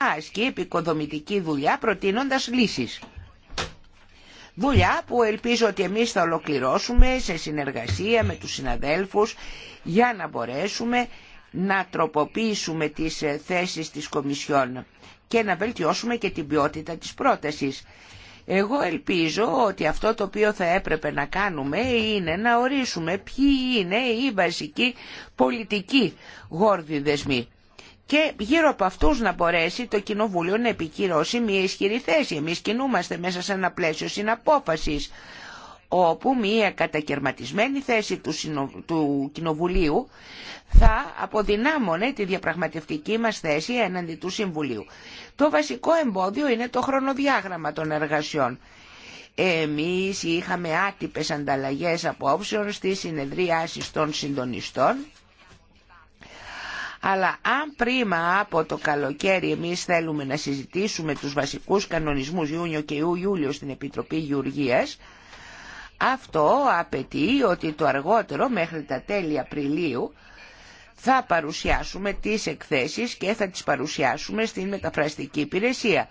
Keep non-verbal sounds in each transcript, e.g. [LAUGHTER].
ασκεί επικοδομητική δουλειά προτείνοντας λύσεις. Δουλειά που ελπίζω ότι εμείς θα ολοκληρώσουμε σε συνεργασία με τους συναδέλφους για να μπορέσουμε να τροποποιήσουμε τις ε, θέσεις της Κομισιόν και να βελτιώσουμε και την ποιότητα της πρότασης. Εγώ ελπίζω ότι αυτό το οποίο θα έπρεπε να κάνουμε είναι να ορίσουμε ποιοι είναι οι βασικοί πολιτικοί γόρδιοι δεσμοί και γύρω από αυτού να μπορέσει το Κοινοβούλιο να επικυρώσει μια ισχυρή θέση. Εμείς κινούμαστε μέσα σε ένα πλαίσιο συναπόφασης όπου μια κατακαιρματισμένη θέση του, του Κοινοβουλίου θα αποδυνάμωνε τη διαπραγματευτική μας θέση έναντι του Συμβουλίου. Το βασικό εμπόδιο είναι το χρονοδιάγραμμα των εργασιών. Εμείς είχαμε άτυπες ανταλλαγές απόψεων στις συνεδρίασεις των συντονιστών αλλά αν πριν από το καλοκαίρι εμείς θέλουμε να συζητήσουμε τους βασικούς κανονισμούς Ιούνιο και Ιούλιο στην Επιτροπή Γεωργίας, αυτό απαιτεί ότι το αργότερο μέχρι τα τέλη Απριλίου θα παρουσιάσουμε τις εκθέσεις και θα τις παρουσιάσουμε στην μεταφραστική υπηρεσία.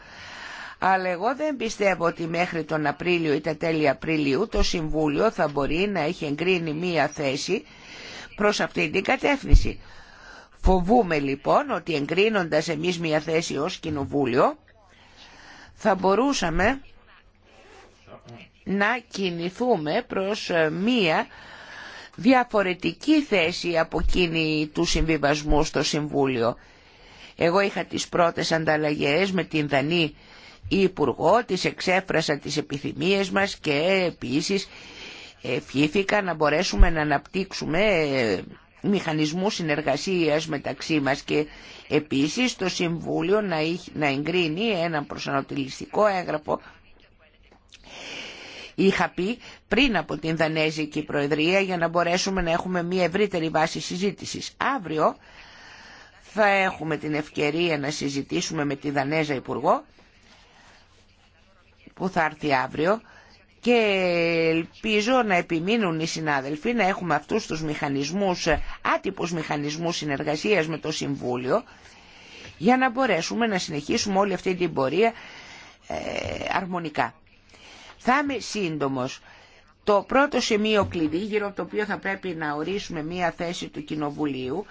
Αλλά εγώ δεν πιστεύω ότι μέχρι τον Απρίλιο ή τα τέλη Απριλίου το Συμβούλιο θα μπορεί να έχει εγκρίνει μία θέση προς αυτή την κατεύθυνση. Φοβούμε λοιπόν ότι εγκρίνοντας εμείς μια θέση ως κοινοβούλιο θα μπορούσαμε να κινηθούμε προς ε, μία διαφορετική θέση από εκείνη του συμβιβασμού στο Συμβούλιο. Εγώ είχα τις πρώτες ανταλλαγές με την Δανή Υπουργό, της εξέφρασα τις επιθυμίες μας και επίσης ευχήθηκα να μπορέσουμε να αναπτύξουμε ε, μηχανισμού συνεργασίας μεταξύ μας και επίσης το Συμβούλιο να να εγκρίνει ένα προσανατολιστικό έγγραφο είχα πει πριν από την Δανέζικη Προεδρία για να μπορέσουμε να έχουμε μια ευρύτερη βάση συζήτησης. Αύριο θα έχουμε την ευκαιρία να συζητήσουμε με τη Δανέζα Υπουργό που θα έρθει αύριο και ελπίζω να επιμείνουν οι συνάδελφοι να έχουμε αυτούς τους μηχανισμούς, άτυπους μηχανισμούς συνεργασίας με το Συμβούλιο για να μπορέσουμε να συνεχίσουμε όλη αυτή την πορεία ε, αρμονικά. Θα είμαι σύντομος. Το πρώτο σημείο κλειδί γύρω από το οποίο θα πρέπει να ορίσουμε μία θέση του Κοινοβουλίου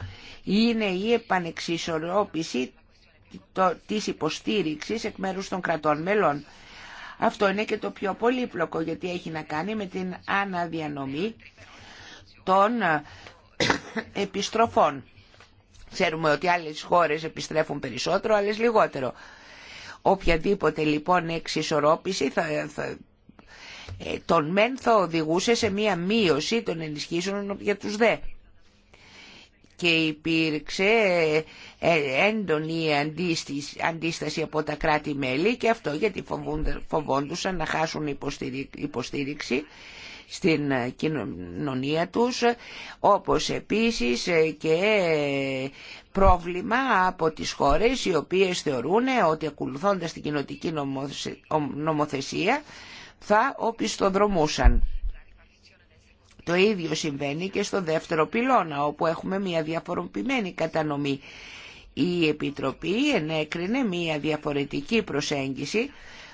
είναι η επανεξισορρόπηση της υποστήριξης εκ μέρους των κρατών μελών. Αυτό είναι και το πιο πολύπλοκο γιατί έχει να κάνει με την αναδιανομή των ε, [COUGHS] επιστροφών. Ξέρουμε ότι άλλες χώρες επιστρέφουν περισσότερο, άλλες λιγότερο. Οποιαδήποτε λοιπόν εξισορρόπηση θα, θα, ε, τον μεν θα οδηγούσε σε μία μείωση των ενισχύσεων για τους δε και υπήρξε ε, έντονη αντίσταση από τα κράτη-μέλη και αυτό γιατί φοβόντουσαν να χάσουν υποστήριξη στην ε, κοινωνία τους όπως επίσης ε, και πρόβλημα από τις χώρες οι οποίες θεωρούν ότι ακολουθώντας την κοινοτική νομοθεσία θα οπισθοδρομούσαν. Το ίδιο συμβαίνει και στο δεύτερο πυλώνα, όπου έχουμε μια διαφοροποιημένη κατανομή. Η Επιτροπή ενέκρινε μια διαφορετική προσέγγιση,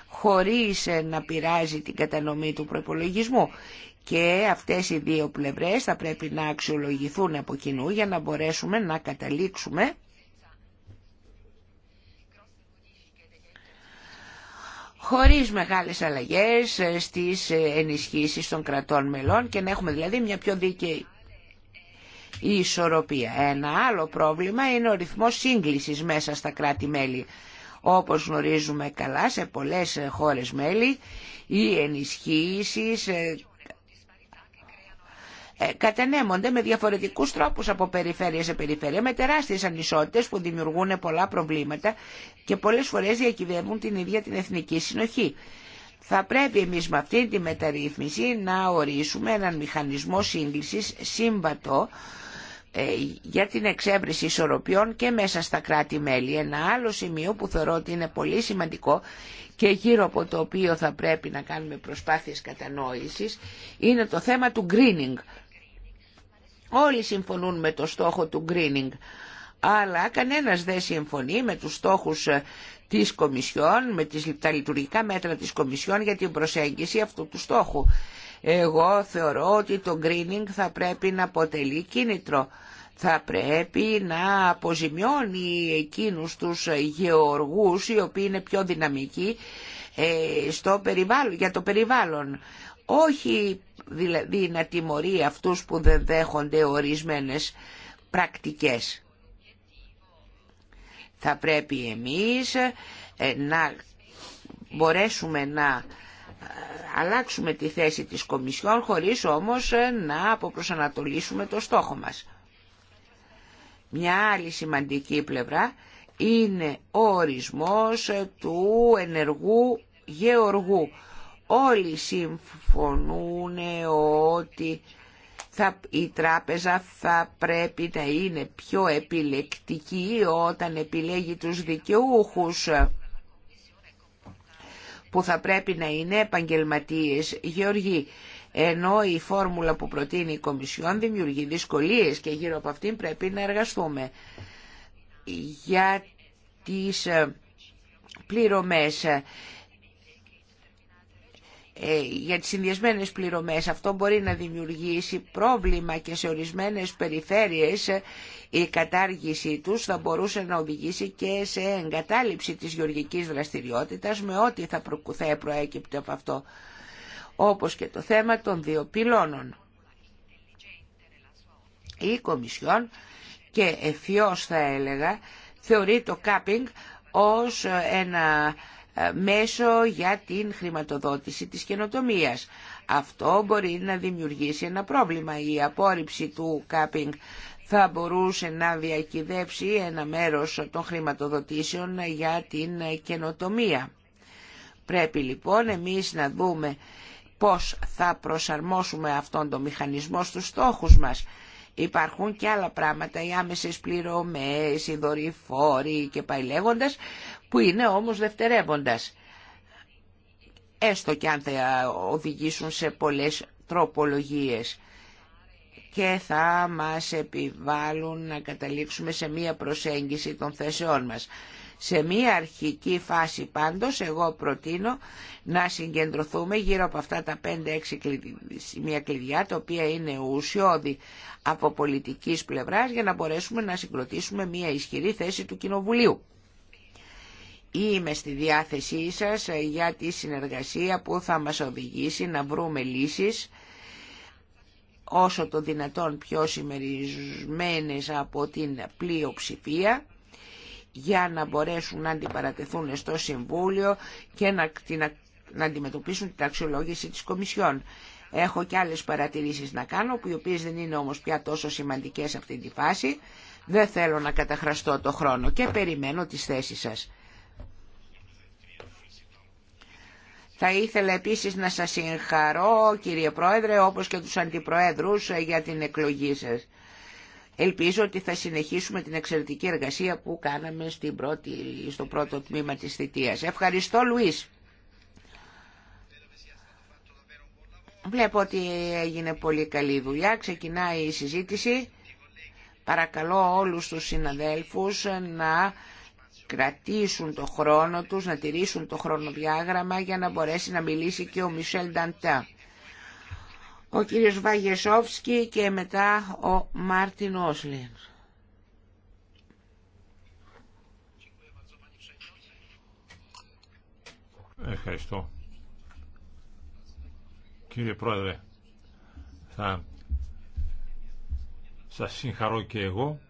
χωρίς ε, να πειράζει την κατανομή του προπολογισμού. Και αυτές οι δύο πλευρές θα πρέπει να αξιολογηθούν από κοινού για να μπορέσουμε να καταλήξουμε χωρίς μεγάλες αλλαγές ε, στις ε, ενισχύσεις των κρατών μελών και να έχουμε δηλαδή μια πιο δίκαιη ισορροπία. Ένα άλλο πρόβλημα είναι ο ρυθμός σύγκλησης μέσα στα κράτη-μέλη. Όπως γνωρίζουμε καλά σε πολλές ε, χώρες μέλη οι ενισχύσεις ε, κατανέμονται με διαφορετικούς τρόπους από περιφέρεια σε περιφέρεια με τεράστιες ανισότητες που δημιουργούν πολλά προβλήματα και πολλές φορές διακυβεύουν την ίδια την εθνική συνοχή. Θα πρέπει εμείς με αυτή τη μεταρρύθμιση να ορίσουμε έναν μηχανισμό σύγκλησης σύμβατο ε, για την εξέβριση ισορροπιών και μέσα στα κράτη-μέλη. Ένα άλλο σημείο που θεωρώ ότι είναι πολύ σημαντικό και γύρω από το οποίο θα πρέπει να κάνουμε προσπάθειες κατανόησης είναι το θέμα του greening, Όλοι συμφωνούν με το στόχο του greening, αλλά κανένας δεν συμφωνεί με τους στόχους ε, της Κομισιόν, με τις, τα λειτουργικά μέτρα της Κομισιόν για την προσέγγιση αυτού του στόχου. Εγώ θεωρώ ότι το greening θα πρέπει να αποτελεί κίνητρο. Θα πρέπει να αποζημιώνει εκείνους τους γεωργούς οι οποίοι είναι πιο δυναμικοί ε, στο για το περιβάλλον. Όχι δηλαδή να τιμωρεί αυτούς που δεν δέχονται ορισμένες πρακτικές. Θα πρέπει εμείς ε, να μπορέσουμε να ε, αλλάξουμε τη θέση της Κομισιόν χωρίς όμως ε, να αποπροσανατολίσουμε το στόχο μας. Μια άλλη σημαντική πλευρά είναι ο ορισμός του ενεργού γεωργού όλοι συμφωνούν ότι θα, η τράπεζα θα πρέπει να είναι πιο επιλεκτική όταν επιλέγει τους δικαιούχους που θα πρέπει να είναι επαγγελματίες Γεωργή, ενώ η φόρμουλα που προτείνει η Κομισιόν δημιουργεί δυσκολίες και γύρω από αυτήν πρέπει να εργαστούμε. Για τις ε, πληρωμές ε, για τις συνδυασμένες πληρωμές. Αυτό μπορεί να δημιουργήσει πρόβλημα και σε ορισμένες περιφέρειες η κατάργησή τους θα μπορούσε να οδηγήσει και σε εγκατάλειψη της γεωργικής δραστηριότητας με ό,τι θα, προέκυπτε από αυτό, όπως και το θέμα των δύο πυλώνων. Η Κομισιόν και εφιώς θα έλεγα θεωρεί το κάπινγκ ως ένα ε, μέσο για την χρηματοδότηση της καινοτομίας. Αυτό μπορεί να δημιουργήσει ένα πρόβλημα. Η απόρριψη του κάπινγκ θα μπορούσε να διακυδέψει ένα μέρος των χρηματοδοτήσεων για την καινοτομία. Πρέπει λοιπόν εμείς να δούμε πώς θα προσαρμόσουμε αυτόν τον μηχανισμό στους στόχους μας. Υπάρχουν και άλλα πράγματα, οι άμεσες πληρωμές, οι δορυφόροι και πάει που είναι όμως δευτερεύοντας, έστω και αν θα οδηγήσουν σε πολλές τροπολογίες και θα μας επιβάλλουν να καταλήξουμε σε μία προσέγγιση των θέσεών μας. Σε μία αρχική φάση πάντως εγώ προτείνω να συγκεντρωθούμε γύρω από αυτά τα 5-6 σημεία κλειδιά τα οποία είναι ουσιώδη από πολιτικής πλευράς για να μπορέσουμε να συγκροτήσουμε μία ισχυρή θέση του Κοινοβουλίου. Είμαι στη διάθεσή σας ε, για τη συνεργασία που θα μας οδηγήσει να βρούμε λύσεις όσο το δυνατόν πιο συμμερισμένες από την πλειοψηφία για να μπορέσουν να αντιπαρατεθούν στο Συμβούλιο και να, να αντιμετωπίσουν την αξιολόγηση της Κομισιόν. Έχω και άλλες παρατηρήσεις να κάνω, οι οποίες δεν είναι όμως πια τόσο σημαντικές αυτή τη φάση. Δεν θέλω να καταχραστώ το χρόνο και περιμένω τις θέσεις σας. Θα ήθελα επίσης να σας συγχαρώ κύριε Πρόεδρε όπως και τους αντιπροέδρους ε, για την εκλογή σας. Ελπίζω ότι θα συνεχίσουμε την εξαιρετική εργασία που κάναμε στην πρώτη, στο πρώτο τμήμα της θητείας. Ευχαριστώ Λουίς. Βλέπω ότι έγινε πολύ καλή δουλειά. Ξεκινάει η συζήτηση. Παρακαλώ όλους τους συναδέλφους να κρατήσουν το χρόνο τους, να τηρήσουν το χρονοδιάγραμμα για να μπορέσει να μιλήσει και ο Μισελ Νταντά. Ο κύριος Βαγεσόφσκι και μετά ο Μάρτιν Όσλιν. Ευχαριστώ. Κύριε Πρόεδρε, θα σας συγχαρώ και εγώ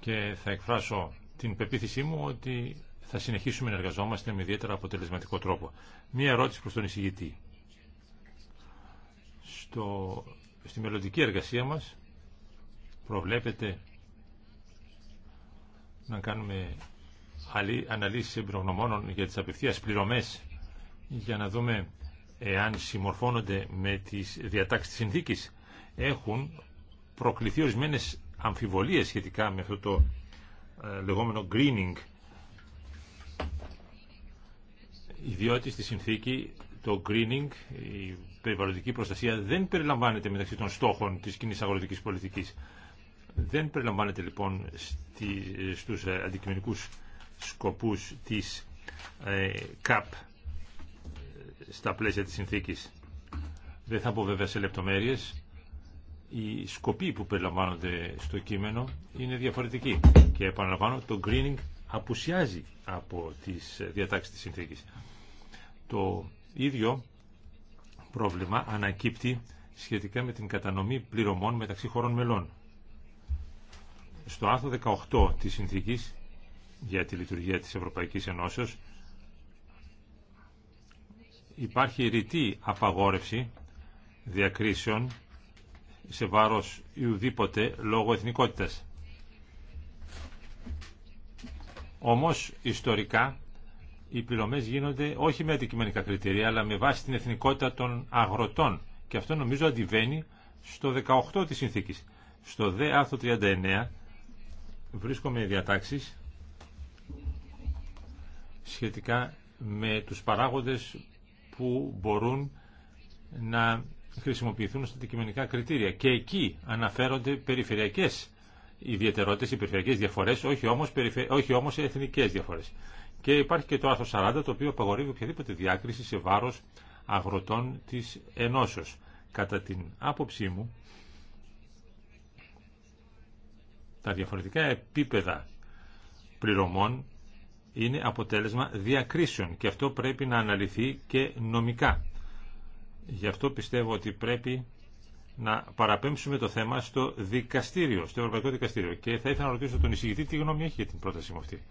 και θα εκφράσω την πεποίθησή μου ότι θα συνεχίσουμε να εργαζόμαστε με ιδιαίτερα αποτελεσματικό τρόπο. Μία ερώτηση προς τον εισηγητή. Στο, στη μελλοντική εργασία μας προβλέπεται να κάνουμε αναλύσεις εμπειρογνωμόνων για τις απευθείας πληρωμές για να δούμε εάν συμμορφώνονται με τις διατάξεις της συνθήκης. Έχουν προκληθεί ορισμένε αμφιβολίες σχετικά με αυτό το ε, λεγόμενο greening διότι στη συνθήκη το greening, η περιβαλλοντική προστασία δεν περιλαμβάνεται μεταξύ των στόχων της κοινή αγροτικής πολιτικής. Δεν περιλαμβάνεται λοιπόν στη, στους ε, αντικειμενικούς σκοπούς της ε, ΚΑΠ ε, στα πλαίσια της συνθήκης. Δεν θα πω βέβαια σε λεπτομέρειες οι σκοποί που περιλαμβάνονται στο κείμενο είναι διαφορετικοί και επαναλαμβάνω το greening απουσιάζει από τις διατάξεις της συνθήκης. Το ίδιο πρόβλημα ανακύπτει σχετικά με την κατανομή πληρωμών μεταξύ χωρών μελών. Στο άρθρο 18 της συνθήκης για τη λειτουργία της Ευρωπαϊκής Ενώσεως υπάρχει ρητή απαγόρευση διακρίσεων σε βάρος ουδήποτε λόγω εθνικότητας. Όμως, ιστορικά, οι πληρωμές γίνονται όχι με αντικειμενικά κριτήρια, αλλά με βάση την εθνικότητα των αγροτών. Και αυτό νομίζω αντιβαίνει στο 18 της συνθήκης. Στο δε άρθρο 39 βρίσκομαι διατάξεις σχετικά με τους παράγοντες που μπορούν να χρησιμοποιηθούν στα αντικειμενικά κριτήρια. Και εκεί αναφέρονται περιφερειακέ ιδιαιτερότητε, οι περιφερειακές διαφορές, όχι όμω περιφε... όχι όμως εθνικές διαφορές. Και υπάρχει και το άρθρο 40, το οποίο απαγορεύει οποιαδήποτε διάκριση σε βάρο αγροτών τη ενώσεω. Κατά την άποψή μου, τα διαφορετικά επίπεδα πληρωμών είναι αποτέλεσμα διακρίσεων και αυτό πρέπει να αναλυθεί και νομικά. Γι' αυτό πιστεύω ότι πρέπει να παραπέμψουμε το θέμα στο δικαστήριο, στο Ευρωπαϊκό Δικαστήριο. Και θα ήθελα να ρωτήσω τον εισηγητή τι γνώμη έχει για την πρόταση μου αυτή.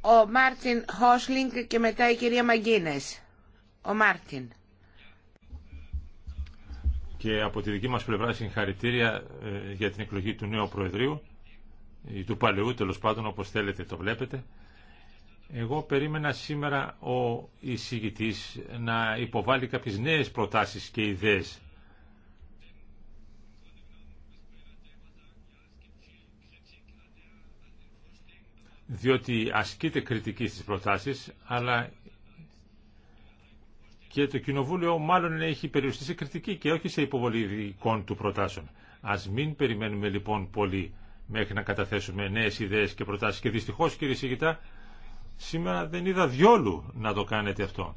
Ο Μάρτιν Χόσλινγκ και μετά η κυρία Μαγκίνες. Ο Μάρτιν. Και από τη δική μας πλευρά συγχαρητήρια ε, για την εκλογή του νέου Προεδρίου ή του παλαιού τέλο πάντων όπως θέλετε το βλέπετε. Εγώ περίμενα σήμερα ο εισηγητής να υποβάλει κάποιες νέες προτάσεις και ιδέες. Διότι ασκείται κριτική στις προτάσεις, αλλά και το Κοινοβούλιο μάλλον έχει περιοριστεί σε κριτική και όχι σε υποβολή δικών του προτάσεων. Ας μην περιμένουμε λοιπόν πολύ μέχρι να καταθέσουμε νέες ιδέες και προτάσεις. Και δυστυχώς κύριε Σιγητά, Σήμερα δεν είδα διόλου να το κάνετε αυτό.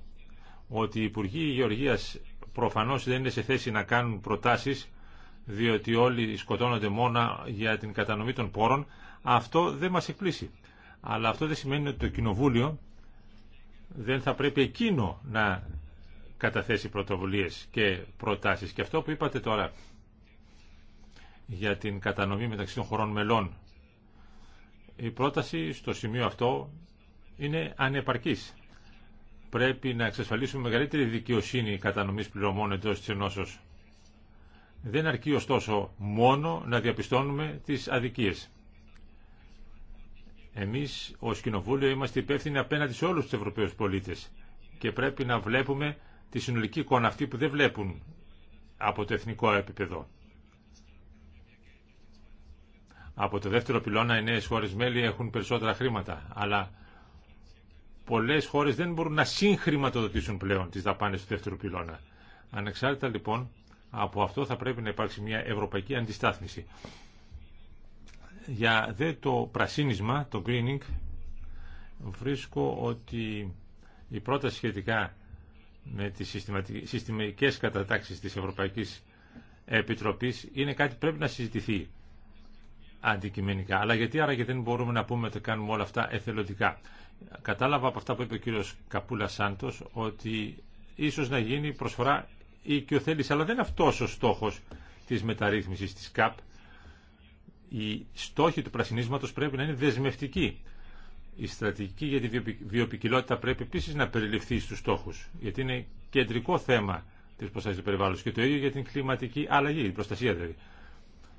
Ότι οι Υπουργοί Γεωργίας προφανώς δεν είναι σε θέση να κάνουν προτάσεις διότι όλοι σκοτώνονται μόνο για την κατανομή των πόρων, αυτό δεν μας εκπλήσει. Αλλά αυτό δεν σημαίνει ότι το Κοινοβούλιο δεν θα πρέπει εκείνο να καταθέσει πρωτοβουλίες και προτάσεις. Και αυτό που είπατε τώρα για την κατανομή μεταξύ των χωρών μελών, η πρόταση στο σημείο αυτό είναι ανεπαρκής. Πρέπει να εξασφαλίσουμε μεγαλύτερη δικαιοσύνη κατανομή πληρωμών εντός τη ενώσεως. Δεν αρκεί ωστόσο μόνο να διαπιστώνουμε τις αδικίες. Εμείς ως Κοινοβούλιο είμαστε υπεύθυνοι απέναντι σε όλους τους Ευρωπαίους πολίτες και πρέπει να βλέπουμε τη συνολική εικόνα αυτή που δεν βλέπουν από το εθνικό επίπεδο. Από το δεύτερο πυλώνα οι νέε χώρε μέλη έχουν περισσότερα χρήματα, αλλά πολλές χώρες δεν μπορούν να συγχρηματοδοτήσουν πλέον τις δαπάνες του δεύτερου πυλώνα. Ανεξάρτητα λοιπόν από αυτό θα πρέπει να υπάρξει μια ευρωπαϊκή αντιστάθμιση. Για δε το πρασίνισμα, το greening, βρίσκω ότι η πρόταση σχετικά με τις συστημικές κατατάξεις της Ευρωπαϊκής Επιτροπής είναι κάτι που πρέπει να συζητηθεί αντικειμενικά. Αλλά γιατί άραγε δεν μπορούμε να πούμε ότι κάνουμε όλα αυτά εθελοντικά κατάλαβα από αυτά που είπε ο κύριος Καπούλα Σάντος ότι ίσως να γίνει προσφορά ή οικειοθέλης, αλλά δεν είναι αυτός ο στόχος της μεταρρύθμισης της ΚΑΠ. Οι στόχοι του πρασινίσματος πρέπει να είναι δεσμευτικοί. Η στρατηγική για τη βιοπικιλότητα πρέπει επίσης να περιληφθεί στους στόχους, γιατί είναι κεντρικό θέμα της προστασίας του περιβάλλοντος και το ίδιο για την κλιματική αλλαγή, η προστασία δηλαδή.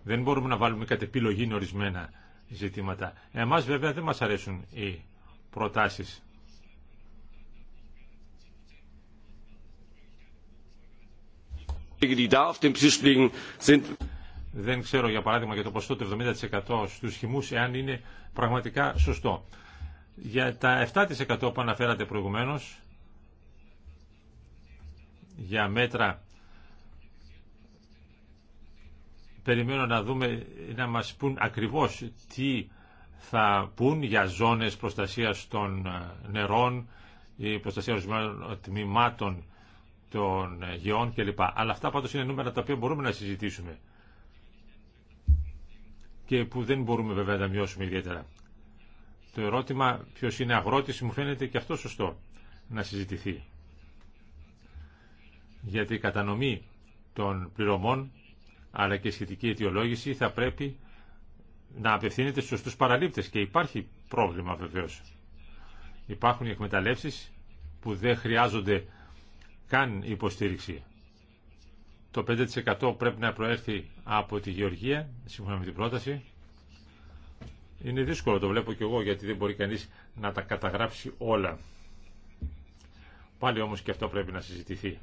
Δεν μπορούμε να βάλουμε κατ' επιλογή ορισμένα ζητήματα. Εμάς βέβαια δεν μας αρέσουν οι προτάσεις. Δεν ξέρω για παράδειγμα για το ποσοστό του 70% στους χυμούς εάν είναι πραγματικά σωστό. Για τα 7% που αναφέρατε προηγουμένως για μέτρα περιμένω να δούμε να μας πούν ακριβώς τι θα πούν για ζώνες προστασίας των ε, νερών ή προστασία ορισμένων τμήματων των ε, γεών κλπ. Αλλά αυτά πάντως είναι νούμερα τα οποία μπορούμε να συζητήσουμε και που δεν μπορούμε βέβαια να τα μειώσουμε ιδιαίτερα. Το ερώτημα ποιος είναι αγρότης μου φαίνεται και αυτό σωστό να συζητηθεί. Γιατί η κατανομή των πληρωμών αλλά και σχετική αιτιολόγηση θα πρέπει να απευθύνεται στους σωστούς παραλήπτες και υπάρχει πρόβλημα βεβαίως. Υπάρχουν οι εκμεταλλεύσεις που δεν χρειάζονται καν υποστήριξη. Το 5% πρέπει να προέρθει από τη Γεωργία, σύμφωνα με την πρόταση. Είναι δύσκολο, το βλέπω και εγώ, γιατί δεν μπορεί κανείς να τα καταγράψει όλα. Πάλι όμως και αυτό πρέπει να συζητηθεί.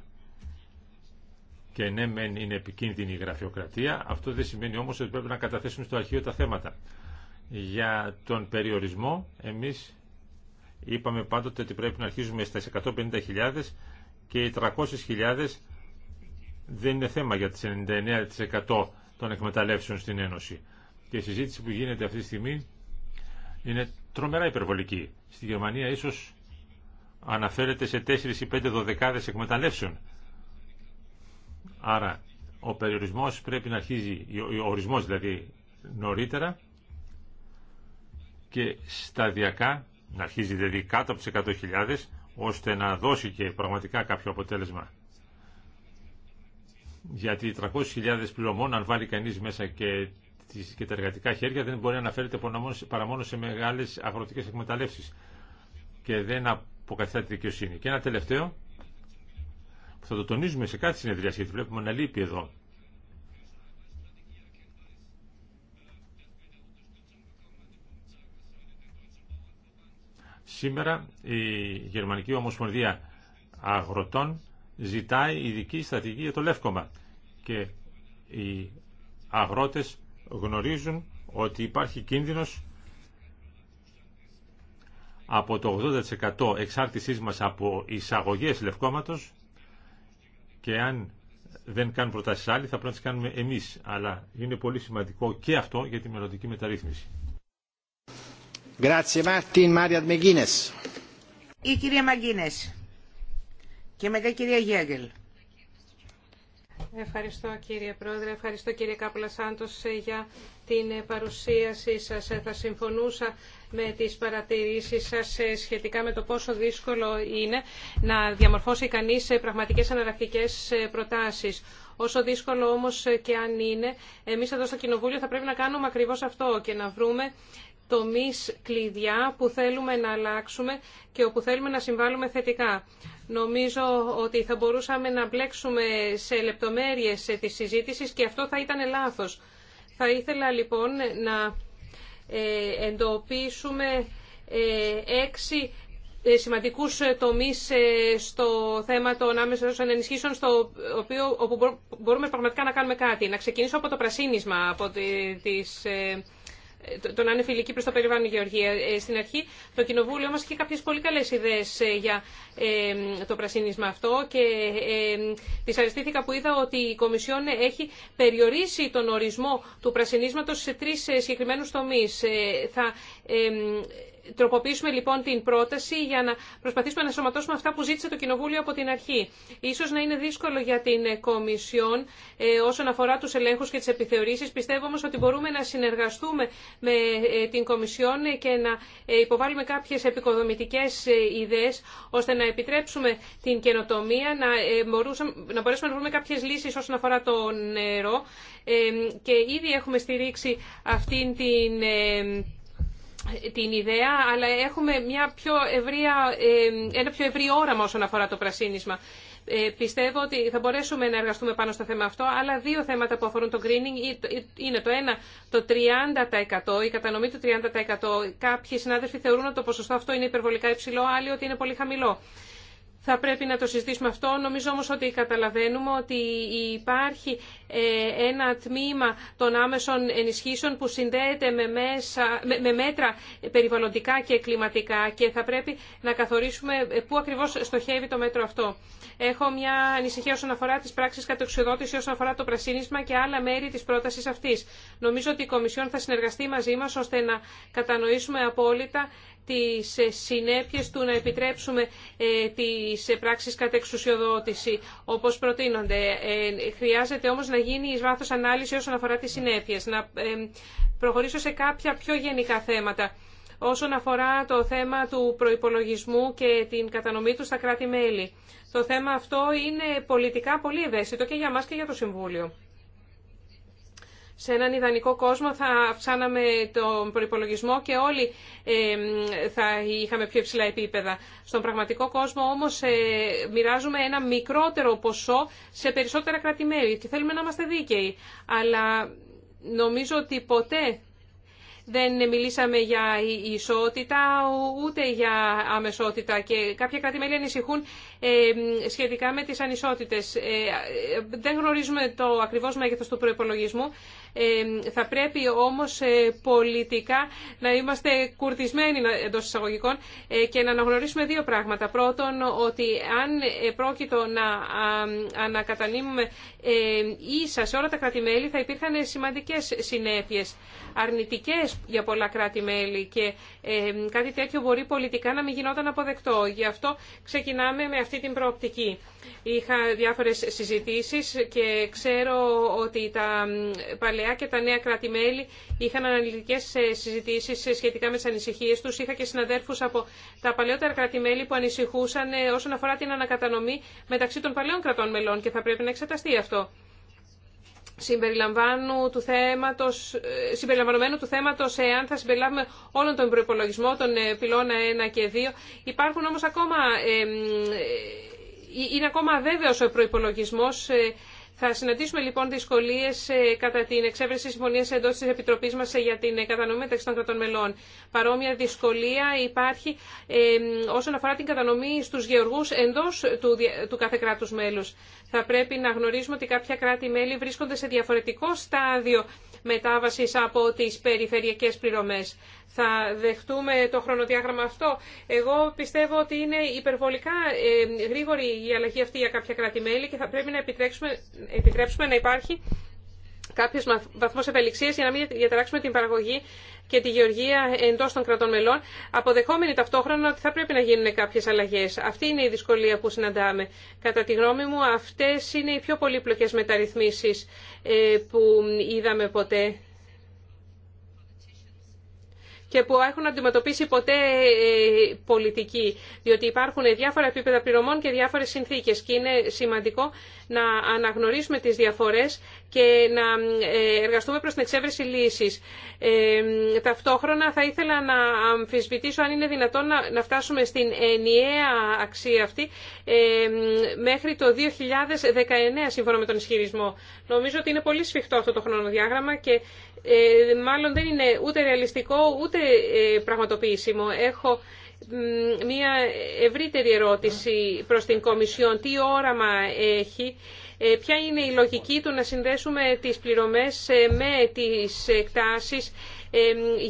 Και ναι, είναι επικίνδυνη η γραφειοκρατία, αυτό δεν σημαίνει όμως ότι πρέπει να καταθέσουμε στο αρχείο τα θέματα. Για τον περιορισμό, εμείς είπαμε πάντοτε ότι πρέπει να αρχίζουμε στα 150.000 και οι 300.000 δεν είναι θέμα για τις 99% των εκμεταλλεύσεων στην Ένωση. Και η συζήτηση που γίνεται αυτή τη στιγμή είναι τρομερά υπερβολική. Στη Γερμανία ίσως αναφέρεται σε 4 ή 5 δωδεκάδες εκμεταλλεύσεων Άρα ο περιορισμός πρέπει να αρχίζει, ο ορισμός δηλαδή νωρίτερα και σταδιακά να αρχίζει δηλαδή κάτω από τις 100.000 ώστε να δώσει και πραγματικά κάποιο αποτέλεσμα. Γιατί 300.000 πληρωμών αν βάλει κανείς μέσα και και τα εργατικά χέρια δεν μπορεί να αναφέρεται παρά μόνο σε μεγάλες αγροτικές εκμεταλλεύσεις και δεν αποκαθιστά δικαιοσύνη. Και ένα τελευταίο, θα το τονίζουμε σε κάθε συνεδρία γιατί βλέπουμε να λείπει εδώ. Σήμερα η Γερμανική Ομοσπονδία Αγροτών ζητάει ειδική στρατηγική για το Λεύκομα και οι αγρότες γνωρίζουν ότι υπάρχει κίνδυνος από το 80% εξάρτησής μας από εισαγωγές λευκόματος και αν δεν κάνουν προτάσεις άλλοι θα πρέπει να τις κάνουμε εμείς. Αλλά είναι πολύ σημαντικό και αυτό για τη μελλοντική μεταρρύθμιση. Η κυρία Μαγκίνες και μετά η κυρία Γέγγελ. Ευχαριστώ κύριε Πρόεδρε, ευχαριστώ κύριε Κάπουλα Σάντος ε, για την παρουσίασή σας. Θα συμφωνούσα με τις παρατηρήσεις σας σχετικά με το πόσο δύσκολο είναι να διαμορφώσει κανείς πραγματικές αναρακτικές προτάσεις. Όσο δύσκολο όμως και αν είναι, εμείς εδώ στο Κοινοβούλιο θα πρέπει να κάνουμε ακριβώς αυτό και να βρούμε τομείς κλειδιά που θέλουμε να αλλάξουμε και όπου θέλουμε να συμβάλλουμε θετικά. Νομίζω ότι θα μπορούσαμε να μπλέξουμε σε λεπτομέρειες τη συζήτηση και αυτό θα ήταν λάθος. Θα ήθελα λοιπόν να ε, εντοπίσουμε ε, έξι ε, σημαντικούς τομείς στο θέμα των άμεσων ενισχύσεων στο οποίο όπου μπορούμε πραγματικά να κάνουμε κάτι. Να ξεκινήσω από το πρασίνισμα, από τις το να είναι φιλική προ το περιβάλλον η Γεωργία. Ε, στην αρχή το Κοινοβούλιο μα είχε κάποιε πολύ καλέ ιδέε ε, για ε, το πρασίνισμα αυτό και δυσαρεστήθηκα που είδα ότι η Κομισιόν έχει περιορίσει τον ορισμό του πρασινίσματο σε τρει συγκεκριμένου τομεί. Θα τροποποιήσουμε λοιπόν την πρόταση για να προσπαθήσουμε να σωματώσουμε αυτά που ζήτησε το Κοινοβούλιο από την αρχή. Ίσως να είναι δύσκολο για την ε, Κομισιόν ε, όσον αφορά τους ελέγχους και τις επιθεωρήσεις. Πιστεύω όμως ότι μπορούμε να συνεργαστούμε με ε, την Κομισιόν και να υποβάλουμε κάποιες επικοδομητικές ιδέες ώστε να επιτρέψουμε την καινοτομία, να, να μπορέσουμε να βρούμε κάποιες λύσεις όσον αφορά το νερό και ήδη έχουμε στηρίξει αυτήν την την ιδέα, αλλά έχουμε μια πιο ευρία, ε, ένα πιο ευρύ όραμα όσον αφορά το πρασίνισμα. Ε, πιστεύω ότι θα μπορέσουμε να εργαστούμε πάνω στο θέμα αυτό, αλλά δύο θέματα που αφορούν το greening είναι το ένα, το 30%, η κατανομή του 30%. Κάποιοι συνάδελφοι θεωρούν ότι το ποσοστό αυτό είναι υπερβολικά υψηλό, άλλοι ότι είναι πολύ χαμηλό θα πρέπει να το συζητήσουμε αυτό. Νομίζω όμως ότι καταλαβαίνουμε ότι υπάρχει ε, ένα τμήμα των άμεσων ενισχύσεων που συνδέεται με, μέσα, μέτρα περιβαλλοντικά και κλιματικά και θα πρέπει να καθορίσουμε ε, πού ακριβώς στοχεύει το μέτρο αυτό. Έχω μια ανησυχία όσον αφορά τι πράξει κατεξουδότηση, όσον αφορά το πρασίνισμα και άλλα μέρη τη πρόταση αυτή. Νομίζω ότι η Κομισιόν θα συνεργαστεί μαζί μα ώστε να κατανοήσουμε απόλυτα τι συνέπειες του να επιτρέψουμε ε, τις πράξεις κατά εξουσιοδότηση όπως προτείνονται. Ε, χρειάζεται όμω να γίνει ει βάθος ανάλυση όσον αφορά τι συνέπειες. Να ε, προχωρήσω σε κάποια πιο γενικά θέματα όσον αφορά το θέμα του προπολογισμού και την κατανομή του στα κράτη-μέλη. Το θέμα αυτό είναι πολιτικά πολύ ευαίσθητο και για μας και για το Συμβούλιο. Σε έναν ιδανικό κόσμο θα αυξάναμε τον προπολογισμό και όλοι θα είχαμε πιο υψηλά επίπεδα. Στον πραγματικό κόσμο όμως ε, μοιράζουμε ένα μικρότερο ποσό σε περισσότερα και θέλουμε να είμαστε δίκαιοι. Αλλά νομίζω ότι ποτέ δεν μιλήσαμε για ισότητα ούτε για αμεσότητα και κάποια κράτη-μέλη ανησυχούν ε, σχετικά με τις ανισότητες. Ε, δεν γνωρίζουμε το ακριβώς μέγεθος του προϋπολογισμού. Ε, θα πρέπει όμως πολιτικά να είμαστε κουρτισμένοι εντό εισαγωγικών και να αναγνωρίσουμε δύο πράγματα. Πρώτον, ότι αν πρόκειτο να ανακατανύμουμε ίσα σε όλα τα κράτη-μέλη θα υπήρχαν σημαντικές συνέπειες, αρνητικές για πολλά κράτη-μέλη και κάτι τέτοιο μπορεί πολιτικά να μην γινόταν αποδεκτό. Γι' αυτό ξεκινάμε με αυτή την προοπτική. Είχα διάφορες συζητήσεις και ξέρω ότι τα παλαιά και τα νέα κράτη-μέλη είχαν αναλυτικές ε, συζητήσεις σχετικά με τις ανησυχίες τους. Είχα και συναδέρφους από τα παλαιότερα κράτη-μέλη που ανησυχούσαν ε, όσον αφορά την ανακατανομή μεταξύ των παλαιών κρατών μελών και θα πρέπει να εξεταστεί αυτό αυτό. Συμπεριλαμβάνου του θέματος, ε, συμπεριλαμβανομένου του θέματος εάν θα συμπεριλάβουμε όλον τον προπολογισμό, τον ε, πυλώνα 1 και 2. Υπάρχουν όμως ακόμα, ε, ε, είναι ακόμα αβέβαιος ο προϋπολογισμός, θα συναντήσουμε λοιπόν δυσκολίε ε, κατά την εξέβρεση συμφωνία εντό τη Επιτροπή μα ε, για την ε, κατανομή μεταξύ των κρατών μελών. Παρόμοια δυσκολία υπάρχει όσον αφορά την κατανομή στου γεωργού εντό του, του κάθε κράτου μέλου. Θα πρέπει να γνωρίζουμε ότι κάποια κράτη-μέλη βρίσκονται σε διαφορετικό στάδιο μετάβαση από τι περιφερειακέ πληρωμέ θα δεχτούμε το χρονοδιάγραμμα αυτό. Εγώ πιστεύω ότι είναι υπερβολικά ε, γρήγορη η αλλαγή αυτή για κάποια κράτη-μέλη και θα πρέπει να επιτρέψουμε να υπάρχει κάποιο βαθμό ευελιξία για να μην διαταράξουμε την παραγωγή και τη γεωργία εντό των κρατών μελών, αποδεχόμενοι ταυτόχρονα ότι θα πρέπει να γίνουν κάποιε αλλαγέ. Αυτή είναι η δυσκολία που συναντάμε. Κατά τη γνώμη μου, αυτέ είναι οι πιο πολύπλοκε μεταρρυθμίσει ε, που είδαμε ποτέ και που έχουν αντιμετωπίσει ποτέ ε, πολιτικοί. Διότι υπάρχουν διάφορα επίπεδα πληρωμών και διάφορες συνθήκες και είναι σημαντικό να αναγνωρίσουμε τις διαφορές και να ε, εργαστούμε προς την εξέβρεση λύσης. Ε, ταυτόχρονα θα ήθελα να αμφισβητήσω αν είναι δυνατόν να, φτάσουμε στην ενιαία αξία αυτή μέχρι το 2019 σύμφωνα με τον ισχυρισμό. Νομίζω ότι είναι πολύ σφιχτό αυτό το χρονοδιάγραμμα ε, μάλλον δεν είναι ούτε ρεαλιστικό ούτε ε, πραγματοποιήσιμο. Έχω μια ευρύτερη ερώτηση προς την Κομισιόν. Τι όραμα έχει, ε, ποια είναι η λογική του να συνδέσουμε τις πληρωμές με τις εκτάσεις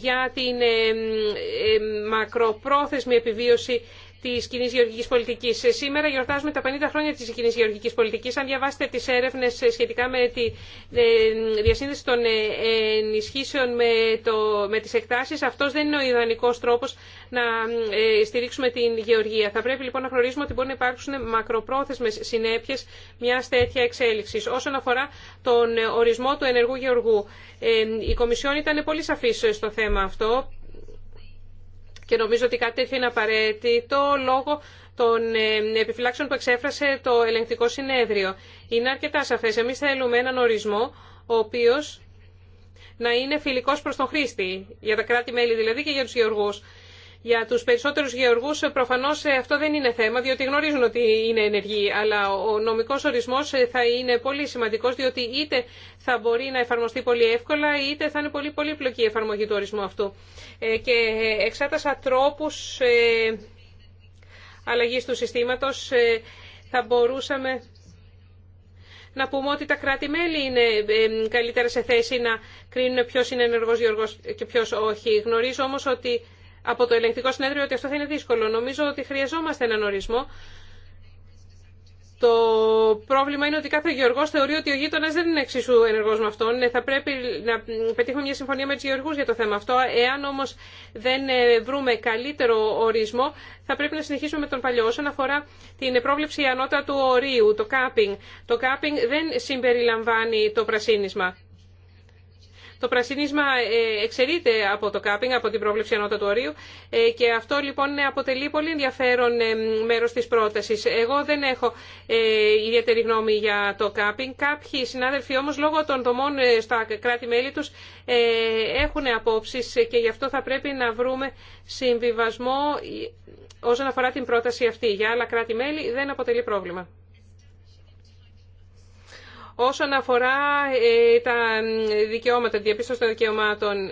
για την μακροπρόθεσμη επιβίωση τη κοινή γεωργική πολιτική. Ε, σήμερα γιορτάζουμε τα 50 χρόνια τη κοινή γεωργική πολιτική. Αν διαβάσετε τι έρευνε ε, σχετικά με τη ε, διασύνδεση των ενισχύσεων με, το, με τι εκτάσει, αυτό δεν είναι ο ιδανικό τρόπο να στηρίξουμε την γεωργία. Θα πρέπει λοιπόν να γνωρίζουμε ότι μπορεί να υπάρξουν μακροπρόθεσμε συνέπειε μια τέτοια εξέλιξη. Όσον αφορά τον ορισμό του ενεργού γεωργού, η Κομισιόν ήταν πολύ σαφή στο θέμα αυτό και νομίζω ότι κάτι τέτοιο είναι απαραίτητο λόγω των ε, επιφυλάξεων που εξέφρασε το ελεγκτικό συνέδριο. Είναι αρκετά σαφές. Εμεί θέλουμε έναν ορισμό ο οποίος να είναι φιλικός προς τον χρήστη, για τα κράτη-μέλη δηλαδή και για τους γεωργούς. Για του περισσότερου γεωργού, ε, προφανώ ε, αυτό δεν είναι θέμα, διότι γνωρίζουν ότι είναι ενεργοί, αλλά ο νομικό ορισμό ε, θα είναι πολύ σημαντικό, διότι είτε θα μπορεί να εφαρμοστεί πολύ εύκολα, είτε θα είναι πολύ πολύπλοκη η εφαρμογή του ορισμού αυτού. Και εξάτασα τρόπους αλλαγή του συστήματος θα μπορούσαμε να πούμε ότι τα κράτη-μέλη είναι καλύτερα σε θέση να κρίνουν ποιος είναι ενεργός γεωργός και ποιος όχι. Γνωρίζω όμως ότι από το ελεγκτικό συνέδριο ότι αυτό θα είναι δύσκολο. Νομίζω ότι χρειαζόμαστε έναν ορισμό. Το πρόβλημα είναι ότι κάθε γεωργό θεωρεί ότι ο γείτονα δεν είναι εξίσου ενεργό με αυτόν. Ε, θα πρέπει να πετύχουμε μια συμφωνία με του γεωργού για το θέμα αυτό. Εάν όμω δεν ε, βρούμε καλύτερο ορισμό, θα πρέπει να συνεχίσουμε με τον παλιό. Όσον αφορά την πρόβλεψη ανώτατου ορίου, το κάπινγκ. Το κάπινγκ δεν συμπεριλαμβάνει το πρασίνισμα. Το πρασινίσμα ε, εξαιρείται από το κάπινγκ, από την πρόβλεψη ανώτατου ορίου ε, και αυτό λοιπόν αποτελεί πολύ ενδιαφέρον ε, μέρος της πρότασης. Εγώ δεν έχω ιδιαίτερη γνώμη για το κάπινγκ. Κάποιοι συνάδελφοι όμως λόγω των δομών στα κράτη-μέλη τους έχουν απόψεις και γι' αυτό θα πρέπει να βρούμε συμβιβασμό όσον αφορά την πρόταση αυτή. Για άλλα κράτη-μέλη δεν αποτελεί πρόβλημα. Όσον αφορά ε, τα δικαιώματα, διαπίστωση των δικαιωμάτων,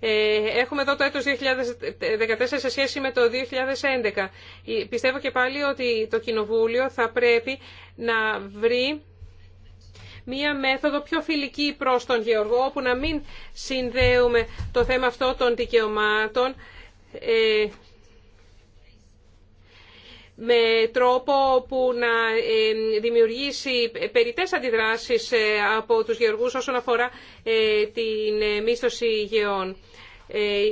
ε, Έχουμε εδώ το έτος 2014 σε σχέση με το 2011. Ε, πιστεύω και πάλι ότι το Κοινοβούλιο θα πρέπει να βρει μία μέθοδο πιο φιλική προς τον Γεωργό, όπου να μην συνδέουμε το θέμα αυτό των δικαιωμάτων με τρόπο που να δημιουργήσει περιττές αντιδράσεις ε, από τους γεωργούς όσον αφορά ε, την ε, μίσθωση γεών.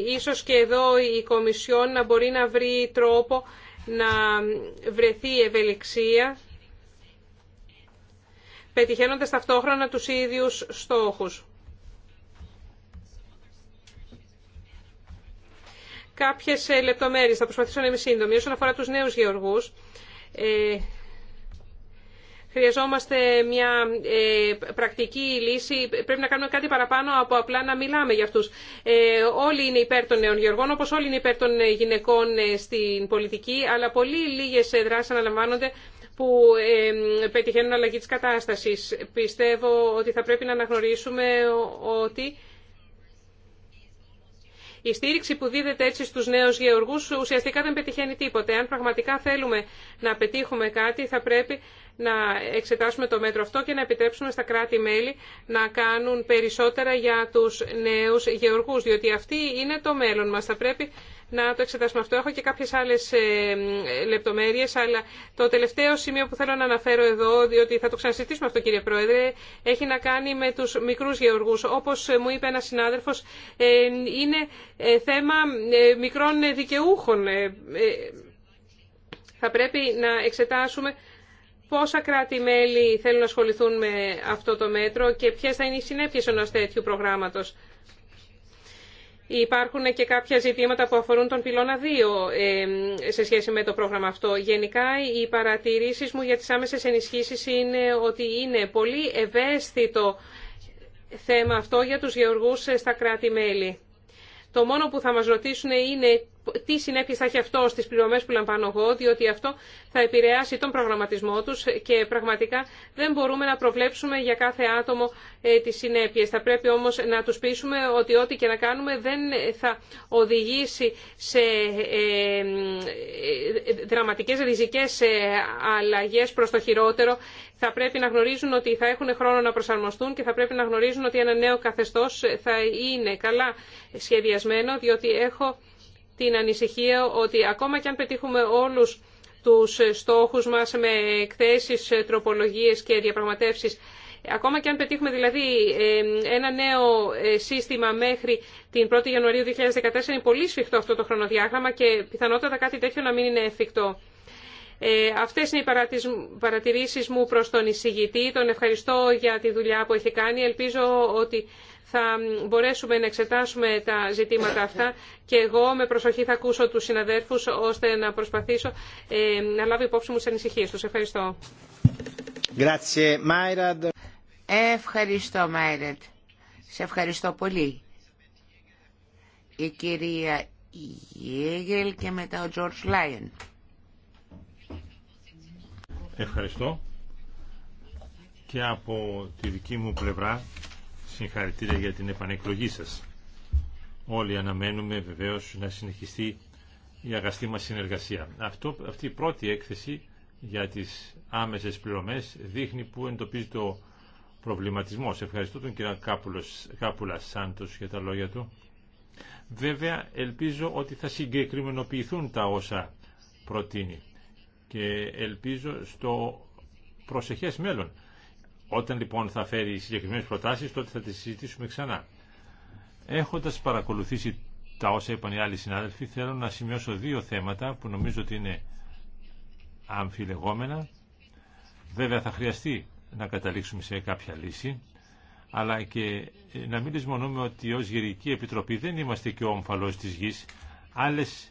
Ίσως και εδώ η Κομισιόν να μπορεί να βρει τρόπο να βρεθεί ευελιξία πετυχαίνοντας ταυτόχρονα τους ίδιους στόχους. Κάποιε λεπτομέρειε Θα προσπαθήσω να είμαι σύντομη. Όσον αφορά τους νέους γεωργού. ε, χρειαζόμαστε μια ε, πρακτική λύση. Πρέπει να κάνουμε κάτι παραπάνω από απλά να μιλάμε για αυτού. Ε, όλοι είναι υπέρ των νέων γεωργών, όπως όλοι είναι υπέρ των γυναικών ε, στην πολιτική, αλλά πολύ λίγες δράσει αναλαμβάνονται που ε, πετυχαίνουν αλλαγή της κατάστασης. Πιστεύω ότι θα πρέπει να αναγνωρίσουμε ότι η στήριξη που δίδεται έτσι στους νέους γεωργούς ουσιαστικά δεν πετυχαίνει τίποτε. Αν πραγματικά θέλουμε να πετύχουμε κάτι θα πρέπει να εξετάσουμε το μέτρο αυτό και να επιτρέψουμε στα κράτη-μέλη να κάνουν περισσότερα για τους νέους γεωργούς, διότι αυτή είναι το μέλλον μας. Θα πρέπει να το εξετάσουμε αυτό. Έχω και κάποιες άλλες ε, λεπτομέρειες, αλλά το τελευταίο σημείο που θέλω να αναφέρω εδώ, διότι θα το ξανασυζητήσουμε αυτό κύριε Πρόεδρε, έχει να κάνει με τους μικρούς γεωργούς. Όπως ε, μου είπε ένας συνάδελφος, ε, είναι θέμα μικρών δικαιούχων. Θα πρέπει να εξετάσουμε πόσα κράτη-μέλη θέλουν να ασχοληθούν με αυτό το μέτρο και ποιε θα είναι οι συνέπειες ενό τέτοιου προγράμματο. Υπάρχουν και κάποια ζητήματα που αφορούν τον πυλώνα 2 ε, σε σχέση με το πρόγραμμα αυτό. Γενικά, οι παρατηρήσει μου για τις άμεσες ενισχύσει είναι ότι είναι πολύ ευαίσθητο θέμα αυτό για τους γεωργούς στα κράτη-μέλη. Το μόνο που θα μας ρωτήσουν είναι τι συνέπειε θα έχει αυτό στι πληρωμέ που λαμβάνω εγώ, διότι αυτό θα επηρεάσει τον προγραμματισμό του και πραγματικά δεν μπορούμε να προβλέψουμε για κάθε άτομο ε, τι συνέπειε. Θα πρέπει όμω να του πείσουμε ότι ό,τι και να κάνουμε δεν θα οδηγήσει σε ε, ε, δραματικές ριζικές αλλαγέ προ το χειρότερο. Θα πρέπει να γνωρίζουν ότι θα έχουν χρόνο να προσαρμοστούν και θα πρέπει να γνωρίζουν ότι ένα νέο καθεστώ θα είναι καλά σχεδιασμένο, διότι έχω την ανησυχία ότι ακόμα και αν πετύχουμε όλους τους στόχους μας με εκθέσεις, τροπολογίες και διαπραγματεύσεις, Ακόμα και αν πετύχουμε δηλαδή ένα νέο ε, σύστημα μέχρι την 1η Ιανουαρίου 2014, είναι πολύ σφιχτό αυτό το χρονοδιάγραμμα και πιθανότατα κάτι τέτοιο να μην είναι εφικτό. Ε, αυτές είναι οι παρατηρήσεις μου προς τον εισηγητή. Τον ευχαριστώ για τη δουλειά που έχει κάνει. Ελπίζω ότι θα μπορέσουμε να εξετάσουμε τα ζητήματα αυτά και εγώ με προσοχή θα ακούσω τους συναδέρφους ώστε να προσπαθήσω ε, να λάβω υπόψη μου τις ανησυχίες τους. Ευχαριστώ. Ευχαριστώ Μάιραντ. Σε ευχαριστώ πολύ. Η κυρία Γέγελ και μετά ο Τζορτζ Λάιον. Ευχαριστώ. Και από τη δική μου πλευρά Συγχαρητήρια για την επανεκλογή σας. Όλοι αναμένουμε βεβαίως να συνεχιστεί η αγαστή μας συνεργασία. Αυτό, αυτή η πρώτη έκθεση για τις άμεσες πληρωμές δείχνει που το το Σε Ευχαριστώ τον κύριο Κάπουλος, Κάπουλα Σάντος για τα λόγια του. Βέβαια ελπίζω ότι θα συγκεκριμενοποιηθούν τα όσα προτείνει και ελπίζω στο προσεχές μέλλον όταν λοιπόν θα φέρει συγκεκριμένε προτάσει, τότε θα τις συζητήσουμε ξανά. Έχοντα παρακολουθήσει τα όσα είπαν οι άλλοι συνάδελφοι, θέλω να σημειώσω δύο θέματα που νομίζω ότι είναι αμφιλεγόμενα. Βέβαια θα χρειαστεί να καταλήξουμε σε κάποια λύση, αλλά και ε, να μην λησμονούμε ότι ως Γερική Επιτροπή δεν είμαστε και ο ομφαλός της γης. Άλλες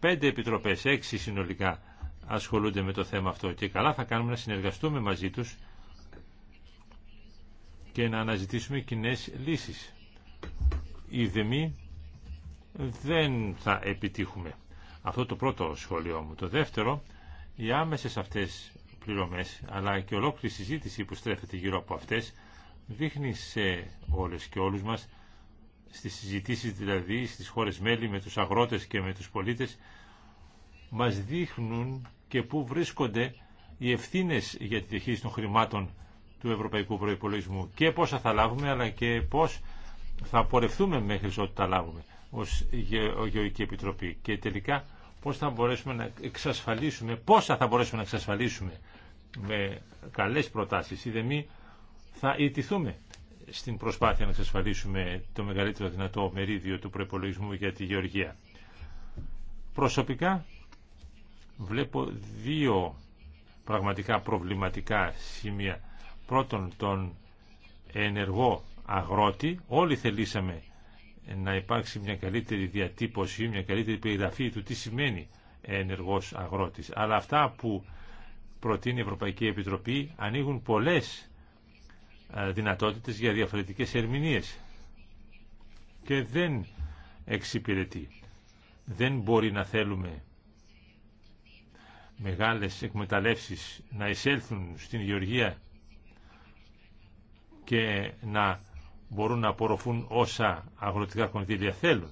πέντε επιτροπές, έξι συνολικά, ασχολούνται με το θέμα αυτό και καλά θα κάνουμε να συνεργαστούμε μαζί τους και να αναζητήσουμε κοινέ λύσεις. Η δεν θα επιτύχουμε. Αυτό το πρώτο σχόλιο μου. Το δεύτερο, οι άμεσες αυτές πληρωμές, αλλά και ολόκληρη συζήτηση που στρέφεται γύρω από αυτές, δείχνει σε όλες και όλους μας, στις συζητήσεις δηλαδή, στις χώρες μέλη, με τους αγρότες και με τους πολίτες, μας δείχνουν και πού βρίσκονται οι ευθύνες για τη διαχείριση των χρημάτων του ευρωπαϊκού προϋπολογισμού και πόσα θα λάβουμε αλλά και πώς θα πορευτούμε μέχρι ό,τι τα λάβουμε ως Γεωργική Επιτροπή και τελικά πώς θα μπορέσουμε να εξασφαλίσουμε, πόσα θα μπορέσουμε να εξασφαλίσουμε με καλές προτάσεις ή μη θα ιτηθούμε στην προσπάθεια να εξασφαλίσουμε το μεγαλύτερο δυνατό μερίδιο του προπολογισμού για τη Γεωργία. Προσωπικά βλέπω δύο πραγματικά προβληματικά σημεία Πρώτον, τον ενεργό αγρότη. Όλοι θελήσαμε να υπάρξει μια καλύτερη διατύπωση, μια καλύτερη περιγραφή του τι σημαίνει ενεργός αγρότης. Αλλά αυτά που προτείνει η Ευρωπαϊκή Επιτροπή ανοίγουν πολλές δυνατότητες για διαφορετικές ερμηνείες και δεν εξυπηρετεί. Δεν μπορεί να θέλουμε μεγάλες εκμεταλλεύσεις να εισέλθουν στην γεωργία και να μπορούν να απορροφούν όσα αγροτικά κονδύλια θέλουν.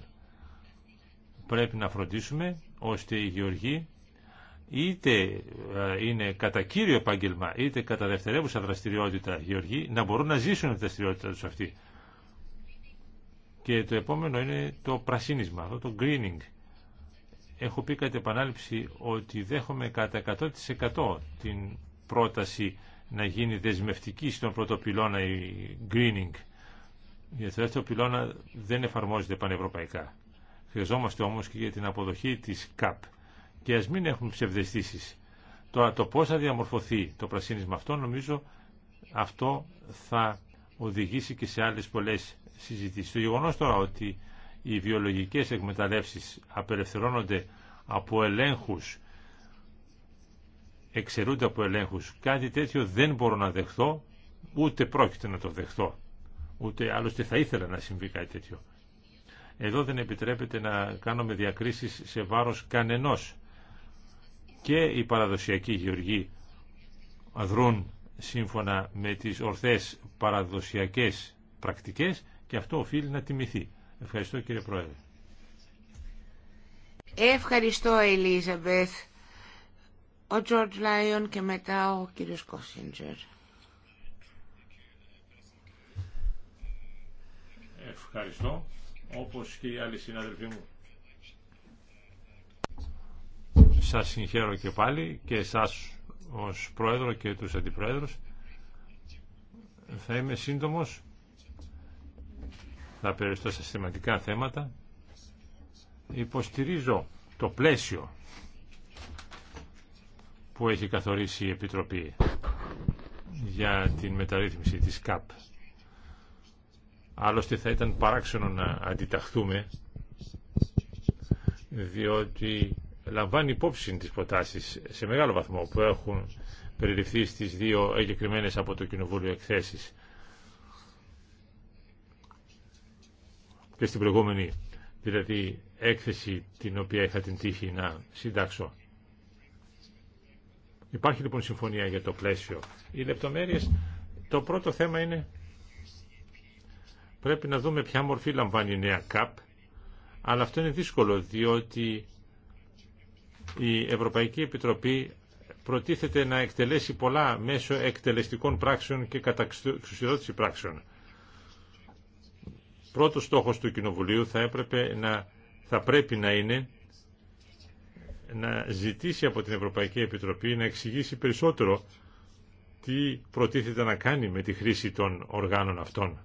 Πρέπει να φροντίσουμε ώστε οι γεωργοί είτε ε, είναι κατά κύριο επάγγελμα είτε κατά δευτερεύουσα δραστηριότητα γεωργοί να μπορούν να ζήσουν τη δραστηριότητα τους αυτή. Και το επόμενο είναι το πρασίνισμα, το greening. Έχω πει κατά επανάληψη ότι δέχομαι κατά 100% την πρόταση να γίνει δεσμευτική στον πρώτο πυλώνα η greening. Γιατί το δεύτερο πυλώνα δεν εφαρμόζεται πανευρωπαϊκά. Χρειαζόμαστε όμως και για την αποδοχή της CAP. Και ας μην έχουμε ψευδεστήσεις. Τώρα το πώς θα διαμορφωθεί το πρασίνισμα αυτό νομίζω αυτό θα οδηγήσει και σε άλλες πολλές συζητήσεις. Το γεγονός τώρα ότι οι βιολογικές εκμεταλλεύσεις απελευθερώνονται από ελέγχους εξαιρούνται από ελέγχους. Κάτι τέτοιο δεν μπορώ να δεχθώ, ούτε πρόκειται να το δεχθώ. Ούτε άλλωστε θα ήθελα να συμβεί κάτι τέτοιο. Εδώ δεν επιτρέπεται να κάνουμε διακρίσεις σε βάρος κανενός. Και οι παραδοσιακοί γεωργοί δρούν σύμφωνα με τις ορθές παραδοσιακές πρακτικές και αυτό οφείλει να τιμηθεί. Ευχαριστώ κύριε Πρόεδρε. Ευχαριστώ Ελίζαμπεθ ο George Λάιον και μετά ο κύριος Κόσιντζερ. Ευχαριστώ, όπως και οι άλλοι συνάδελφοί μου. Σας συγχαίρω και πάλι και εσάς ως πρόεδρο και τους αντιπρόεδρους. Θα είμαι σύντομος, θα περιοριστώ σε σημαντικά θέματα. Υποστηρίζω το πλαίσιο που έχει καθορίσει η Επιτροπή για την μεταρρύθμιση της ΚΑΠ. Άλλωστε θα ήταν παράξενο να αντιταχθούμε διότι λαμβάνει υπόψη τις προτάσεις σε μεγάλο βαθμό που έχουν περιληφθεί στις δύο εγκεκριμένε από το Κοινοβούλιο εκθέσεις και στην προηγούμενη δηλαδή έκθεση την οποία είχα την τύχη να συντάξω. Υπάρχει λοιπόν συμφωνία για το πλαίσιο. Οι λεπτομέρειε. το πρώτο θέμα είναι πρέπει να δούμε ποια μορφή λαμβάνει η νέα ΚΑΠ, αλλά αυτό είναι δύσκολο διότι η Ευρωπαϊκή Επιτροπή προτίθεται να εκτελέσει πολλά μέσω εκτελεστικών πράξεων και καταξιδότηση πράξεων. Πρώτος στόχος του Κοινοβουλίου θα, έπρεπε να, θα πρέπει να είναι να ζητήσει από την Ευρωπαϊκή Επιτροπή να εξηγήσει περισσότερο τι προτίθεται να κάνει με τη χρήση των οργάνων αυτών,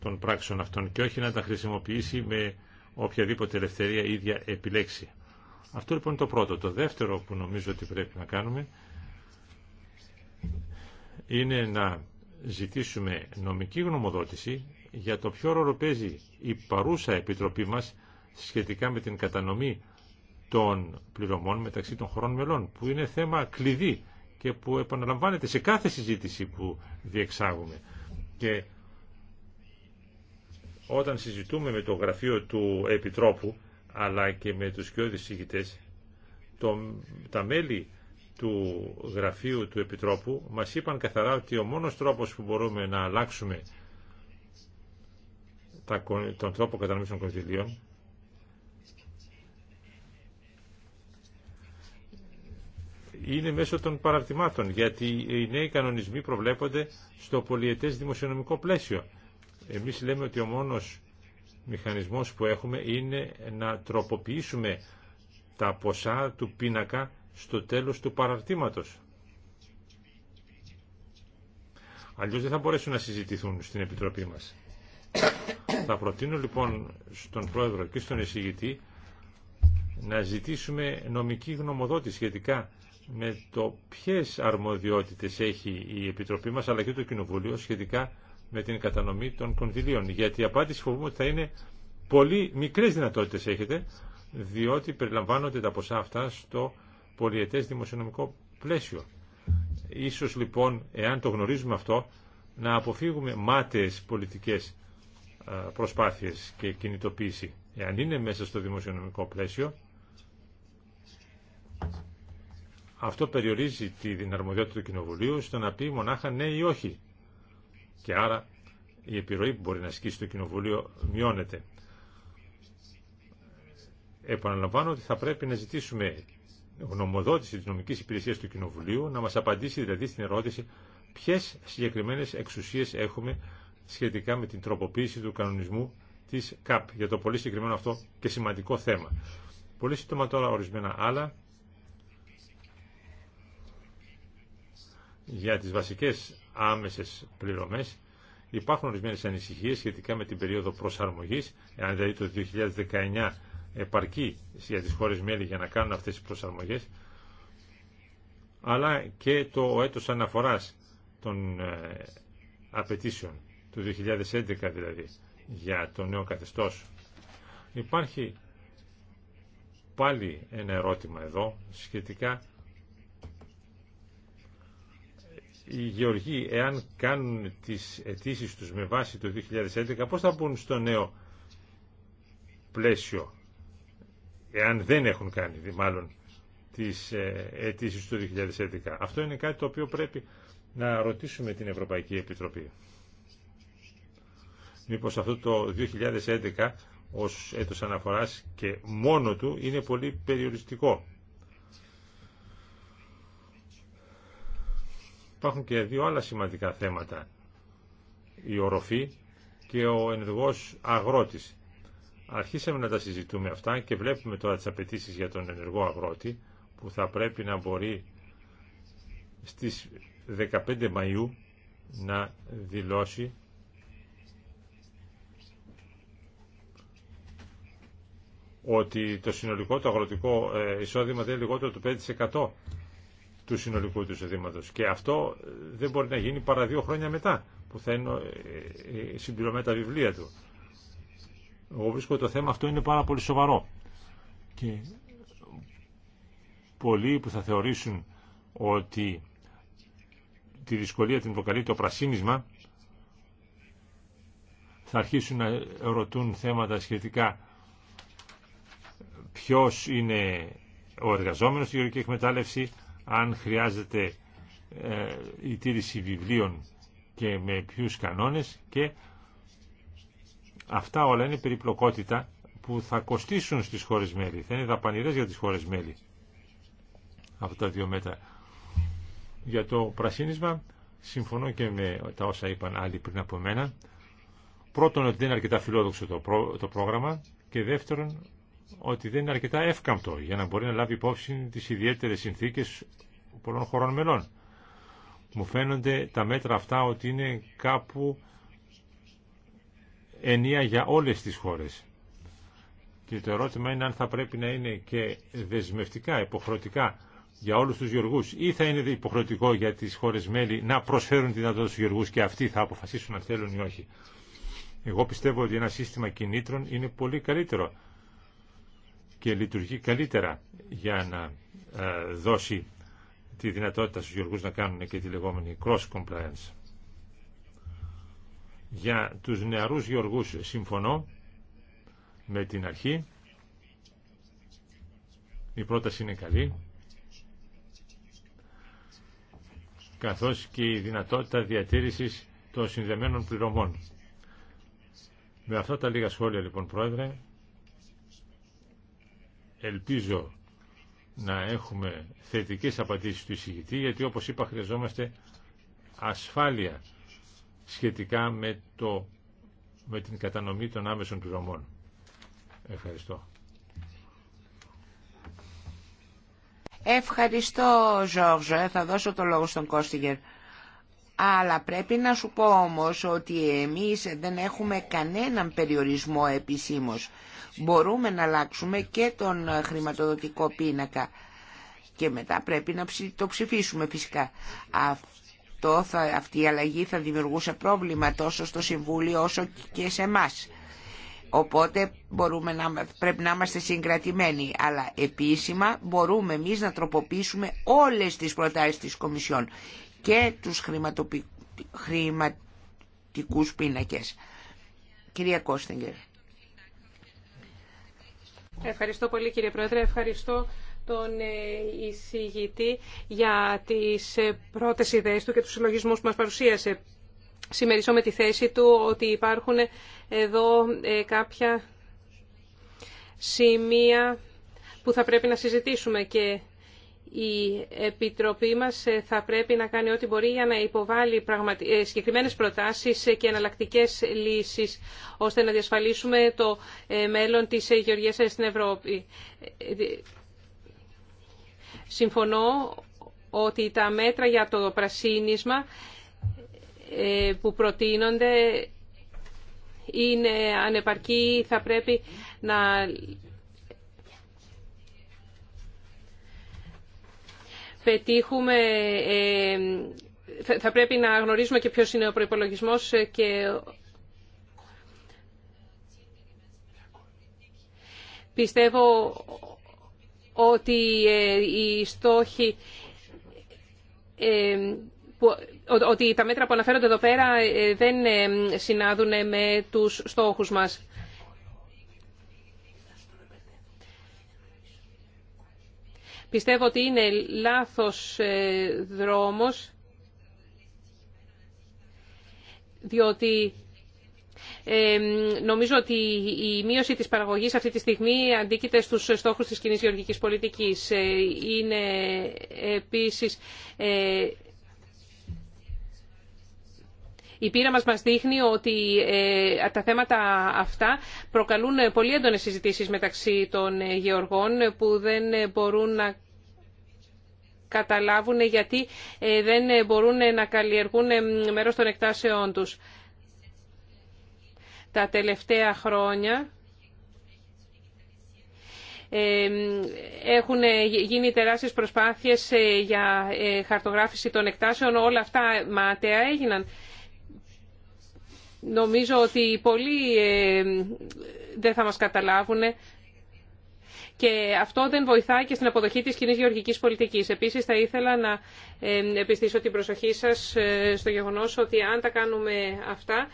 των πράξεων αυτών και όχι να τα χρησιμοποιήσει με οποιαδήποτε ελευθερία ίδια επιλέξει. Αυτό λοιπόν είναι το πρώτο. Το δεύτερο που νομίζω ότι πρέπει να κάνουμε είναι να ζητήσουμε νομική γνωμοδότηση για το ποιο ρόλο η παρούσα επιτροπή μας σχετικά με την κατανομή των πληρωμών μεταξύ των χωρών μελών, που είναι θέμα κλειδί και που επαναλαμβάνεται σε κάθε συζήτηση που διεξάγουμε. Και όταν συζητούμε με το γραφείο του Επιτρόπου, αλλά και με τους κοιόδης συγητές, το, τα μέλη του γραφείου του Επιτρόπου μας είπαν καθαρά ότι ο μόνος τρόπος που μπορούμε να αλλάξουμε τα, τον τρόπο κατανομής των κονδυλίων είναι μέσω των παραρτημάτων, γιατί οι νέοι κανονισμοί προβλέπονται στο πολιετές δημοσιονομικό πλαίσιο. Εμείς λέμε ότι ο μόνος μηχανισμός που έχουμε είναι να τροποποιήσουμε τα ποσά του πίνακα στο τέλος του παραρτήματος. Αλλιώς δεν θα μπορέσουν να συζητηθούν στην Επιτροπή μας. Θα προτείνω λοιπόν στον Πρόεδρο και στον εισηγητή να ζητήσουμε νομική γνωμοδότηση σχετικά με το ποιε αρμοδιότητες έχει η Επιτροπή μας αλλά και το Κοινοβούλιο σχετικά με την κατανομή των κονδυλίων. Γιατί η απάντηση φοβούμαι ότι θα είναι πολύ μικρέ δυνατότητες έχετε διότι περιλαμβάνονται τα ποσά αυτά στο πολιετέ δημοσιονομικό πλαίσιο. Ίσως λοιπόν, εάν το γνωρίζουμε αυτό, να αποφύγουμε μάταιες πολιτικές προσπάθειες και κινητοποίηση. Εάν είναι μέσα στο δημοσιονομικό πλαίσιο, Αυτό περιορίζει τη δυναρμοδιότητα του Κοινοβουλίου στο να πει μονάχα ναι ή όχι. Και άρα η επιρροή που μπορεί να ασκήσει το Κοινοβουλίο μειώνεται. Επαναλαμβάνω ότι θα πρέπει να ζητήσουμε γνωμοδότηση τη νομική υπηρεσία του Κοινοβουλίου, να μα απαντήσει δηλαδή στην ερώτηση ποιε συγκεκριμένε εξουσίε έχουμε σχετικά με την τροποποίηση του κανονισμού της ΚΑΠ για το πολύ συγκεκριμένο αυτό και σημαντικό θέμα. Πολύ σύντομα τώρα ορισμένα άλλα για τις βασικές άμεσες πληρωμές υπάρχουν ορισμένες ανησυχίες σχετικά με την περίοδο προσαρμογής, αν δηλαδή το 2019 επαρκεί για τις χώρες μέλη για να κάνουν αυτές τις προσαρμογές, αλλά και το έτος αναφοράς των ε, απαιτήσεων του 2011 δηλαδή για το νέο καθεστώς. Υπάρχει πάλι ένα ερώτημα εδώ σχετικά οι γεωργοί, εάν κάνουν τις αιτήσει τους με βάση το 2011, πώς θα μπουν στο νέο πλαίσιο, εάν δεν έχουν κάνει, μάλλον, τις ε, αιτήσει του 2011. Αυτό είναι κάτι το οποίο πρέπει να ρωτήσουμε την Ευρωπαϊκή Επιτροπή. Μήπως αυτό το 2011 ως έτος αναφοράς και μόνο του είναι πολύ περιοριστικό. Υπάρχουν και δύο άλλα σημαντικά θέματα. Η οροφή και ο ενεργός αγρότης. Αρχίσαμε να τα συζητούμε αυτά και βλέπουμε τώρα τις απαιτήσει για τον ενεργό αγρότη που θα πρέπει να μπορεί στις 15 Μαΐου να δηλώσει ότι το συνολικό το αγροτικό ε, εισόδημα δεν είναι λιγότερο του 5% του συνολικού του εισοδήματο. Και αυτό ε, δεν μπορεί να γίνει παρά δύο χρόνια μετά που θα είναι ε, ε, συμπληρωμένα τα βιβλία του. Εγώ βρίσκω το θέμα αυτό είναι πάρα πολύ σοβαρό. Και πολλοί που θα θεωρήσουν ότι τη δυσκολία την προκαλεί το πρασίνισμα θα αρχίσουν να ρωτούν θέματα σχετικά ποιος είναι ο εργαζόμενος στη γεωργική εκμετάλλευση, αν χρειάζεται ε, η τήρηση βιβλίων και με ποιους κανόνες και αυτά όλα είναι περιπλοκότητα που θα κοστίσουν στις χώρες μέλη, θα είναι δαπανηρές για τις χώρες μέλη αυτά τα δύο μέτρα. Για το πρασίνισμα συμφωνώ και με τα όσα είπαν άλλοι πριν από μένα. Πρώτον ότι δεν είναι αρκετά φιλόδοξο το, πρόγραμμα και δεύτερον ότι δεν είναι αρκετά εύκαμπτο για να μπορεί να λάβει υπόψη τις ιδιαίτερες συνθήκες πολλών χωρών μελών. Μου φαίνονται τα μέτρα αυτά ότι είναι κάπου ενία για όλες τις χώρες. Και το ερώτημα είναι αν θα πρέπει να είναι και δεσμευτικά, υποχρεωτικά για όλους τους γεωργούς ή θα είναι υποχρεωτικό για τις χώρες μέλη να προσφέρουν δυνατότητα στους γεωργούς και αυτοί θα αποφασίσουν αν θέλουν ή όχι. Εγώ πιστεύω ότι ένα σύστημα κινήτρων είναι πολύ καλύτερο και λειτουργεί καλύτερα για να ε, δώσει τη δυνατότητα στους γεωργούς να κάνουν και τη λεγόμενη cross-compliance. Για τους νεαρούς γεωργούς συμφωνώ με την αρχή. Η πρόταση είναι καλή. καθώς και η δυνατότητα διατήρησης των συνδεμένων πληρωμών. Με αυτά τα λίγα σχόλια λοιπόν Πρόεδρε Ελπίζω να έχουμε θετικές απαντήσεις του εισηγητή, γιατί όπως είπα χρειαζόμαστε ασφάλεια σχετικά με, το, με την κατανομή των άμεσων πληρωμών. Ευχαριστώ. Ευχαριστώ Ζόρζο. Ε, θα δώσω το λόγο στον Κώστιγκερ. Αλλά πρέπει να σου πω όμως ότι εμείς δεν έχουμε κανέναν περιορισμό επισήμως μπορούμε να αλλάξουμε και τον χρηματοδοτικό πίνακα και μετά πρέπει να το ψηφίσουμε φυσικά. Αυτό θα, αυτή η αλλαγή θα δημιουργούσε πρόβλημα τόσο στο Συμβούλιο όσο και σε εμά. Οπότε μπορούμε να, πρέπει να είμαστε συγκρατημένοι, αλλά επίσημα μπορούμε εμείς να τροποποιήσουμε όλες τις προτάσεις της Κομισιόν και τους χρηματοπι... χρηματικούς πίνακες. Κυρία Κώστιγκερ. Ευχαριστώ πολύ κύριε Πρόεδρε. Ευχαριστώ τον ε, εισηγητή για τις ε, πρώτες ιδέες του και τους συλλογισμούς που μας παρουσίασε. Συμμερισώ με τη θέση του ότι υπάρχουν εδώ ε, κάποια σημεία που θα πρέπει να συζητήσουμε και η Επιτροπή μας ε, θα πρέπει να κάνει ό,τι μπορεί για να υποβάλει ε, συγκεκριμένες προτάσεις ε, και εναλλακτικέ λύσεις ώστε να διασφαλίσουμε το μέλλον της γεωργίας στην Ευρώπη. Συμφωνώ ότι τα μέτρα για το πρασίνισμα που προτείνονται είναι ανεπαρκή, θα πρέπει να πετύχουμε ε, θα πρέπει να γνωρίζουμε και ποιος είναι ο προϋπολογισμός ε, και πιστεύω ότι ε, οι στόχοι ότι τα μέτρα που αναφέρονται εδώ πέρα δεν συνάδουν με τους στόχους μας. Πιστεύω ότι είναι λάθος ε, δρόμος, διότι ε, νομίζω ότι η μείωση της παραγωγής αυτή τη στιγμή αντίκειται στους στόχους της κοινής γεωργικής πολιτικής. Ε, είναι επίσης... Η πείρα μας μας δείχνει ότι ε, τα θέματα αυτά προκαλούν πολύ έντονες συζητήσεις μεταξύ των γεωργών που δεν μπορούν να καταλάβουν γιατί ε, δεν μπορούν να καλλιεργούν μέρος των εκτάσεών τους. Τα τελευταία χρόνια ε, έχουν γίνει τεράστιες προσπάθειες για χαρτογράφηση των εκτάσεων. Όλα αυτά μάταια έγιναν. Νομίζω ότι πολλοί ε, δεν θα μας καταλάβουν και αυτό δεν βοηθάει και στην αποδοχή της κοινή γεωργικής πολιτικής. Επίσης θα ήθελα να ε, επιστήσω την προσοχή σας ε, στο γεγονός ότι αν τα κάνουμε αυτά,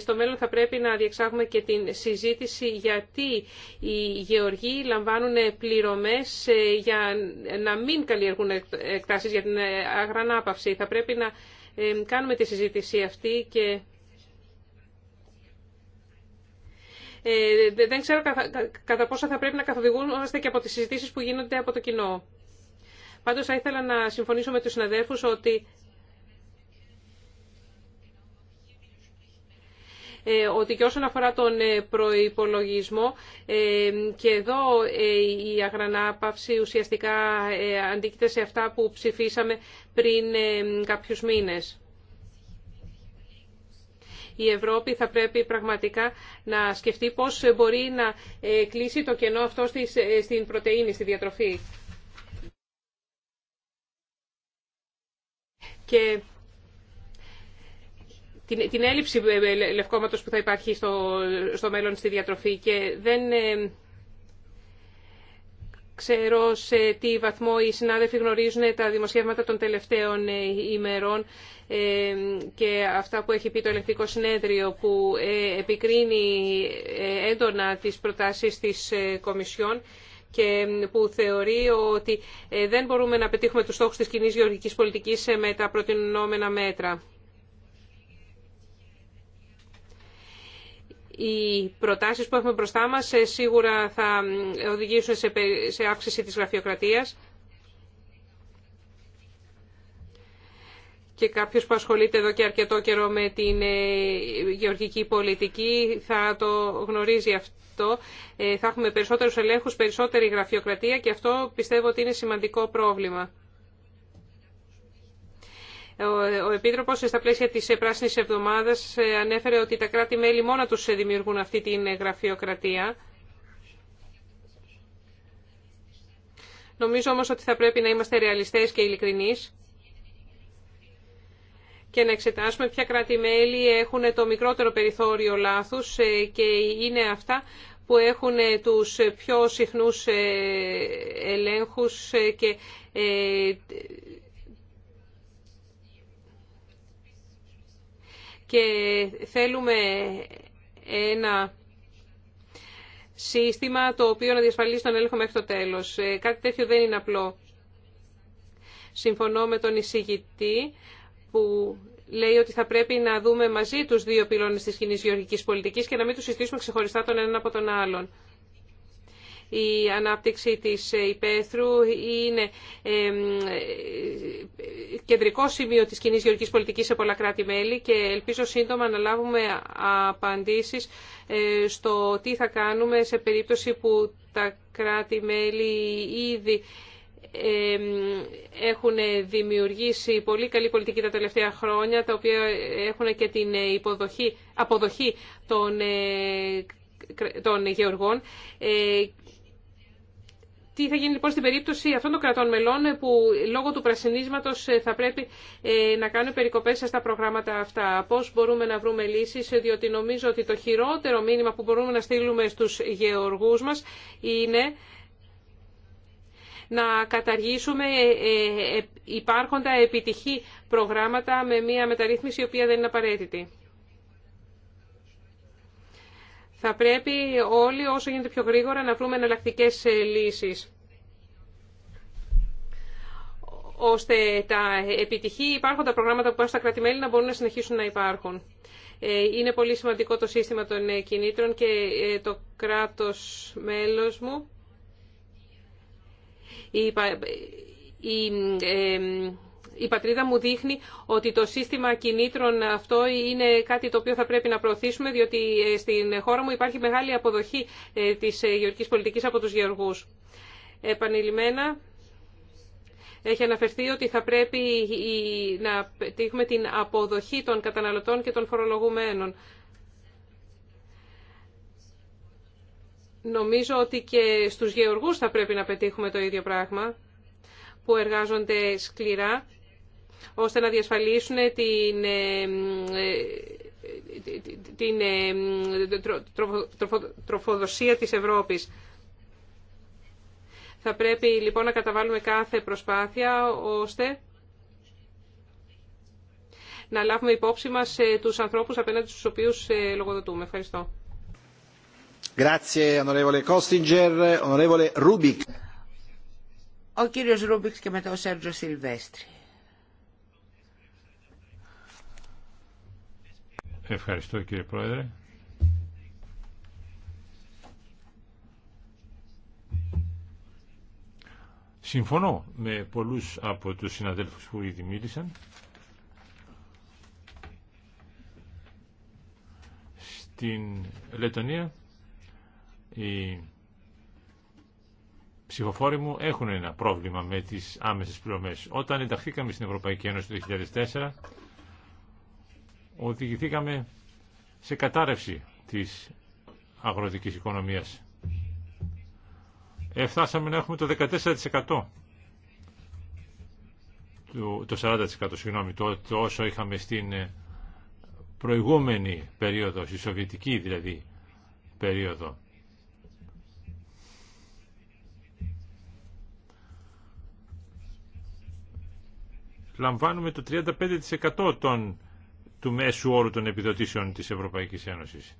στο μέλλον θα πρέπει να διεξάγουμε και την συζήτηση γιατί οι γεωργοί λαμβάνουν πληρωμές για να μην καλλιεργούν εκτάσεις για την αγρανάπαυση. Θα πρέπει να κάνουμε τη συζήτηση αυτή και Ε, δεν ξέρω κατά πόσο θα πρέπει να καθοδηγούμαστε και από τις συζητήσεις που γίνονται από το κοινό. Πάντως θα ήθελα να συμφωνήσω με τους συναδέλφους ότι ε, ότι και όσον αφορά τον ε, προϋπολογισμό και εδώ η αγρανάπαυση ουσιαστικά αντίκειται σε αυτά που ψηφίσαμε πριν κάποιους μήνες η Ευρώπη θα πρέπει πραγματικά να σκεφτεί πώς μπορεί να ε, κλείσει το κενό αυτό ε, στην πρωτεΐνη, στη διατροφή. Και την, την έλλειψη ε, λευκόματος που θα υπάρχει στο, στο μέλλον στη διατροφή και δεν ξέρω σε τι βαθμό οι συνάδελφοι γνωρίζουν τα δημοσιεύματα των τελευταίων ε, ημερών ε, και αυτά που έχει πει το Ελεκτικό Συνέδριο που ε, επικρίνει έντονα τις προτάσεις της Κομισιόν και που θεωρεί ότι δεν μπορούμε να πετύχουμε τους στόχους της κοινή γεωργικής πολιτικής με τα προτινόμενα μέτρα. οι προτάσεις που έχουμε μπροστά μας ε, σίγουρα θα οδηγήσουν σε αύξηση της γραφειοκρατίας και κάποιος που ασχολείται εδώ και αρκετό καιρό με την ε, γεωργική πολιτική θα το γνωρίζει αυτό. Ε, θα έχουμε περισσότερους ελέγχους, περισσότερη γραφειοκρατία και αυτό πιστεύω ότι είναι σημαντικό πρόβλημα. Ο Επίτροπο, στα πλαίσια της πράσινη Εβδομάδας ε, ανέφερε ότι τα κράτη-μέλη μόνα τους ε, δημιουργούν αυτή την ε, γραφειοκρατία. Νομίζω όμως ότι θα πρέπει να είμαστε ρεαλιστές και ειλικρινεί. και να εξετάσουμε ποια κράτη-μέλη έχουν το μικρότερο περιθώριο λάθους και είναι αυτά που έχουν τους πιο συχνούς ελέγχους και και θέλουμε ένα σύστημα το οποίο να διασφαλίσει τον έλεγχο μέχρι το τέλος. Ε, κάτι τέτοιο δεν είναι απλό. Συμφωνώ με τον εισηγητή που λέει ότι θα πρέπει να δούμε μαζί τους δύο πυλώνες της κοινή γεωργικής πολιτικής και να μην τους συστήσουμε ξεχωριστά τον έναν από τον άλλον η ανάπτυξη της υπαίθρου είναι κεντρικό σημείο της κοινή γεωργικής πολιτικής σε πολλά κράτη-μέλη και ελπίζω σύντομα να λάβουμε απαντήσεις ε, στο τι θα κάνουμε σε περίπτωση που τα κράτη-μέλη ήδη έχουν δημιουργήσει πολύ καλή πολιτική τα τελευταία χρόνια, τα οποία έχουν και την υποδοχή, αποδοχή των, ε, των γεωργών ε, τι θα γίνει λοιπόν στην περίπτωση αυτών των κρατών μελών που λόγω του πρασινίσματο ε, θα πρέπει ε, να κάνουν περικοπές στα προγράμματα αυτά. Πώς μπορούμε να βρούμε λύσει, ε, διότι νομίζω ότι το χειρότερο μήνυμα που μπορούμε να στείλουμε στους γεωργούς μας είναι να καταργήσουμε υπάρχοντα επιτυχή προγράμματα με μια μεταρρύθμιση η οποία δεν είναι απαραίτητη. Θα πρέπει όλοι όσο γίνεται πιο γρήγορα να βρούμε εναλλακτικέ ε, λύσεις ώστε τα επιτυχή υπάρχοντα προγράμματα που πάνε στα κράτη-μέλη να μπορούν να συνεχίσουν να υπάρχουν. Ε, είναι πολύ σημαντικό το σύστημα των ε, κινήτρων και το κράτος μέλος μου. Η η πατρίδα μου δείχνει ότι το σύστημα κινήτρων αυτό είναι κάτι το οποίο θα πρέπει να προωθήσουμε, διότι ε, στην χώρα μου υπάρχει μεγάλη αποδοχή ε, της ε, γεωργικής πολιτικής από τους γεωργούς. Επανειλημμένα, έχει αναφερθεί ότι θα πρέπει να πετύχουμε την αποδοχή των καταναλωτών και των φορολογουμένων. Νομίζω ότι και στους γεωργούς θα πρέπει να πετύχουμε το ίδιο πράγμα, που εργάζονται σκληρά ώστε να διασφαλίσουν την, ε, ε, την ε, τροφοδοσία της Ευρώπης. Θα πρέπει λοιπόν να καταβάλουμε κάθε προσπάθεια ώστε να λάβουμε υπόψη μας τους ανθρώπους απέναντι στους οποίους λογοδοτούμε. Ευχαριστώ. Ο κύριος Ρούμπιξ και μετά ο Σέρτζο Σιλβέστρη. Ευχαριστώ κύριε Πρόεδρε. Συμφωνώ με πολλούς από τους συναδέλφους που ήδη μίλησαν. Στην Λετωνία οι ψηφοφόροι μου έχουν ένα πρόβλημα με τις άμεσες πληρωμές. Όταν ενταχθήκαμε στην Ευρωπαϊκή Ένωση το 2004 οδηγηθήκαμε σε κατάρρευση της αγροτικής οικονομίας. Εφτάσαμε να έχουμε το 14% το 40% συγγνώμη, το, το όσο είχαμε στην ε, προηγούμενη περίοδο, στη σοβιετική δηλαδή περίοδο. Λαμβάνουμε το 35% των του μέσου όρου των επιδοτήσεων της Ευρωπαϊκής Ένωσης.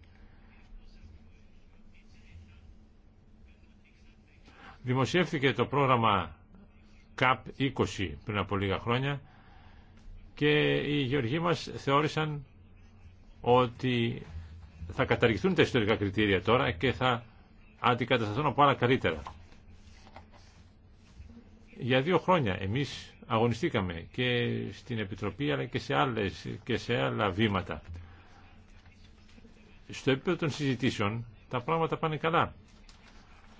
Δημοσιεύθηκε το πρόγραμμα ΚΑΠ 20 πριν από λίγα χρόνια και οι γεωργοί μας θεώρησαν ότι θα καταργηθούν τα ιστορικά κριτήρια τώρα και θα αντικατασταθούν από άλλα καλύτερα. Για δύο χρόνια εμείς αγωνιστήκαμε και στην Επιτροπή αλλά και σε, άλλες, και σε άλλα βήματα. Στο επίπεδο των συζητήσεων τα πράγματα πάνε καλά.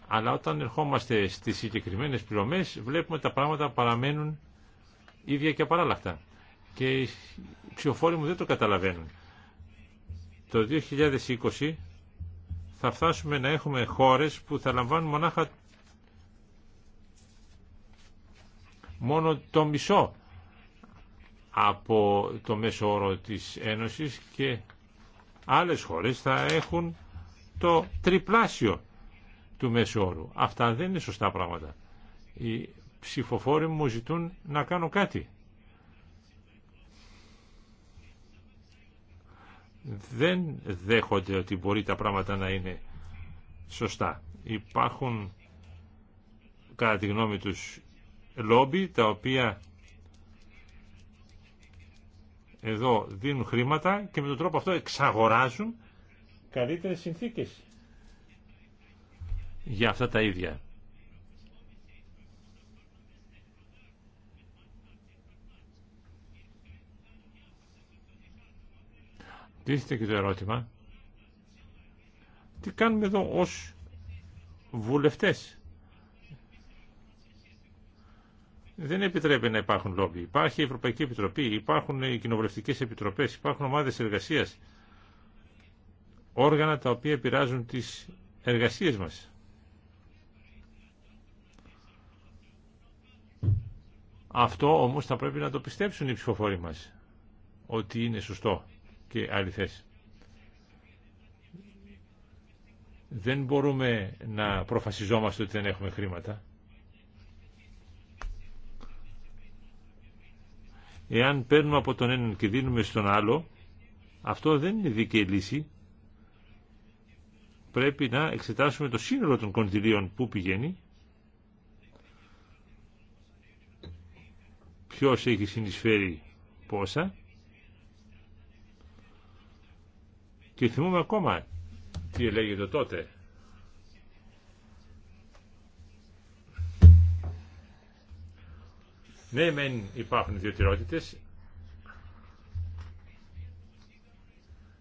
Αλλά όταν ερχόμαστε στις συγκεκριμένες πληρωμές βλέπουμε τα πράγματα παραμένουν ίδια και απαράλλαχτα. Και οι ψηφοφόροι μου δεν το καταλαβαίνουν. Το 2020 θα φτάσουμε να έχουμε χώρες που θα λαμβάνουν μονάχα μόνο το μισό από το μέσο όρο της Ένωσης και άλλες χώρες θα έχουν το τριπλάσιο του μέσο όρου. Αυτά δεν είναι σωστά πράγματα. Οι ψηφοφόροι μου ζητούν να κάνω κάτι. Δεν δέχονται ότι μπορεί τα πράγματα να είναι σωστά. Υπάρχουν κατά τη γνώμη τους λόμπι τα οποία εδώ δίνουν χρήματα και με τον τρόπο αυτό εξαγοράζουν καλύτερες συνθήκες για αυτά τα ίδια. Τίθεται και το ερώτημα τι κάνουμε εδώ ως βουλευτές δεν επιτρέπει να υπάρχουν λόμπι. Υπάρχει η Ευρωπαϊκή Επιτροπή, υπάρχουν οι κοινοβουλευτικέ επιτροπέ, υπάρχουν ομάδε εργασία. Όργανα τα οποία επηρεάζουν τι εργασίε μα. Αυτό όμως θα πρέπει να το πιστέψουν οι ψηφοφόροι μας ότι είναι σωστό και αληθές. Δεν μπορούμε να προφασιζόμαστε ότι δεν έχουμε χρήματα. Εάν παίρνουμε από τον έναν και δίνουμε στον άλλο, αυτό δεν είναι δίκαιη λύση. Πρέπει να εξετάσουμε το σύνολο των κοντιλίων που πηγαίνει, ποιος έχει συνεισφέρει πόσα και θυμούμε ακόμα τι το τότε. Ναι, μεν υπάρχουν ιδιωτηρότητες,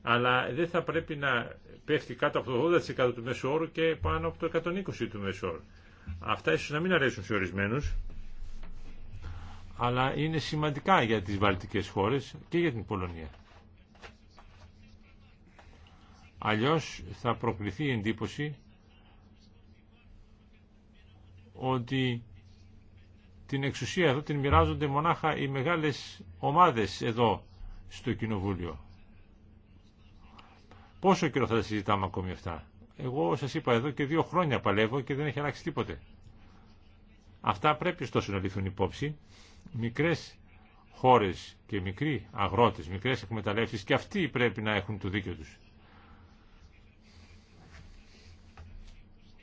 αλλά δεν θα πρέπει να πέφτει κάτω από το 80% του μέσου όρου και πάνω από το 120% του μέσου όρου. Αυτά ίσως να μην αρέσουν σε ορισμένου, αλλά είναι σημαντικά για τις βαλτικές χώρες και για την Πολωνία. Αλλιώς θα προκληθεί η εντύπωση ότι την εξουσία εδώ την μοιράζονται μονάχα οι μεγάλες ομάδες εδώ στο Κοινοβούλιο. Πόσο καιρό θα τα συζητάμε ακόμη αυτά. Εγώ σας είπα εδώ και δύο χρόνια παλεύω και δεν έχει αλλάξει τίποτε. Αυτά πρέπει ωστόσο να λυθούν υπόψη. Μικρές χώρες και μικροί αγρότες, μικρές εκμεταλλεύσεις και αυτοί πρέπει να έχουν το δίκιο τους.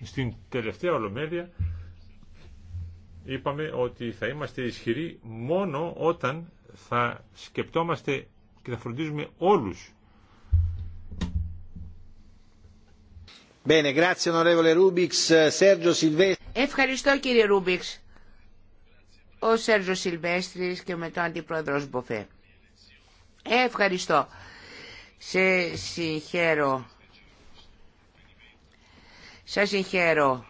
Στην τελευταία ολομέλεια είπαμε ότι θα είμαστε ισχυροί μόνο όταν θα σκεπτόμαστε και θα φροντίζουμε όλους. Ευχαριστώ κύριε Ρούμπιξ. Ο σέρζο Σιλβέστρης και μετά ο Αντιπρόεδρο Μποφέ. Ε, ευχαριστώ. Σε συγχαίρω. Σας συγχαίρω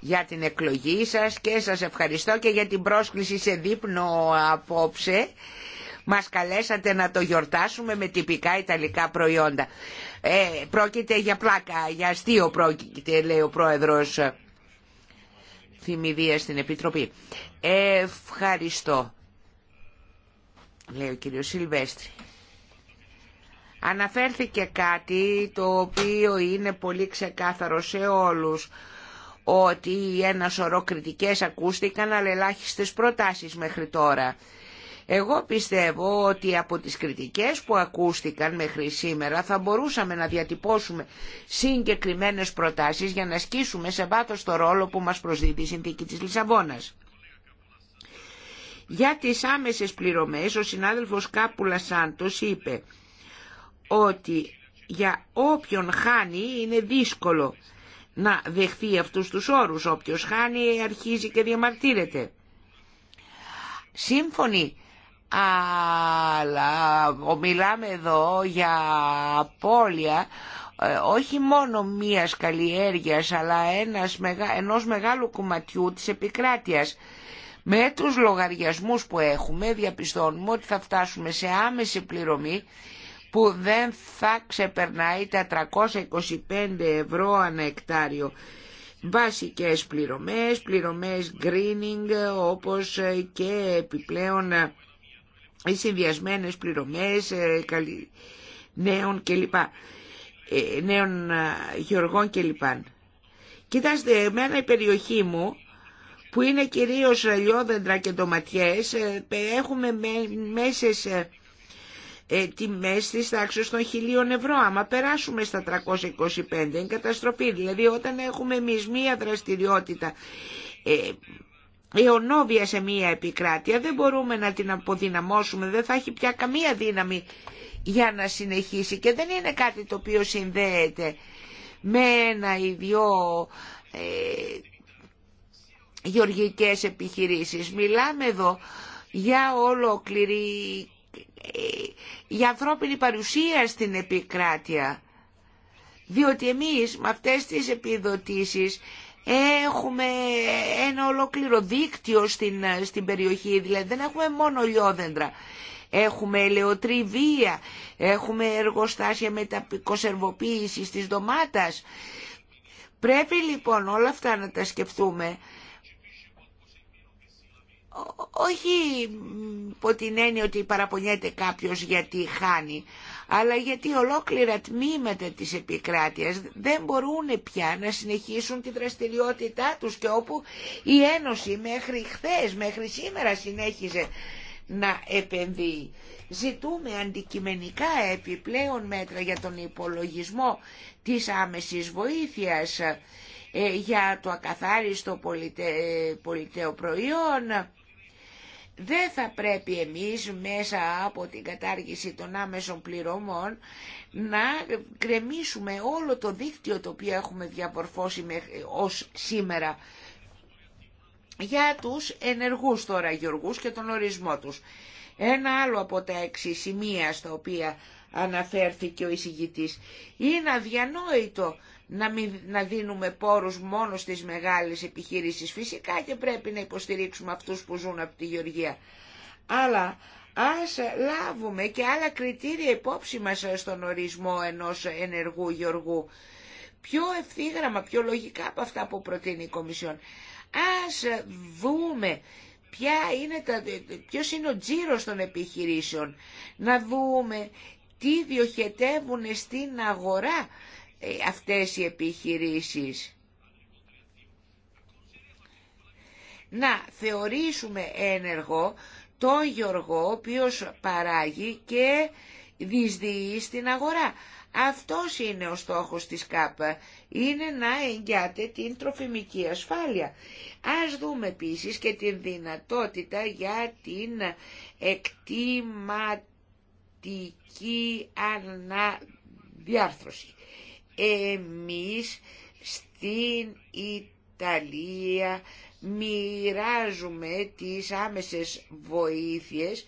για την εκλογή σας και σας ευχαριστώ και για την πρόσκληση σε δείπνο απόψε. Μας καλέσατε να το γιορτάσουμε με τυπικά ιταλικά προϊόντα. Ε, πρόκειται για πλάκα, για αστείο πρόκειται, λέει ο πρόεδρος Θημιδία στην Επιτροπή. ευχαριστώ, λέει ο κύριος Σιλβέστρη. Αναφέρθηκε κάτι το οποίο είναι πολύ ξεκάθαρο σε όλους ότι ένα σωρό κριτικές ακούστηκαν αλλά ελάχιστε προτάσεις μέχρι τώρα. Εγώ πιστεύω ότι από τις κριτικές που ακούστηκαν μέχρι σήμερα θα μπορούσαμε να διατυπώσουμε συγκεκριμένες προτάσεις για να ασκήσουμε σε βάθος το ρόλο που μας προσδίδει η συνθήκη της Λισαβόνας. Για τις άμεσες πληρωμές ο συνάδελφος Κάπουλα Σάντος είπε ότι για όποιον χάνει είναι δύσκολο να δεχθεί αυτούς τους όρους. Όποιος χάνει αρχίζει και διαμαρτύρεται. Σύμφωνοι, αλλά μιλάμε εδώ για απώλεια ε, όχι μόνο μίας καλλιέργειας αλλά ένας, ενός μεγάλου κομματιού της επικράτειας. Με τους λογαριασμούς που έχουμε διαπιστώνουμε ότι θα φτάσουμε σε άμεση πληρωμή που δεν θα ξεπερνάει τα 325 ευρώ ανά εκτάριο. Βασικές πληρωμές, πληρωμές greening όπως και επιπλέον οι συνδυασμένες πληρωμές ε, νέων κλπ. Ε, νέων ε, γεωργών κλπ. Κοιτάστε, εμένα η περιοχή μου που είναι κυρίως λιόδεντρα και ντοματιές έχουμε μέσες ε, τιμές της τάξης των χιλίων ευρώ. Άμα περάσουμε στα 325 είναι καταστροφή. Δηλαδή όταν έχουμε εμεί μία δραστηριότητα ε, αιωνόβια σε μία επικράτεια δεν μπορούμε να την αποδυναμώσουμε, δεν θα έχει πια καμία δύναμη για να συνεχίσει και δεν είναι κάτι το οποίο συνδέεται με ένα ή δυο ε, γεωργικές επιχειρήσεις. Μιλάμε εδώ για ολόκληρη η ανθρώπινη παρουσία στην επικράτεια. Διότι εμείς με αυτές τις επιδοτήσεις έχουμε ένα ολόκληρο δίκτυο στην, στην περιοχή, δηλαδή δεν έχουμε μόνο λιόδεντρα. Έχουμε ελαιοτριβία, έχουμε εργοστάσια μεταπικοσερβοποίησης της ντομάτας. Πρέπει λοιπόν όλα αυτά να τα σκεφτούμε όχι υπό την έννοια ότι παραπονιέται κάποιος γιατί χάνει, αλλά γιατί ολόκληρα τμήματα της επικράτειας δεν μπορούν πια να συνεχίσουν τη δραστηριότητά τους και όπου η Ένωση μέχρι χθες, μέχρι σήμερα συνέχιζε να επενδύει. Ζητούμε αντικειμενικά επιπλέον μέτρα για τον υπολογισμό της άμεσης βοήθειας, ε, για το ακαθάριστο πολιτε, ε, πολιτεοπροϊόν, δεν θα πρέπει εμείς μέσα από την κατάργηση των άμεσων πληρωμών να κρεμίσουμε όλο το δίκτυο το οποίο έχουμε διαμορφώσει ως σήμερα για τους ενεργούς τώρα γεωργούς και τον ορισμό τους. Ένα άλλο από τα έξι σημεία στα οποία αναφέρθηκε ο εισηγητής είναι αδιανόητο να μην δίνουμε πόρους μόνο στις μεγάλες επιχειρήσεις. Φυσικά και πρέπει να υποστηρίξουμε αυτούς που ζουν από τη Γεωργία. Αλλά ας λάβουμε και άλλα κριτήρια υπόψη μας στον ορισμό ενός ενεργού Γεωργού. Πιο ευθύγραμμα, πιο λογικά από αυτά που προτείνει η Κομισιόν. Ας δούμε ποια είναι τα, ποιος είναι ο τζίρος των επιχειρήσεων. Να δούμε τι διοχετεύουν στην αγορά αυτές οι επιχειρήσεις. Να θεωρήσουμε ένεργο τον Γιωργό ο οποίος παράγει και δυσδιεί στην αγορά. Αυτός είναι ο στόχος της ΚΑΠΑ, είναι να εγκιάται την τροφιμική ασφάλεια. Ας δούμε επίσης και την δυνατότητα για την εκτιματική αναδιάρθρωση εμείς στην Ιταλία μοιράζουμε τις άμεσες βοήθειες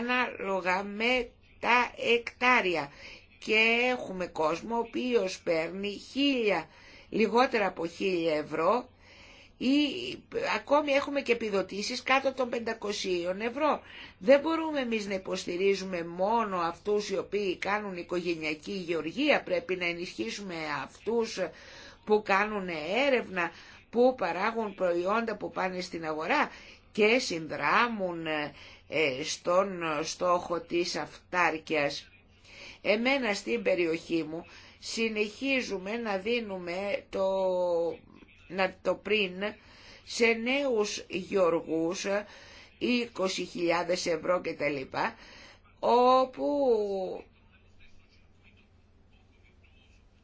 ανάλογα με τα εκτάρια και έχουμε κόσμο ο οποίος παίρνει χίλια, λιγότερα από χίλια ευρώ ή ακόμη έχουμε και επιδοτήσεις κάτω των 500 ευρώ. Δεν μπορούμε εμείς να υποστηρίζουμε μόνο αυτούς οι οποίοι κάνουν οικογενειακή γεωργία, πρέπει να ενισχύσουμε αυτούς που κάνουν έρευνα, που παράγουν προϊόντα που πάνε στην αγορά και συνδράμουν ε, στον στόχο της αυτάρκειας. Εμένα στην περιοχή μου συνεχίζουμε να δίνουμε το να το πριν σε νέους γιοργούς, 20.000 ευρώ κτλ όπου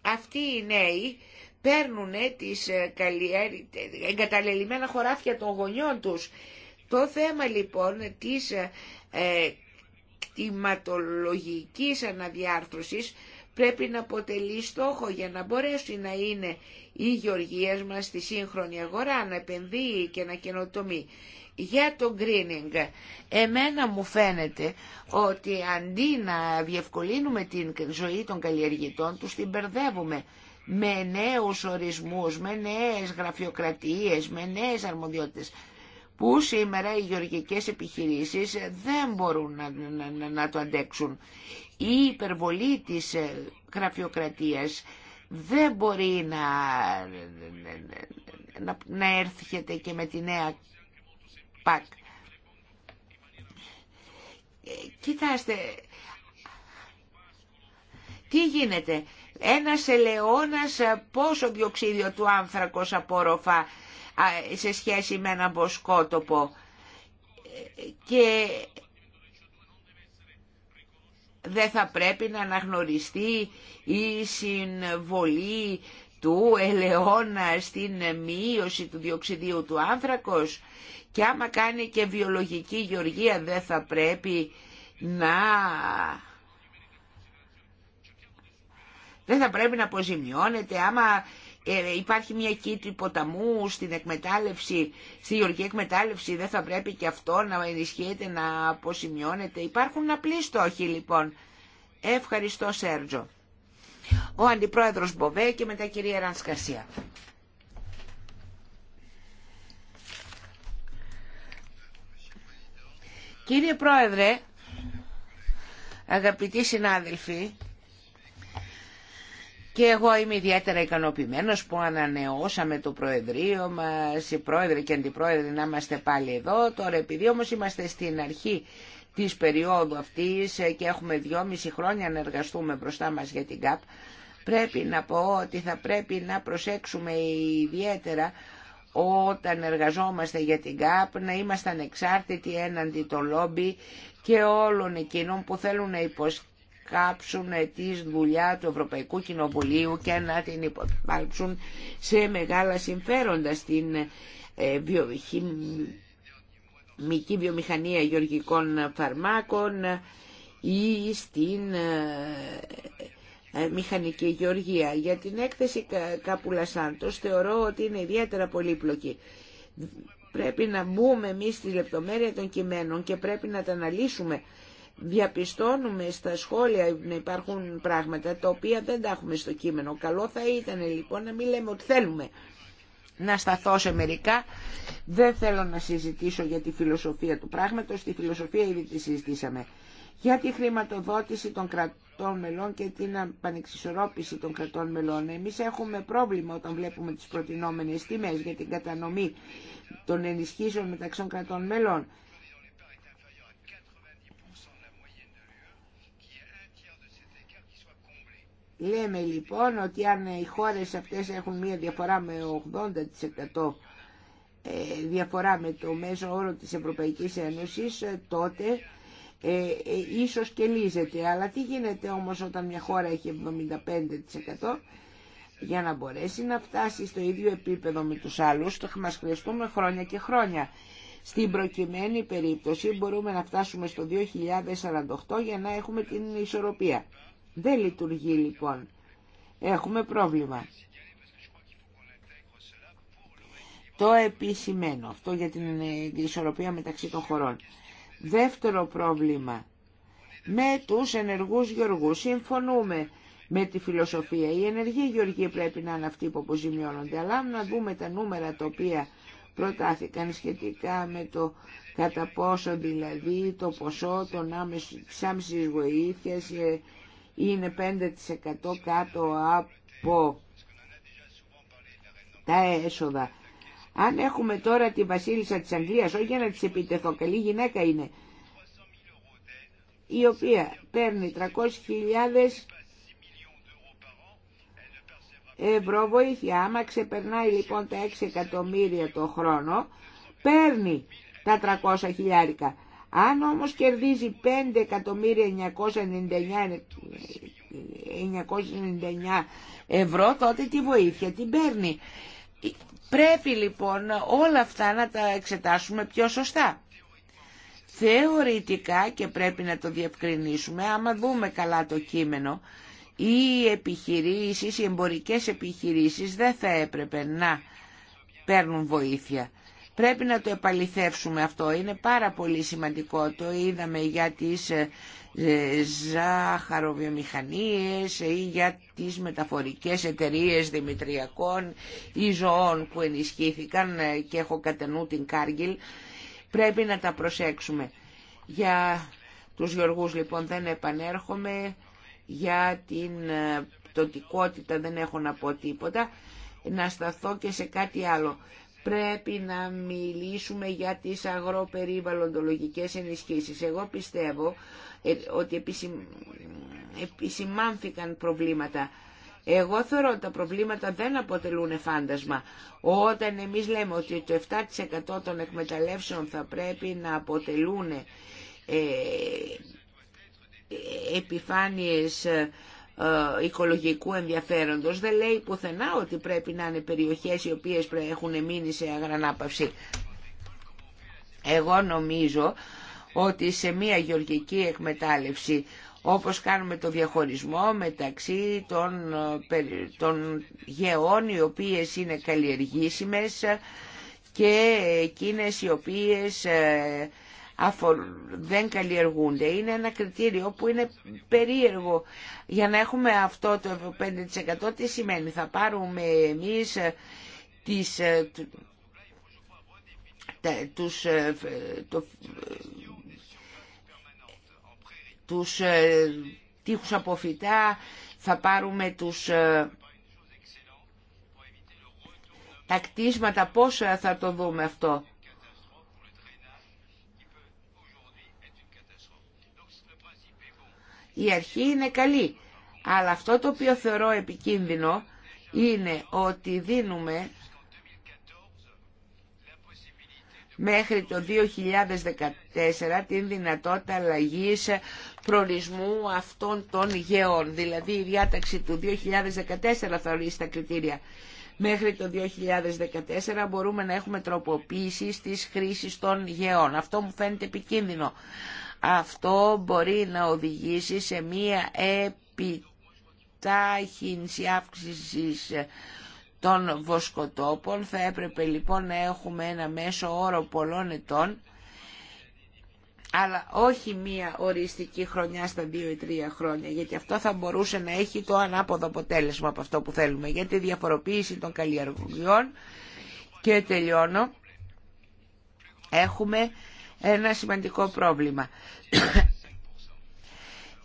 αυτοί οι νέοι παίρνουν τις ε, ε, εγκαταλελειμμένα χωράφια των γονιών τους. Το θέμα λοιπόν της ε, κτηματολογικής αναδιάρθρωσης πρέπει να αποτελεί στόχο για να μπορέσει να είναι η γεωργία μας στη σύγχρονη αγορά, να επενδύει και να καινοτομεί. Για το greening, εμένα μου φαίνεται ότι αντί να διευκολύνουμε την ζωή των καλλιεργητών, τους την μπερδεύουμε με νέους ορισμούς, με νέες γραφειοκρατίες, με νέες αρμοδιότητες που σήμερα οι γεωργικές επιχειρήσεις δεν μπορούν να, το αντέξουν. Η υπερβολή της ε, γραφειοκρατίας δεν μπορεί να, να, να έρθει και με τη νέα ΠΑΚ. Ε, κοιτάστε, τι γίνεται. Ένας ελαιώνας ε, πόσο διοξίδιο του άνθρακος απορροφά σε σχέση με ένα μποσκότοπο και δεν θα πρέπει να αναγνωριστεί η συμβολή του ελαιώνα στην μείωση του διοξιδίου του άνθρακος και άμα κάνει και βιολογική γεωργία δεν θα πρέπει να... Δεν θα πρέπει να αποζημιώνεται άμα ε, υπάρχει μια κήτη ποταμού στην εκμετάλλευση, στη γεωργική εκμετάλλευση, δεν θα πρέπει και αυτό να ενισχύεται, να αποσημειώνεται. Υπάρχουν απλοί στόχοι λοιπόν. Ευχαριστώ Σέρτζο. Ο Αντιπρόεδρος Μποβέ και μετά κυρία Ρανσκασία. Κύριε Πρόεδρε, αγαπητοί συνάδελφοι, και εγώ είμαι ιδιαίτερα ικανοποιημένο που ανανεώσαμε το Προεδρείο μα, οι πρόεδροι και αντιπρόεδροι να είμαστε πάλι εδώ. Τώρα επειδή όμω είμαστε στην αρχή τη περίοδου αυτής και έχουμε δυόμιση χρόνια να εργαστούμε μπροστά μα για την ΚΑΠ, πρέπει να πω ότι θα πρέπει να προσέξουμε ιδιαίτερα όταν εργαζόμαστε για την ΚΑΠ να είμαστε ανεξάρτητοι έναντι το λόμπι και όλων εκείνων που θέλουν να υποστηρίξουν κάψουν τη δουλειά του Ευρωπαϊκού Κοινοβουλίου και να την υποβάλψουν σε μεγάλα συμφέροντα στην ε, βιομηχανική βιομηχανία γεωργικών φαρμάκων ή στην ε, ε, μηχανική γεωργία. Για την έκθεση Καπούλα Σάντος θεωρώ ότι είναι ιδιαίτερα πολύπλοκη. Πρέπει να μπούμε εμεί στη λεπτομέρεια των κειμένων και πρέπει να τα αναλύσουμε διαπιστώνουμε στα σχόλια να υπάρχουν πράγματα τα οποία δεν τα έχουμε στο κείμενο. Καλό θα ήταν λοιπόν να μην λέμε ότι θέλουμε να σταθώ σε μερικά. Δεν θέλω να συζητήσω για τη φιλοσοφία του πράγματος, τη φιλοσοφία ήδη τη συζητήσαμε. Για τη χρηματοδότηση των κρατών μελών και την πανεξισορρόπηση των κρατών μελών. Εμείς έχουμε πρόβλημα όταν βλέπουμε τις προτινόμενες τιμές για την κατανομή των ενισχύσεων μεταξύ των κρατών μελών. Λέμε λοιπόν ότι αν οι χώρες αυτές έχουν μία διαφορά με 80% ε, διαφορά με το μέσο όρο της Ευρωπαϊκής Ένωσης, ε, τότε ε, ε, ίσως και Αλλά τι γίνεται όμως όταν μια χώρα έχει 75% για να μπορέσει να φτάσει στο ίδιο επίπεδο με τους άλλους, θα μας χρειαστούμε χρόνια και χρόνια. Στην προκειμένη περίπτωση μπορούμε να φτάσουμε στο 2048 για να έχουμε την ισορροπία. Δεν λειτουργεί λοιπόν. Έχουμε πρόβλημα. Το επισημένο. Αυτό για την ισορροπία μεταξύ των χωρών. Δεύτερο πρόβλημα. Με τους ενεργούς γεωργούς συμφωνούμε με τη φιλοσοφία. Οι ενεργοί γεωργοί πρέπει να είναι αυτοί που αποζημιώνονται. Αλλά να δούμε τα νούμερα τα οποία προτάθηκαν σχετικά με το κατά πόσο δηλαδή το ποσό των άμεσης, βοήθειας ε, είναι 5% κάτω από τα έσοδα. Αν έχουμε τώρα τη βασίλισσα της Αγγλίας, όχι για να της επιτεθώ, καλή γυναίκα είναι, η οποία παίρνει 300.000 ευρώ βοήθεια. Άμα ξεπερνάει λοιπόν τα 6 εκατομμύρια το χρόνο, παίρνει τα 300.000 χιλιάρικα. Αν όμως κερδίζει 5.999 ευρώ, τότε τη βοήθεια την παίρνει. Πρέπει λοιπόν όλα αυτά να τα εξετάσουμε πιο σωστά. Θεωρητικά και πρέπει να το διευκρινίσουμε, άμα δούμε καλά το κείμενο, οι επιχειρήσεις, οι εμπορικές επιχειρήσεις δεν θα έπρεπε να παίρνουν βοήθεια. Πρέπει να το επαληθεύσουμε αυτό. Είναι πάρα πολύ σημαντικό. Το είδαμε για τις ε, ζάχαροβιομηχανίες ή για τις μεταφορικές εταιρείες δημητριακών ή ζωών που ενισχύθηκαν ε, και έχω κατά νου την Κάργιλ. Πρέπει να τα προσέξουμε. Για τους γεωργούς λοιπόν δεν επανέρχομαι, για την ε, πτωτικότητα δεν έχω να πω τίποτα. Να σταθώ και σε κάτι άλλο πρέπει να μιλήσουμε για τις αγροπεριβαλλοντολογικές ενισχύσεις. Εγώ πιστεύω ε, ότι επισημάνθηκαν προβλήματα. Εγώ θεωρώ ότι τα προβλήματα δεν αποτελούν φάντασμα. Όταν εμείς λέμε ότι το 7% των εκμεταλλεύσεων θα πρέπει να αποτελούν ε, ε, επιφάνειες ε, οικολογικού ενδιαφέροντος. Δεν λέει πουθενά ότι πρέπει να είναι περιοχές οι οποίες έχουν μείνει σε αγρανάπαυση. Εγώ νομίζω ότι σε μια γεωργική εκμετάλλευση όπως κάνουμε το διαχωρισμό μεταξύ των, ε, των γεών οι οποίες είναι καλλιεργήσιμες και εκείνες οι οποίες ε, δεν καλλιεργούνται. Είναι ένα κριτήριο που είναι περίεργο. Για να έχουμε αυτό το 5% τι σημαίνει. Θα πάρουμε εμείς ε, τις, ε, τους, ε, το, τους τείχους από φυτά, θα πάρουμε τους, τα κτίσματα, πώς θα το δούμε αυτό. Η αρχή είναι καλή, αλλά αυτό το οποίο θεωρώ επικίνδυνο είναι ότι δίνουμε μέχρι το 2014 την δυνατότητα αλλαγή προορισμού αυτών των γεών. Δηλαδή η διάταξη του 2014 θα ορίσει τα κριτήρια. Μέχρι το 2014 μπορούμε να έχουμε τροποποίηση στις χρήσεις των γεών. Αυτό μου φαίνεται επικίνδυνο αυτό μπορεί να οδηγήσει σε μία επιτάχυνση αύξηση των βοσκοτόπων. Θα έπρεπε λοιπόν να έχουμε ένα μέσο όρο πολλών ετών, αλλά όχι μία οριστική χρονιά στα δύο ή τρία χρόνια, γιατί αυτό θα μπορούσε να έχει το ανάποδο αποτέλεσμα από αυτό που θέλουμε, για τη διαφοροποίηση των καλλιεργειών και τελειώνω. Έχουμε ένα σημαντικό πρόβλημα. 70%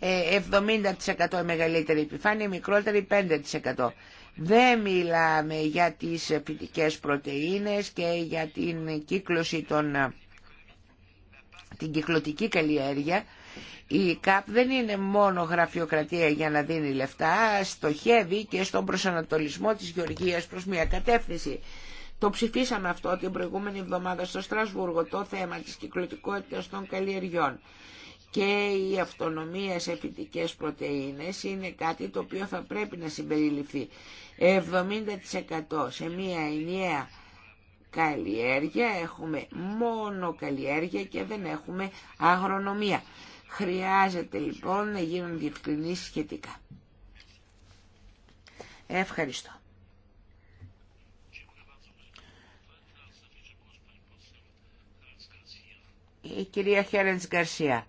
ε, μεγαλύτερη επιφάνεια, μικρότερη 5%. Δεν μιλάμε για τις φυτικές πρωτεΐνες και για την κύκλωση των, την κυκλωτική καλλιέργεια. Η ΚΑΠ δεν είναι μόνο γραφειοκρατία για να δίνει λεφτά, στοχεύει και στον προσανατολισμό της γεωργίας προς μια κατεύθυνση. Το ψηφίσαμε αυτό την προηγούμενη εβδομάδα στο Στρασβούργο, το θέμα της κυκλωτικότητας των καλλιεργιών. Και η αυτονομία σε φυτικές πρωτεΐνες είναι κάτι το οποίο θα πρέπει να συμπεριληφθεί. 70% σε μία ενιαία καλλιέργεια, έχουμε μόνο καλλιέργεια και δεν έχουμε αγρονομία. Χρειάζεται λοιπόν να γίνουν διευκρινήσεις σχετικά. Ευχαριστώ. Η κυρία Χέρεντς Γκαρσία.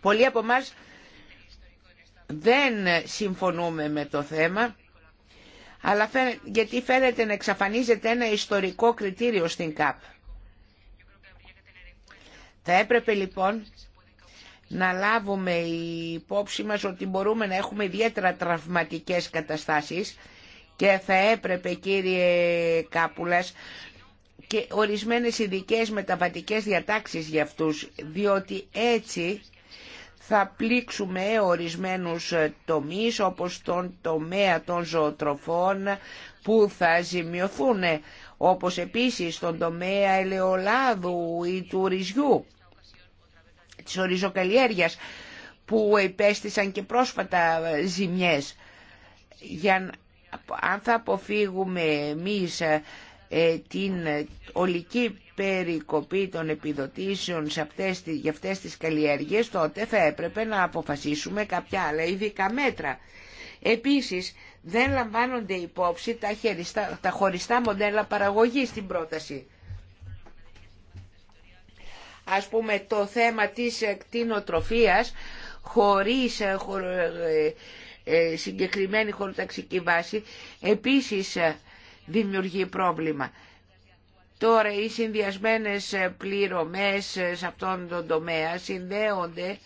Πολλοί από εμά δεν συμφωνούμε με το θέμα, αλλά γιατί φαίνεται να εξαφανίζεται ένα ιστορικό κριτήριο στην ΚΑΠ. Θα έπρεπε λοιπόν να λάβουμε η υπόψη μας ότι μπορούμε να έχουμε ιδιαίτερα τραυματικές καταστάσεις και θα έπρεπε κύριε Κάπουλας και ορισμένες ειδικέ μεταβατικές διατάξεις για αυτούς, διότι έτσι θα πλήξουμε ορισμένους τομείς όπως τον τομέα των ζωοτροφών που θα ζημιωθούν, όπως επίσης τον τομέα ελαιολάδου ή του ρυζιού, της οριζοκαλλιέργειας που υπέστησαν και πρόσφατα ζημιές. Για αν θα αποφύγουμε εμείς ε, την ολική περικοπή των επιδοτήσεων σε αυτές, για αυτές τις καλλιεργίες, τότε θα έπρεπε να αποφασίσουμε κάποια άλλα ειδικά μέτρα. Επίσης, δεν λαμβάνονται υπόψη τα, χεριστά, τα χωριστά μοντέλα παραγωγής στην πρόταση. Ας πούμε, το θέμα της κτηνοτροφίας χωρίς ε, ε, ε, συγκεκριμένη χωροταξική βάση επίσης ε, δημιουργεί πρόβλημα. Τώρα οι συνδυασμένες ε, πληρωμές σε αυτόν τον τομέα συνδέονται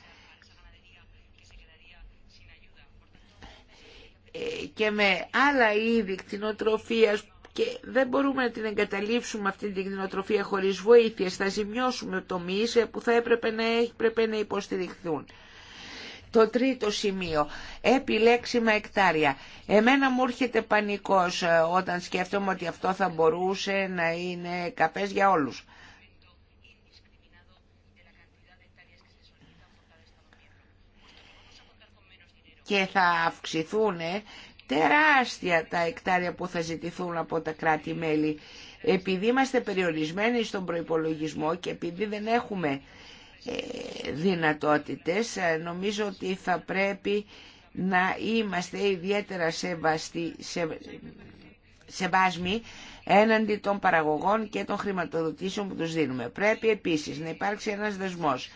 και με άλλα είδη κτηνοτροφίας και δεν μπορούμε να την εγκαταλείψουμε αυτή την κτηνοτροφία χωρίς βοήθειες. Θα ζημιώσουμε τομείς που θα έπρεπε να, έπρεπε να υποστηριχθούν. Το τρίτο σημείο, επιλέξιμα εκτάρια. Εμένα μου έρχεται πανικός ε, όταν σκέφτομαι ότι αυτό θα μπορούσε να είναι καπές για όλους. Και θα αυξηθούν ε, τεράστια τα εκτάρια που θα ζητηθούν από τα κράτη-μέλη. Επειδή είμαστε περιορισμένοι στον προϋπολογισμό και επειδή δεν έχουμε ε, δυνατότητες. Ε, νομίζω ότι θα πρέπει να είμαστε ιδιαίτερα σε... σεβάσμοι έναντι των παραγωγών και των χρηματοδοτήσεων που τους δίνουμε. Πρέπει επίσης να υπάρξει ένας δεσμός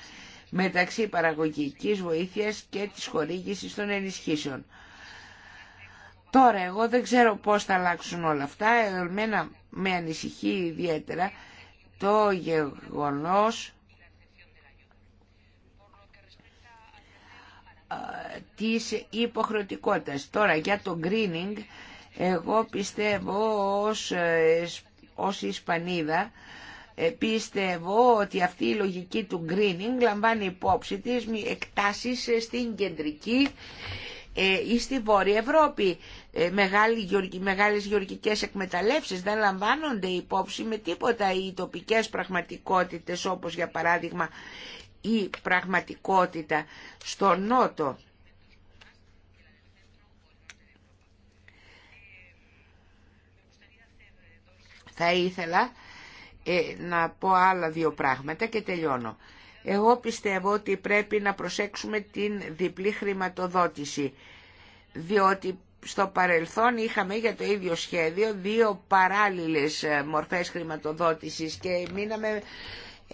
μεταξύ παραγωγικής βοήθειας και της χορήγησης των ενισχύσεων. Τώρα, εγώ δεν ξέρω πώς θα αλλάξουν όλα αυτά. Εμένα με ανησυχεί ιδιαίτερα το γεγονός Ε, της υποχρεωτικότητας. Τώρα για το greening, εγώ πιστεύω ως, ε, ως Ισπανίδα, ε, πιστεύω ότι αυτή η λογική του greening λαμβάνει υπόψη της εκτάσεις στην κεντρική ή στη Βόρεια Ευρώπη. Μεγάλες γεωργικές εκμεταλλεύσεις δεν λαμβάνονται υπόψη με τίποτα οι τοπικές πραγματικότητες όπως για παράδειγμα η πραγματικότητα στο Νότο. Θα ήθελα ε, να πω άλλα δύο πράγματα και τελειώνω. Εγώ πιστεύω ότι πρέπει να προσέξουμε την διπλή χρηματοδότηση, διότι στο παρελθόν είχαμε για το ίδιο σχέδιο δύο παράλληλες ε, μορφές χρηματοδότησης και μείναμε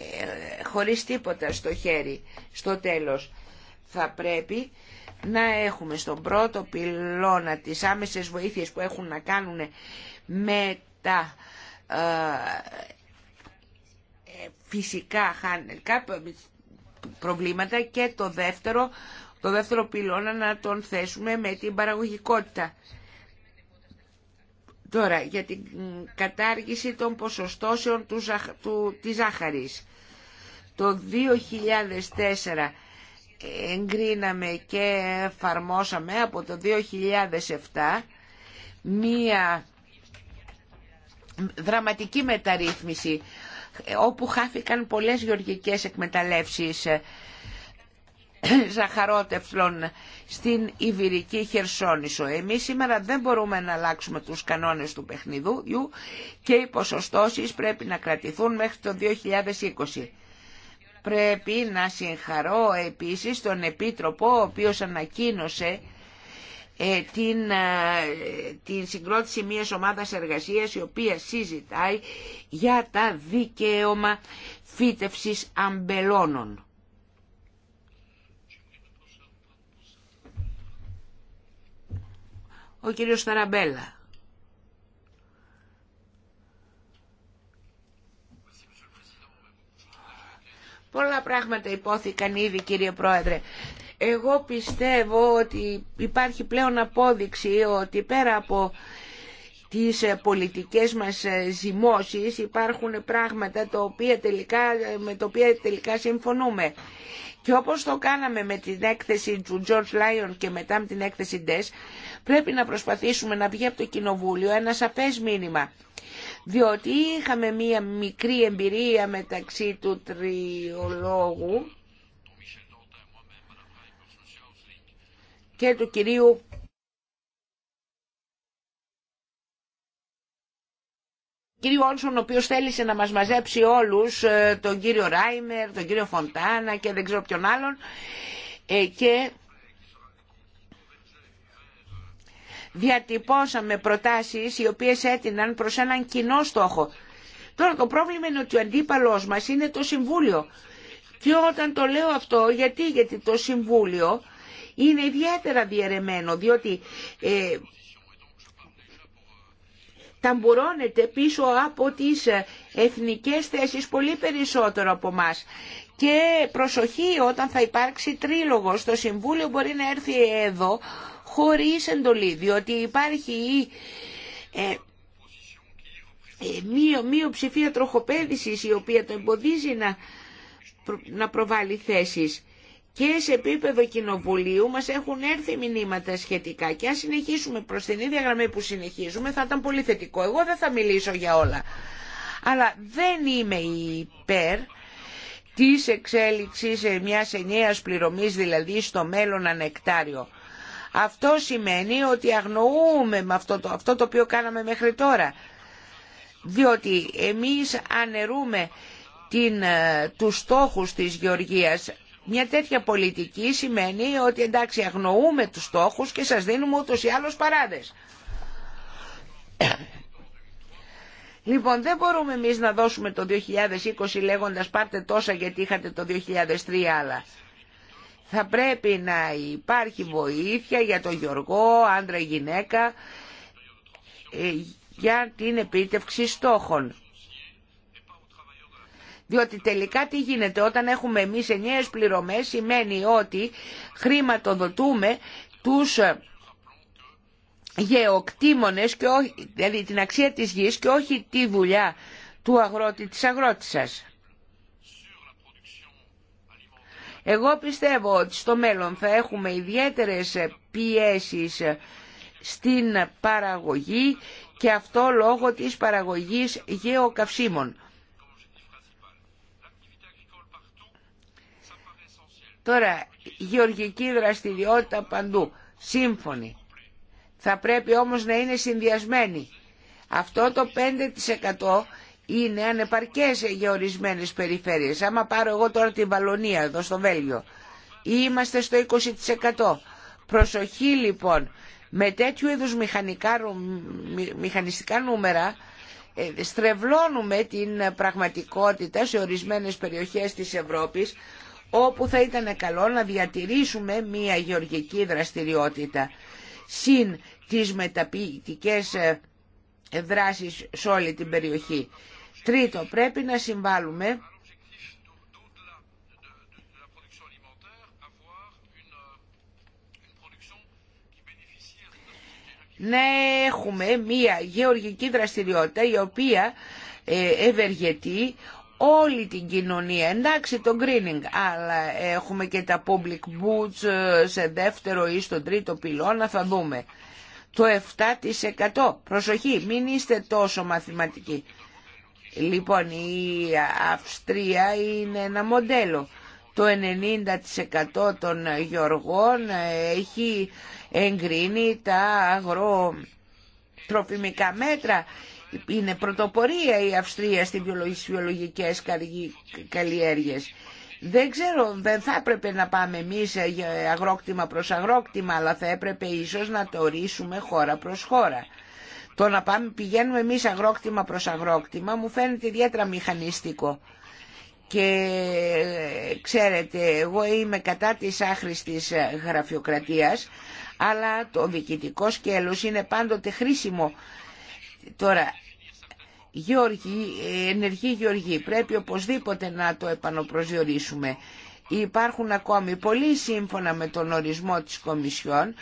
ε, χωρίς τίποτα στο χέρι στο τέλος θα πρέπει να έχουμε στον πρώτο πυλώνα τις άμεσες βοήθειες που έχουν να κάνουν με τα ε, φυσικά προβλήματα και το δεύτερο, το δεύτερο πυλώνα να τον θέσουμε με την παραγωγικότητα. Τώρα, για την κατάργηση των ποσοστώσεων του, του, της ζάχαρης. Το 2004 εγκρίναμε και εφαρμόσαμε από το 2007 μία δραματική μεταρρύθμιση όπου χάθηκαν πολλές γεωργικές εκμεταλλεύσεις ζαχαρότευλων στην Ιβυρική Χερσόνησο. Εμείς σήμερα δεν μπορούμε να αλλάξουμε τους κανόνες του παιχνιδού και οι ποσοστώσεις πρέπει να κρατηθούν μέχρι το 2020. Πρέπει να συγχαρώ επίσης τον Επίτροπο, ο οποίος ανακοίνωσε ε, την, ε, την συγκρότηση μιας ομάδας εργασίας η οποία συζητάει για τα δικαίωμα φύτευσης αμπελώνων. ο κύριος Ταραμπέλα. Πολλά πράγματα υπόθηκαν ήδη κύριε Πρόεδρε. Εγώ πιστεύω ότι υπάρχει πλέον απόδειξη ότι πέρα από τις πολιτικές μας ζυμώσεις υπάρχουν πράγματα τα οποία τελικά, με τα οποία τελικά συμφωνούμε. Και όπως το κάναμε με την έκθεση του George Lyon και μετά με την έκθεση Des, πρέπει να προσπαθήσουμε να βγει από το Κοινοβούλιο ένα σαφές μήνυμα. Διότι είχαμε μία μικρή εμπειρία μεταξύ του τριολόγου και του κυρίου κύριο Όλσον ο οποίος θέλησε να μας μαζέψει όλους, ε, τον κύριο Ράιμερ, τον κύριο Φοντάνα και δεν ξέρω ποιον άλλον ε, και διατυπώσαμε προτάσεις οι οποίες έτειναν προς έναν κοινό στόχο. Τώρα το πρόβλημα είναι ότι ο αντίπαλός μας είναι το Συμβούλιο. Και όταν το λέω αυτό, γιατί, γιατί το Συμβούλιο είναι ιδιαίτερα διαιρεμένο, διότι ε, ταμπουρώνεται πίσω από τις εθνικές θέσεις πολύ περισσότερο από μας. Και προσοχή όταν θα υπάρξει τρίλογος... Το Συμβούλιο μπορεί να έρθει εδώ χωρίς εντολή, διότι υπάρχει η ε, ε, μειοψηφία τροχοπέδησης η οποία το εμποδίζει να, να προβάλλει θέσεις. Και σε επίπεδο κοινοβουλίου μας έχουν έρθει μηνύματα σχετικά και αν συνεχίσουμε προς την ίδια γραμμή που συνεχίζουμε θα ήταν πολύ θετικό. Εγώ δεν θα μιλήσω για όλα. Αλλά δεν είμαι υπέρ της εξέλιξης ε, μιας ενιαίας πληρωμής δηλαδή στο μέλλον ανεκτάριο. Αυτό σημαίνει ότι αγνοούμε με αυτό, το, αυτό το οποίο κάναμε μέχρι τώρα. Διότι εμείς ανερούμε την, ε, τους στόχους της Γεωργίας. Μια τέτοια πολιτική σημαίνει ότι εντάξει αγνοούμε τους στόχους και σας δίνουμε ούτως ή άλλως παράδες. Λοιπόν, δεν μπορούμε εμείς να δώσουμε το 2020 λέγοντας πάρτε τόσα γιατί είχατε το 2003 άλλα θα πρέπει να υπάρχει βοήθεια για τον Γιωργό, άντρα γυναίκα, ε, για την επίτευξη στόχων. Διότι τελικά τι γίνεται όταν έχουμε εμείς ενιαίες πληρωμές σημαίνει ότι χρηματοδοτούμε τους γεωκτήμονες, και όχι, δηλαδή την αξία της γης και όχι τη δουλειά του αγρότη της αγρότησας. Εγώ πιστεύω ότι στο μέλλον θα έχουμε ιδιαίτερες πιέσεις στην παραγωγή και αυτό λόγω της παραγωγής γεωκαυσίμων. Τώρα, γεωργική δραστηριότητα παντού, σύμφωνη. Θα πρέπει όμως να είναι συνδυασμένη. Αυτό το 5% είναι ανεπαρκές για ορισμένες περιφέρειες. Άμα πάρω εγώ τώρα την Βαλονία εδώ στο Βέλγιο, είμαστε στο 20%. Προσοχή λοιπόν, με τέτοιου είδους μηχανιστικά νούμερα ε, στρεβλώνουμε την πραγματικότητα σε ορισμένες περιοχές της Ευρώπης όπου θα ήταν καλό να διατηρήσουμε μία γεωργική δραστηριότητα συν τις μεταποιητικές ε, δράσεις σε όλη την περιοχή. Τρίτο, πρέπει να συμβάλλουμε να έχουμε μία γεωργική δραστηριότητα η οποία ε, ευεργετεί όλη την κοινωνία. Εντάξει το greening, αλλά έχουμε και τα public boots ε, σε δεύτερο ή στον τρίτο πυλώνα, θα δούμε. Το 7% προσοχή, μην είστε τόσο μαθηματικοί. Λοιπόν, η Αυστρία είναι ένα μοντέλο. Το 90% των γεωργών έχει εγκρίνει τα αγροτροφημικά μέτρα. Είναι πρωτοπορία η Αυστρία στις βιολογικές καλλιέργειες. Δεν ξέρω, δεν θα έπρεπε να πάμε εμείς αγρόκτημα προς αγρόκτημα, αλλά θα έπρεπε ίσως να το ορίσουμε χώρα προς χώρα. Το να πάμε, πηγαίνουμε εμείς αγρόκτημα προς αγρόκτημα μου φαίνεται ιδιαίτερα μηχανιστικό. Και ξέρετε, εγώ είμαι κατά της της γραφειοκρατίας, αλλά το διοικητικό σκέλος είναι πάντοτε χρήσιμο. Τώρα, γεωργή, ενεργή γεωργή, πρέπει οπωσδήποτε να το επανοπροσδιορίσουμε. Υπάρχουν ακόμη πολύ σύμφωνα με τον ορισμό της Κομισιόν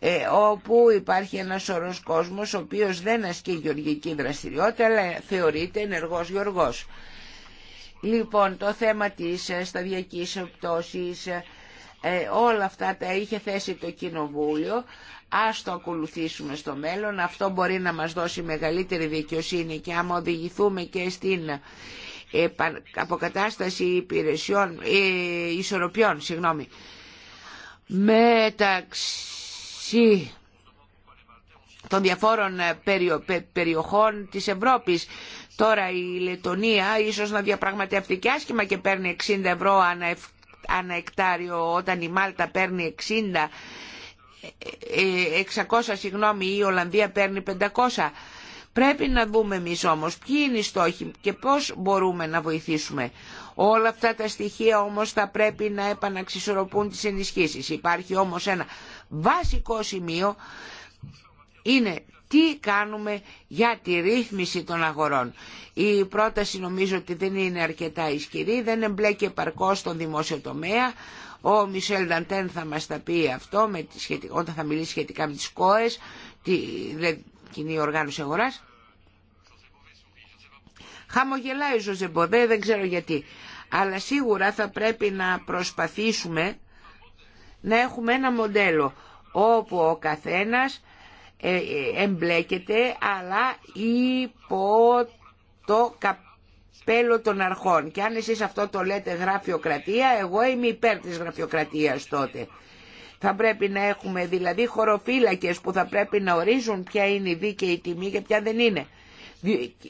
ε, όπου υπάρχει ένας σωρός κόσμος ο οποίος δεν ασκεί γεωργική δραστηριότητα αλλά θεωρείται ενεργός γεωργός. Λοιπόν, το θέμα της σταδιακής πτώσης, ε, όλα αυτά τα είχε θέσει το Κοινοβούλιο, ας το ακολουθήσουμε στο μέλλον, αυτό μπορεί να μας δώσει μεγαλύτερη δικαιοσύνη και άμα οδηγηθούμε και στην αποκατάσταση υπηρεσιών, ε, ισορροπιών, συγγνώμη, μεταξύ μεταξύ των διαφόρων ε, περιοχών της Ευρώπης. Τώρα η Λετωνία ίσως να διαπραγματευτεί και άσχημα και παίρνει 60 ευρώ ανά εκτάριο όταν η Μάλτα παίρνει 60 600 ε, ε, συγγνώμη η Ολλανδία παίρνει 500 πρέπει να δούμε εμεί όμως ποιοι είναι οι στόχοι και πώς μπορούμε να βοηθήσουμε όλα αυτά τα στοιχεία όμως θα πρέπει να επαναξισορροπούν τις ενισχύσεις υπάρχει όμως ένα βασικό σημείο είναι τι κάνουμε για τη ρύθμιση των αγορών. Η πρόταση νομίζω ότι δεν είναι αρκετά ισχυρή, δεν εμπλέκει επαρκώ στον δημόσιο τομέα. Ο Μισελ Νταντέν θα μας τα πει αυτό με όταν θα μιλήσει σχετικά με τις ΚΟΕΣ, τη κοινή οργάνωση αγοράς. Χαμογελάει ο Ζωζεμποδέ, δεν ξέρω γιατί. Αλλά σίγουρα θα πρέπει να προσπαθήσουμε να έχουμε ένα μοντέλο όπου ο καθένας ε, ε, εμπλέκεται αλλά υπό το καπέλο των αρχών. Και αν εσείς αυτό το λέτε γραφειοκρατία, εγώ είμαι υπέρ της γραφειοκρατίας τότε. Θα πρέπει να έχουμε δηλαδή χωροφύλακες που θα πρέπει να ορίζουν ποια είναι η δίκαιη τιμή και ποια δεν είναι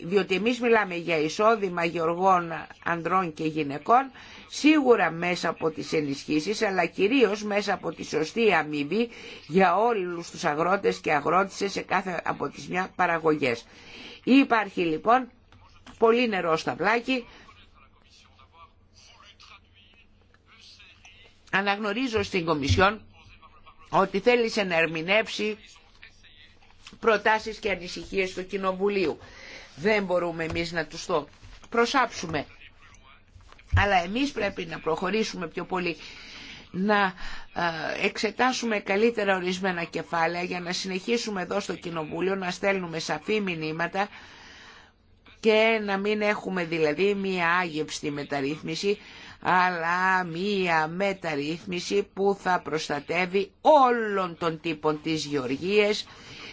διότι εμείς μιλάμε για εισόδημα γεωργών ανδρών και γυναικών, σίγουρα μέσα από τις ενισχύσεις, αλλά κυρίως μέσα από τη σωστή αμοιβή για όλους τους αγρότες και αγρότησες σε κάθε από τις μια παραγωγές. Υπάρχει λοιπόν πολύ νερό στα βλάκια. αναγνωρίζω στην Κομισιόν ότι θέλησε να ερμηνεύσει προτάσεις και ανησυχίες του Κοινοβουλίου δεν μπορούμε εμείς να τους το προσάψουμε. Αλλά εμείς πρέπει να προχωρήσουμε πιο πολύ, να εξετάσουμε καλύτερα ορισμένα κεφάλαια για να συνεχίσουμε εδώ στο Κοινοβούλιο να στέλνουμε σαφή μηνύματα και να μην έχουμε δηλαδή μία άγευστη μεταρρύθμιση, αλλά μία μεταρρύθμιση που θα προστατεύει όλων των τύπων της γεωργίας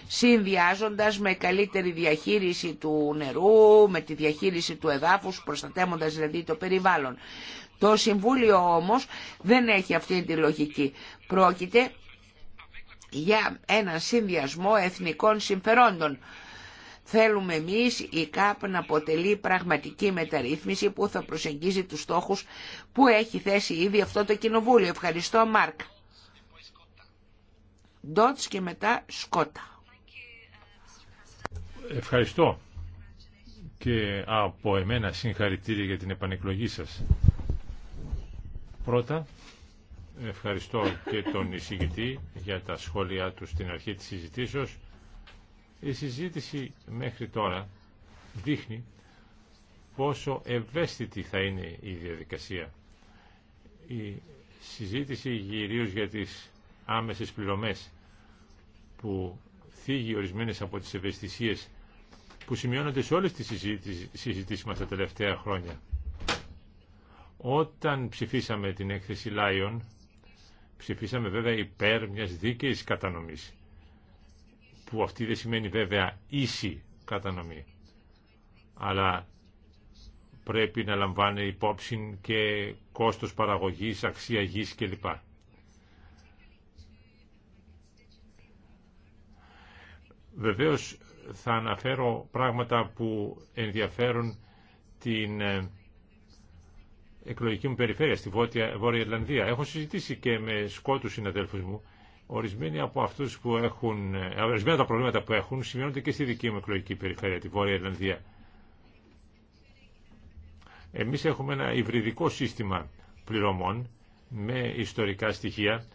συνδυάζοντας με καλύτερη διαχείριση του νερού, με τη διαχείριση του εδάφους, προστατεύοντας δηλαδή το περιβάλλον. Το Συμβούλιο όμως δεν έχει αυτή τη λογική. Πρόκειται για έναν συνδυασμό εθνικών συμφερόντων. Θέλουμε εμείς η ΚΑΠ να αποτελεί πραγματική μεταρρύθμιση που θα προσεγγίζει τους στόχους που έχει θέσει ήδη αυτό το κοινοβούλιο. Ευχαριστώ Μάρκ. Ντότς και μετά Σκότα. Ευχαριστώ και από εμένα συγχαρητήρια για την επανεκλογή σας. Πρώτα, ευχαριστώ και τον εισηγητή για τα σχόλιά του στην αρχή της συζητήσεως. Η συζήτηση μέχρι τώρα δείχνει πόσο ευαίσθητη θα είναι η διαδικασία. Η συζήτηση γυρίως για τις άμεσες πληρωμές που θίγει ορισμένες από τις ευαισθησίες που σημειώνονται σε όλες τις συζητήσεις μας τα τελευταία χρόνια. Όταν ψηφίσαμε την έκθεση ΛΑΙΟΝ ψηφίσαμε βέβαια υπέρ μιας δίκαιης κατανομής, που αυτή δεν σημαίνει βέβαια ίση κατανομή, αλλά πρέπει να λαμβάνει υπόψη και κόστος παραγωγής, αξία γης κλπ. Βεβαίως θα αναφέρω πράγματα που ενδιαφέρουν την ε, εκλογική μου περιφέρεια στη Βόρεια, Βόρεια Ιρλανδία. Έχω συζητήσει και με Σκότους συναδέλφους μου. Ορισμένοι από που έχουν, ε, ορισμένα τα προβλήματα που έχουν σημειώνονται και στη δική μου εκλογική περιφέρεια, τη Βόρεια Ιρλανδία. Εμεί έχουμε ένα υβριδικό σύστημα πληρωμών με ιστορικά στοιχεία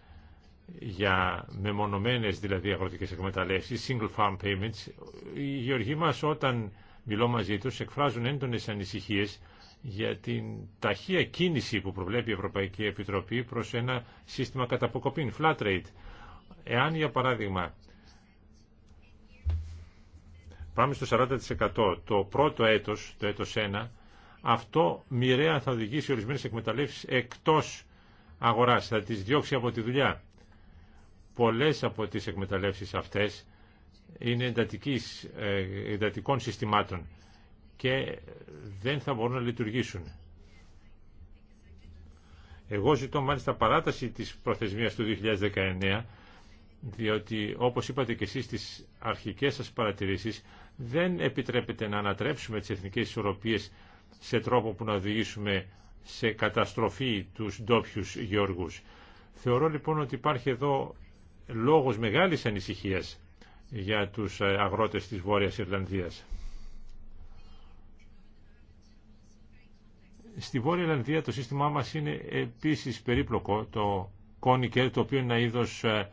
για μεμονωμένες δηλαδή αγροτικές εκμεταλλεύσεις, single farm payments, οι γεωργοί μας όταν μιλώ μαζί τους εκφράζουν έντονες ανησυχίες για την ταχεία κίνηση που προβλέπει η Ευρωπαϊκή Επιτροπή προς ένα σύστημα κατά flat rate. Εάν για παράδειγμα πάμε στο 40% το πρώτο έτος, το έτος 1, αυτό μοιραία θα οδηγήσει ορισμένες εκμεταλλεύσεις εκτός αγοράς, θα τις διώξει από τη δουλειά πολλές από τις εκμεταλλεύσεις αυτές είναι εντατικής, ε, εντατικών συστημάτων και δεν θα μπορούν να λειτουργήσουν. Εγώ ζητώ μάλιστα παράταση της προθεσμίας του 2019, διότι όπως είπατε και εσείς στις αρχικές σας παρατηρήσεις, δεν επιτρέπεται να ανατρέψουμε τις εθνικές ισορροπίες σε τρόπο που να οδηγήσουμε σε καταστροφή τους ντόπιου γεωργούς. Θεωρώ λοιπόν ότι υπάρχει εδώ λόγος μεγάλης ανησυχίας για τους ε, αγρότες της Βόρειας Ιρλανδίας. Στη Βόρεια Ιρλανδία το σύστημά μας είναι επίσης περίπλοκο, το κόνικερ, το οποίο είναι ένα είδος ε,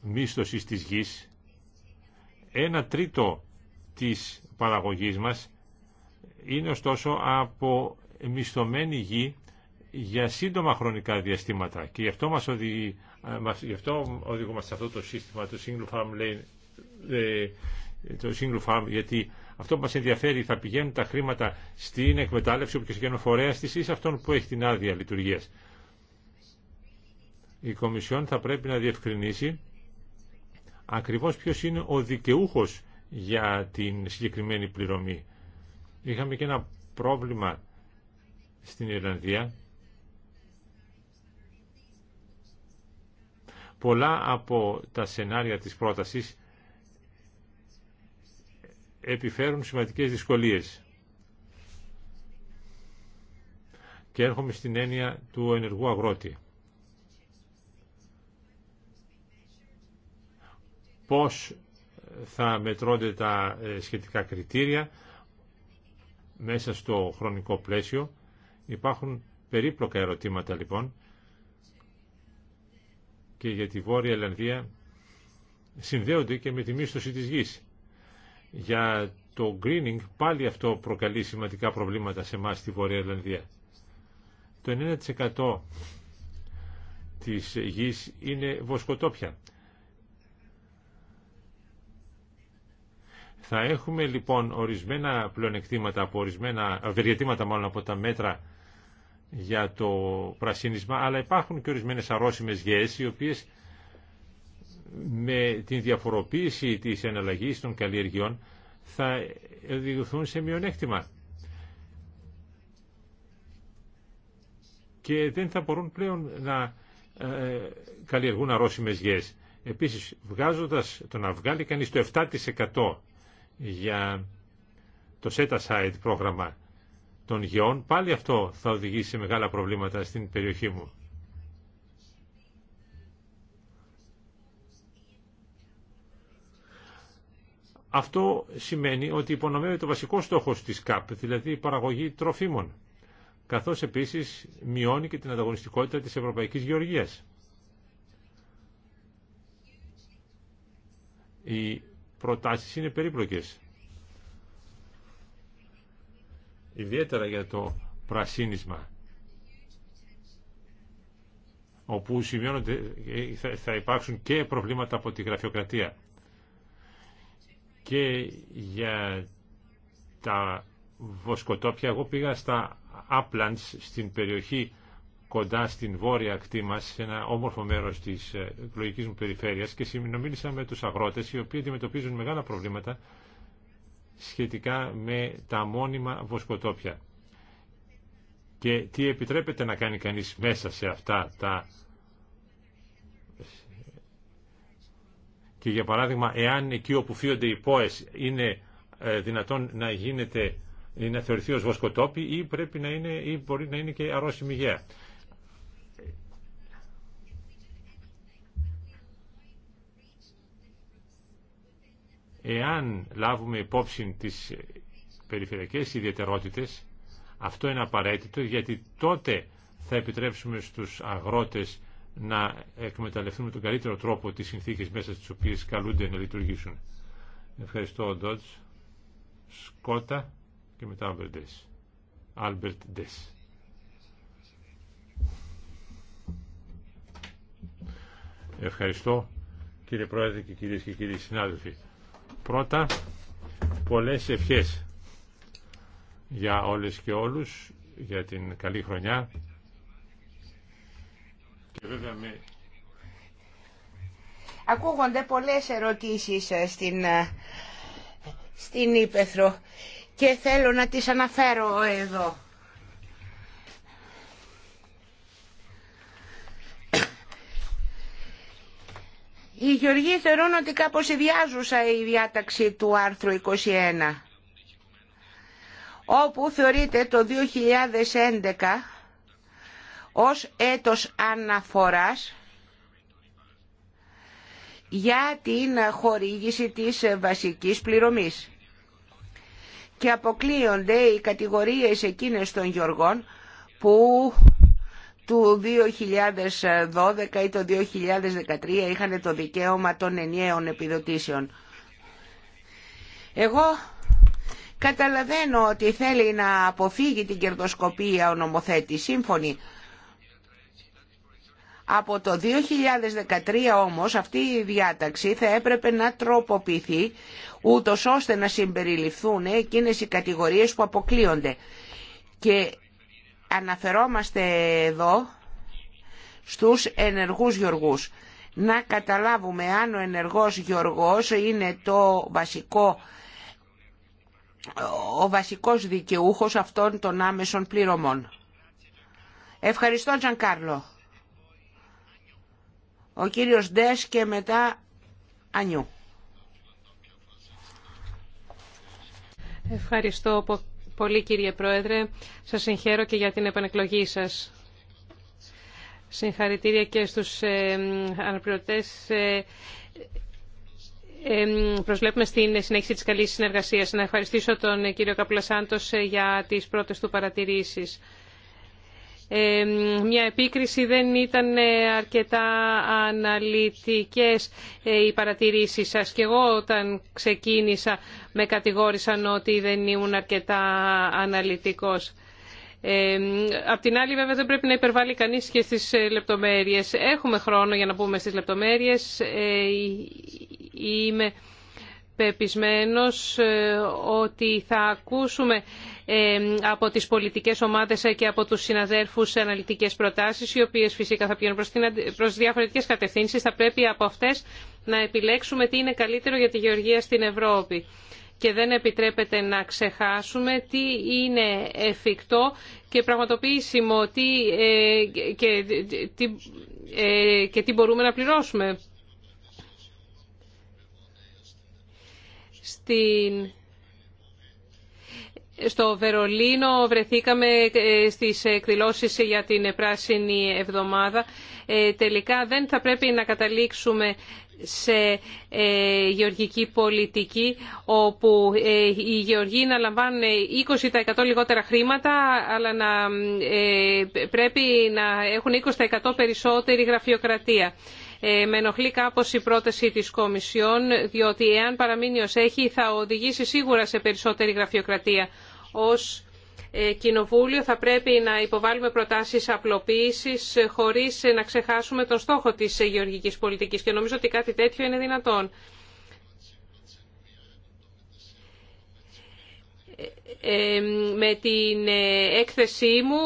μίσθωσης της γης. Ένα τρίτο της παραγωγής μας είναι ωστόσο από μισθωμένη γη για σύντομα χρονικά διαστήματα και γι' αυτό μας, οδηγεί, ε, γι αυτό σε αυτό το σύστημα το Single Farm Lane ε, το Single Farm γιατί αυτό που μας ενδιαφέρει θα πηγαίνουν τα χρήματα στην εκμετάλλευση όπως και φορέας της ή σε αυτόν που έχει την άδεια λειτουργίας. Η Κομισιόν θα πρέπει να διευκρινίσει ακριβώς ποιος είναι ο δικαιούχος για την συγκεκριμένη πληρωμή. Είχαμε και ένα πρόβλημα στην Ιρλανδία Πολλά από τα σενάρια της πρότασης επιφέρουν σημαντικές δυσκολίες. Και έρχομαι στην έννοια του ενεργού αγρότη. Πώς θα μετρώνται τα ε, σχετικά κριτήρια μέσα στο χρονικό πλαίσιο. Υπάρχουν περίπλοκα ερωτήματα λοιπόν και για τη Βόρεια Ελλανδία συνδέονται και με τη μίσθωση της γης. Για το greening πάλι αυτό προκαλεί σημαντικά προβλήματα σε εμά στη Βόρεια Ελλανδία. Το 90% της γης είναι βοσκοτόπια. Θα έχουμε λοιπόν ορισμένα πλεονεκτήματα από ορισμένα, βεριατήματα μάλλον από τα μέτρα για το πρασίνισμα, αλλά υπάρχουν και ορισμένες αρρώσιμες γέες, οι οποίες με την διαφοροποίηση της εναλλαγής των καλλιεργειών θα οδηγηθούν σε μειονέκτημα. Και δεν θα μπορούν πλέον να ε, καλλιεργούν αρρώσιμες γέες. Επίσης, βγάζοντας το να βγάλει κανείς το 7% για το set aside πρόγραμμα των γεών, πάλι αυτό θα οδηγήσει σε μεγάλα προβλήματα στην περιοχή μου. Αυτό σημαίνει ότι υπονομεύεται το βασικό στόχος της ΚΑΠ, δηλαδή η παραγωγή τροφίμων, καθώς επίσης μειώνει και την ανταγωνιστικότητα της Ευρωπαϊκής Γεωργίας. Οι προτάσεις είναι περίπλοκες. ιδιαίτερα για το πρασίνισμα όπου σημειώνονται, θα υπάρξουν και προβλήματα από τη γραφειοκρατία και για τα βοσκοτόπια εγώ πήγα στα Uplands στην περιοχή κοντά στην βόρεια ακτή μας σε ένα όμορφο μέρος της ε, εκλογικής μου περιφέρειας και συνομίλησα με τους αγρότες οι οποίοι αντιμετωπίζουν μεγάλα προβλήματα σχετικά με τα μόνιμα βοσκοτόπια και τι επιτρέπεται να κάνει κανείς μέσα σε αυτά τα και για παράδειγμα εάν εκεί όπου φύονται οι πόες είναι ε, δυνατόν να γίνεται να θεωρηθεί ως βοσκοτόπι ή πρέπει να είναι ή μπορεί να είναι και αρρώσιμη γέα. Εάν λάβουμε υπόψη τις περιφερειακές ιδιαιτερότητες, αυτό είναι απαραίτητο γιατί τότε θα επιτρέψουμε στους αγρότες να εκμεταλλευτούν με τον καλύτερο τρόπο τις συνθήκες μέσα στις οποίες καλούνται να λειτουργήσουν. Ευχαριστώ, Ντότς. Σκότα και μετά Άλμπερτ Ντες. Ευχαριστώ κύριε Πρόεδρε και κυρίες και κύριοι συνάδελφοι. Πρώτα, πολλές ευχές για όλες και όλους, για την καλή χρονιά. Ακούγονται πολλές ερωτήσεις ε, στην, ε, στην Ήπεθρο και θέλω να τις αναφέρω εδώ. Οι Γεωργοί θεωρούν ότι κάπως ιδιάζουσα η διάταξη του άρθρου 21 όπου θεωρείται το 2011 ως έτος αναφοράς για την χορήγηση της βασικής πληρωμής και αποκλείονται οι κατηγορίες εκείνες των γεωργών που του 2012 ή το 2013 είχαν το δικαίωμα των ενιαίων επιδοτήσεων. Εγώ καταλαβαίνω ότι θέλει να αποφύγει την κερδοσκοπία ο νομοθέτης, σύμφωνοι. Από το 2013 όμως αυτή η διάταξη θα έπρεπε να τροποποιηθεί ούτως ώστε να συμπεριληφθούν εκείνες οι κατηγορίες που αποκλείονται. Και αναφερόμαστε εδώ στους ενεργούς γιοργούς. Να καταλάβουμε αν ο ενεργός γιοργός είναι το βασικό, ο βασικός δικαιούχος αυτών των άμεσων πληρωμών. Ευχαριστώ Τζανκάρλο. Ο κύριος Ντες και μετά Ανιού. Ευχαριστώ πολύ κύριε Πρόεδρε. Σας συγχαίρω και για την επανεκλογή σας. Συγχαρητήρια και στους ε, αναπληρωτές. Ε, ε, προσβλέπουμε στην συνέχιση της καλής συνεργασίας. Να ευχαριστήσω τον κύριο Καπλασάντος ε, για τις πρώτες του παρατηρήσεις μια επίκριση δεν ήταν ε, αρκετά αναλυτικές ε, οι παρατηρήσεις σας και εγώ όταν ξεκίνησα με κατηγόρησαν ότι δεν ήμουν αρκετά αναλυτικός. Ε, απ' την άλλη βέβαια δεν πρέπει να υπερβάλλει κανείς και στις ε, λεπτομέρειες. Έχουμε χρόνο για να πούμε στις λεπτομέρειες. Ε, είμαι πεπισμένος ε, ότι θα ακούσουμε ε, από τις πολιτικές ομάδες και από τους συναδέρφους αναλυτικές προτάσεις, οι οποίες φυσικά θα πηγαίνουν προς διαφορετικές κατευθύνσεις. Θα πρέπει από αυτές να επιλέξουμε τι είναι καλύτερο για τη γεωργία στην Ευρώπη. Και δεν επιτρέπεται να ξεχάσουμε τι είναι εφικτό και πραγματοποιήσιμο τι, ε, και, τι, και τι μπορούμε να πληρώσουμε. Στην... Στο Βερολίνο βρεθήκαμε ε, στις εκδηλώσεις για την Πράσινη Εβδομάδα. Ε, τελικά δεν θα πρέπει να καταλήξουμε σε ε, γεωργική πολιτική όπου οι γεωργοί να λαμβάνουν 20% λιγότερα χρήματα αλλά να πρέπει να έχουν 20% περισσότερη γραφειοκρατία. Ε, με ενοχλεί κάπω η πρόταση της Κομισιόν, διότι εάν παραμείνει ως έχει θα οδηγήσει σίγουρα σε περισσότερη γραφειοκρατία. Ως ε, Κοινοβούλιο θα πρέπει να υποβάλουμε προτάσεις απλοποίησης ε, χωρίς να ξεχάσουμε τον στόχο της γεωργική πολιτικής και νομίζω ότι κάτι τέτοιο είναι δυνατόν. με την έκθεσή μου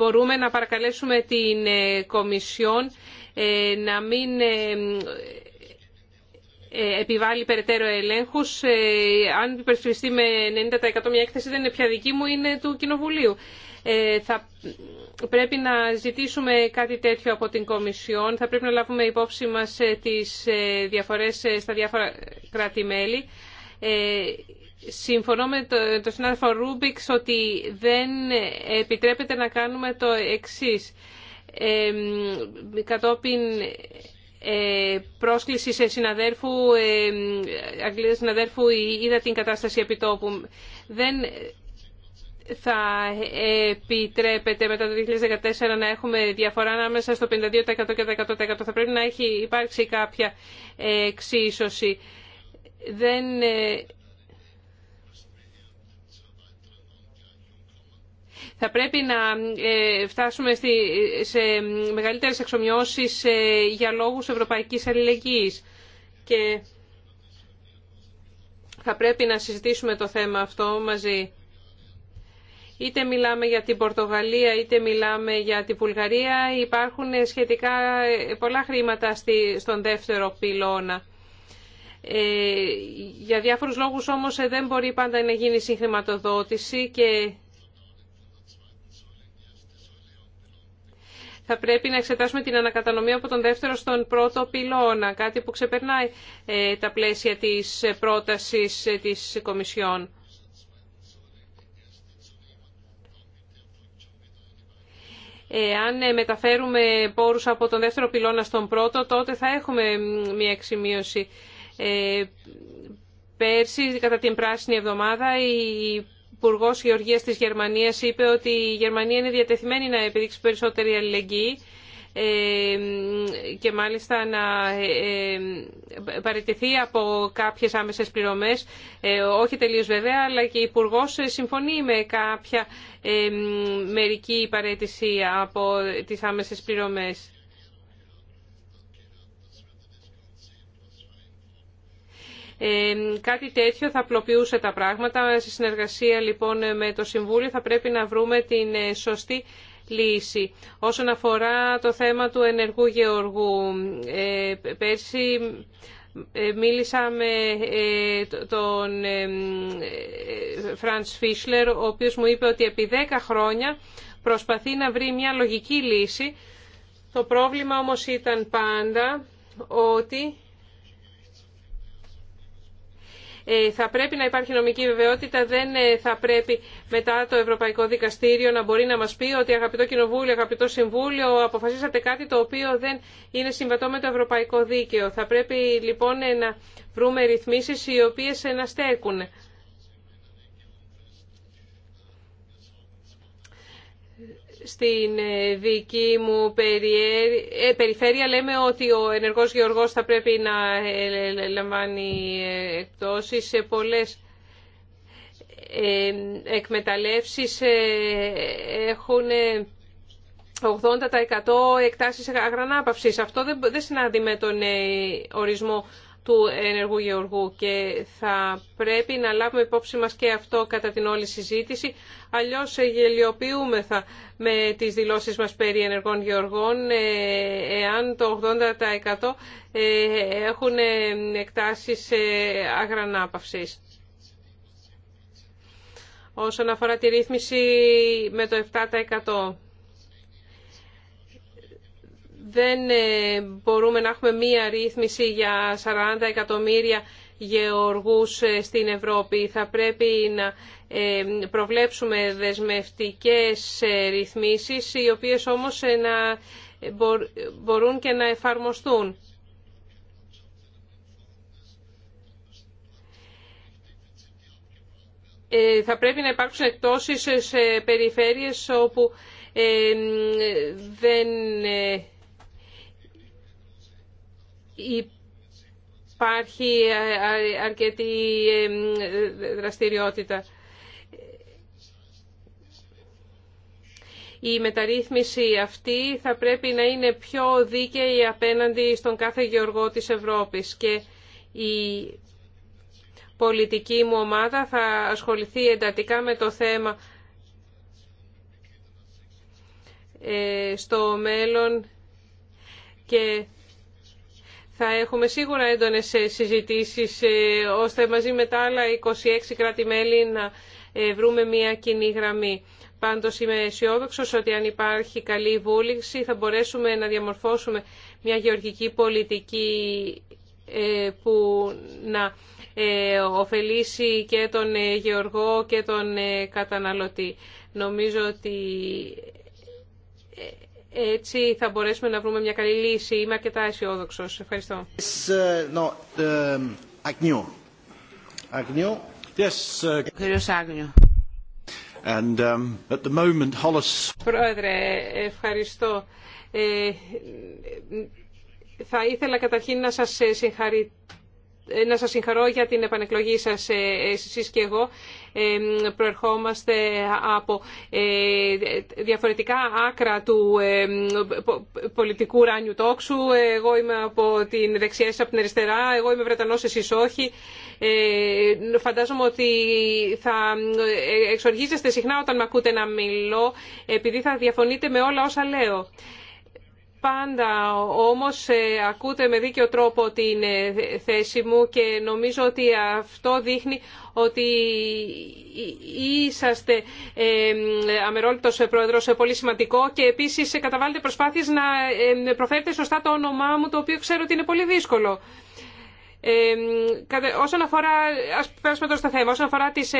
μπορούμε να παρακαλέσουμε την ε, Κομισιόν ε, να μην ε, επιβάλλει περαιτέρω ελέγχου. αν υπερσφυριστεί με 90% μια έκθεση δεν είναι πια δική μου, είναι του Κοινοβουλίου. θα πρέπει να ζητήσουμε κάτι τέτοιο από την Κομισιόν. Θα πρέπει να λάβουμε υπόψη μας τις διαφορές στα διάφορα κράτη-μέλη. Συμφωνώ με τον το συνάδελφο Ρούμπιξ ότι δεν επιτρέπεται να κάνουμε το εξής. κατόπιν ε, πρόσκληση σε συναδέρφου, ε, Αγγλίδα συναδέρφου, είδα την κατάσταση επιτόπου. Δεν θα επιτρέπεται μετά το 2014 να έχουμε διαφορά ανάμεσα στο 52% και το 100%. Θα πρέπει να έχει υπάρξει κάποια ε, εξίσωση. Δεν... Ε, Θα πρέπει να ε, φτάσουμε σε μεγαλύτερες εξομοιώσεις ε, για λόγους ευρωπαϊκής αλληλεγγύης. Και θα πρέπει να συζητήσουμε το θέμα αυτό μαζί. Είτε μιλάμε για την Πορτογαλία, είτε μιλάμε για την Βουλγαρία, υπάρχουν σχετικά ε, πολλά χρήματα στον δεύτερο πυλώνα. Για διάφορους λόγους όμως δεν μπορεί πάντα να γίνει συγχρηματοδότηση και θα πρέπει να εξετάσουμε την ανακατανομή από τον δεύτερο στον πρώτο πυλώνα, κάτι που ξεπερνάει ε, τα πλαίσια της πρότασης ε, της Κομισιόν. Ε, αν μεταφέρουμε πόρους από τον δεύτερο πυλώνα στον πρώτο, τότε θα έχουμε μια εξημείωση. Πέρσι, κατά την Πράσινη Εβδομάδα, η Υπουργό Γεωργία τη Γερμανία είπε ότι η Γερμανία είναι διατεθειμένη να επιδείξει περισσότερη αλληλεγγύη ε, και μάλιστα να ε, ε, παραιτηθεί από κάποιες άμεσες πληρωμές όχι τελείω βέβαια αλλά και η υπουργό συμφωνεί με κάποια μερική παρέτηση από τις άμεσε πληρωμές κάτι τέτοιο θα απλοποιούσε τα πράγματα. Στη συνεργασία λοιπόν με το Συμβούλιο θα πρέπει να βρούμε την ε, σωστή λύση. Όσον αφορά το θέμα του ενεργού γεωργού, ε, πέρσι ε, μίλησα με τον Φραντς Φίσλερ, ο οποίος μου είπε ότι επί 10 χρόνια προσπαθεί να βρει μια λογική λύση. Το πρόβλημα όμως ήταν πάντα ότι ε, θα πρέπει να υπάρχει νομική βεβαιότητα. Δεν ε, θα πρέπει μετά το Ευρωπαϊκό Δικαστήριο να μπορεί να μας πει ότι αγαπητό Κοινοβούλιο, αγαπητό Συμβούλιο, αποφασίσατε κάτι το οποίο δεν είναι συμβατό με το Ευρωπαϊκό Δίκαιο. Θα πρέπει λοιπόν ε, να βρούμε ρυθμίσεις οι οποίες να στέκουν. Στην ε, δική μου ε, περιφέρεια λέμε ότι ο ενεργός γεωργός θα πρέπει να ε, λαμβάνει εκτόσεις σε πολλές εκμεταλλεύσεις έχουν 80% εκτάσεις αγρανάπαυσης. Αυτό δεν συνάδει με τον ορισμό του ενεργού γεωργού και θα πρέπει να λάβουμε υπόψη μας και αυτό κατά την όλη συζήτηση, αλλιώς ε, γελιοποιούμεθα με τις δηλώσεις μας περί ενεργών γεωργών ε, εάν το 80% ε, έχουν εκτάσεις αγρανάπαυσης. Όσον αφορά τη ρύθμιση με το 7% δεν ε, μπορούμε να έχουμε μία ρύθμιση για 40 εκατομμύρια γεωργούς ε, στην Ευρώπη. Θα πρέπει να ε, προβλέψουμε δεσμευτικές ρυθμίσεις, οι οποίες όμως να μπορούν και να εφαρμοστούν. Θα πρέπει να υπάρξουν εκτόσεις σε περιφέρειες όπου δεν υπάρχει αρκετή δραστηριότητα. Η μεταρρύθμιση αυτή θα πρέπει να είναι πιο δίκαιη απέναντι στον κάθε γεωργό της Ευρώπης και η πολιτική μου ομάδα θα ασχοληθεί εντατικά με το θέμα ε, στο μέλλον και θα έχουμε σίγουρα έντονες ε, συζητήσεις ε, ώστε μαζί με τα άλλα 26 κράτη-μέλη να ε, βρούμε μια κοινή γραμμή. Πάντως είμαι αισιόδοξο ότι αν υπάρχει καλή βούληξη θα μπορέσουμε να διαμορφώσουμε μια γεωργική πολιτική που να ωφελήσει και τον γεωργό και τον καταναλωτή. Νομίζω ότι έτσι θα μπορέσουμε να βρούμε μια καλή λύση. Είμαι αρκετά αισιόδοξο. Ευχαριστώ. Uh, um, uh, And, um, at the moment, Hollis... Πρόεδρε, ευχαριστώ. Ε, θα ήθελα καταρχήν να σας, ε, ε, να σας συγχαρώ για την επανεκλογή σας ε, εσείς και εγώ προερχόμαστε από ε, διαφορετικά άκρα του πολιτικού ράνιου τόξου. Εγώ είμαι από την δεξιά, εσείς από την αριστερά. Εγώ είμαι Βρετανός, εσείς όχι. Ε, φαντάζομαι ότι θα ε, εξοργίζεστε συχνά όταν με ακούτε να μιλώ, επειδή θα διαφωνείτε με όλα όσα λέω. Πάντα όμως ε, ακούτε με δίκιο τρόπο την ε, θέση μου και νομίζω ότι αυτό δείχνει ότι είσαστε ε, αμερόληπτος πρόεδρος πολύ σημαντικό και επίσης καταβάλλετε προσπάθειες να προφέρετε σωστά το όνομά μου το οποίο ξέρω ότι είναι πολύ δύσκολο όσον αφορά, ας πέρασουμε τώρα στο θέμα, όσον αφορά τις ε,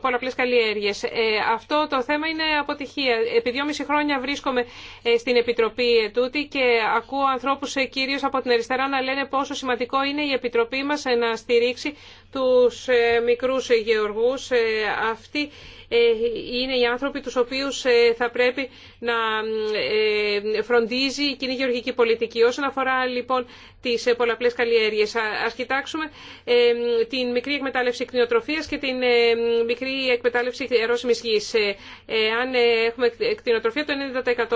πολλαπλές καλλιέργειες, ε, αυτό το θέμα είναι αποτυχία. Επί δυόμιση χρόνια βρίσκομαι ε, στην Επιτροπή τούτη και ακούω ανθρώπους ε, κυρίως από την αριστερά να λένε πόσο σημαντικό είναι η Επιτροπή μας ε, να στηρίξει τους ε, μικρούς ε, γεωργούς. Ε, αυτοί είναι οι άνθρωποι τους οποίους θα πρέπει να φροντίζει η κοινή γεωργική πολιτική. Όσον αφορά λοιπόν τις πολλαπλές καλλιέργειες, ας κοιτάξουμε την μικρή εκμετάλλευση κτηνοτροφίας και την μικρή εκμετάλλευση ερώσιμης γης. Αν έχουμε κτηνοτροφία, το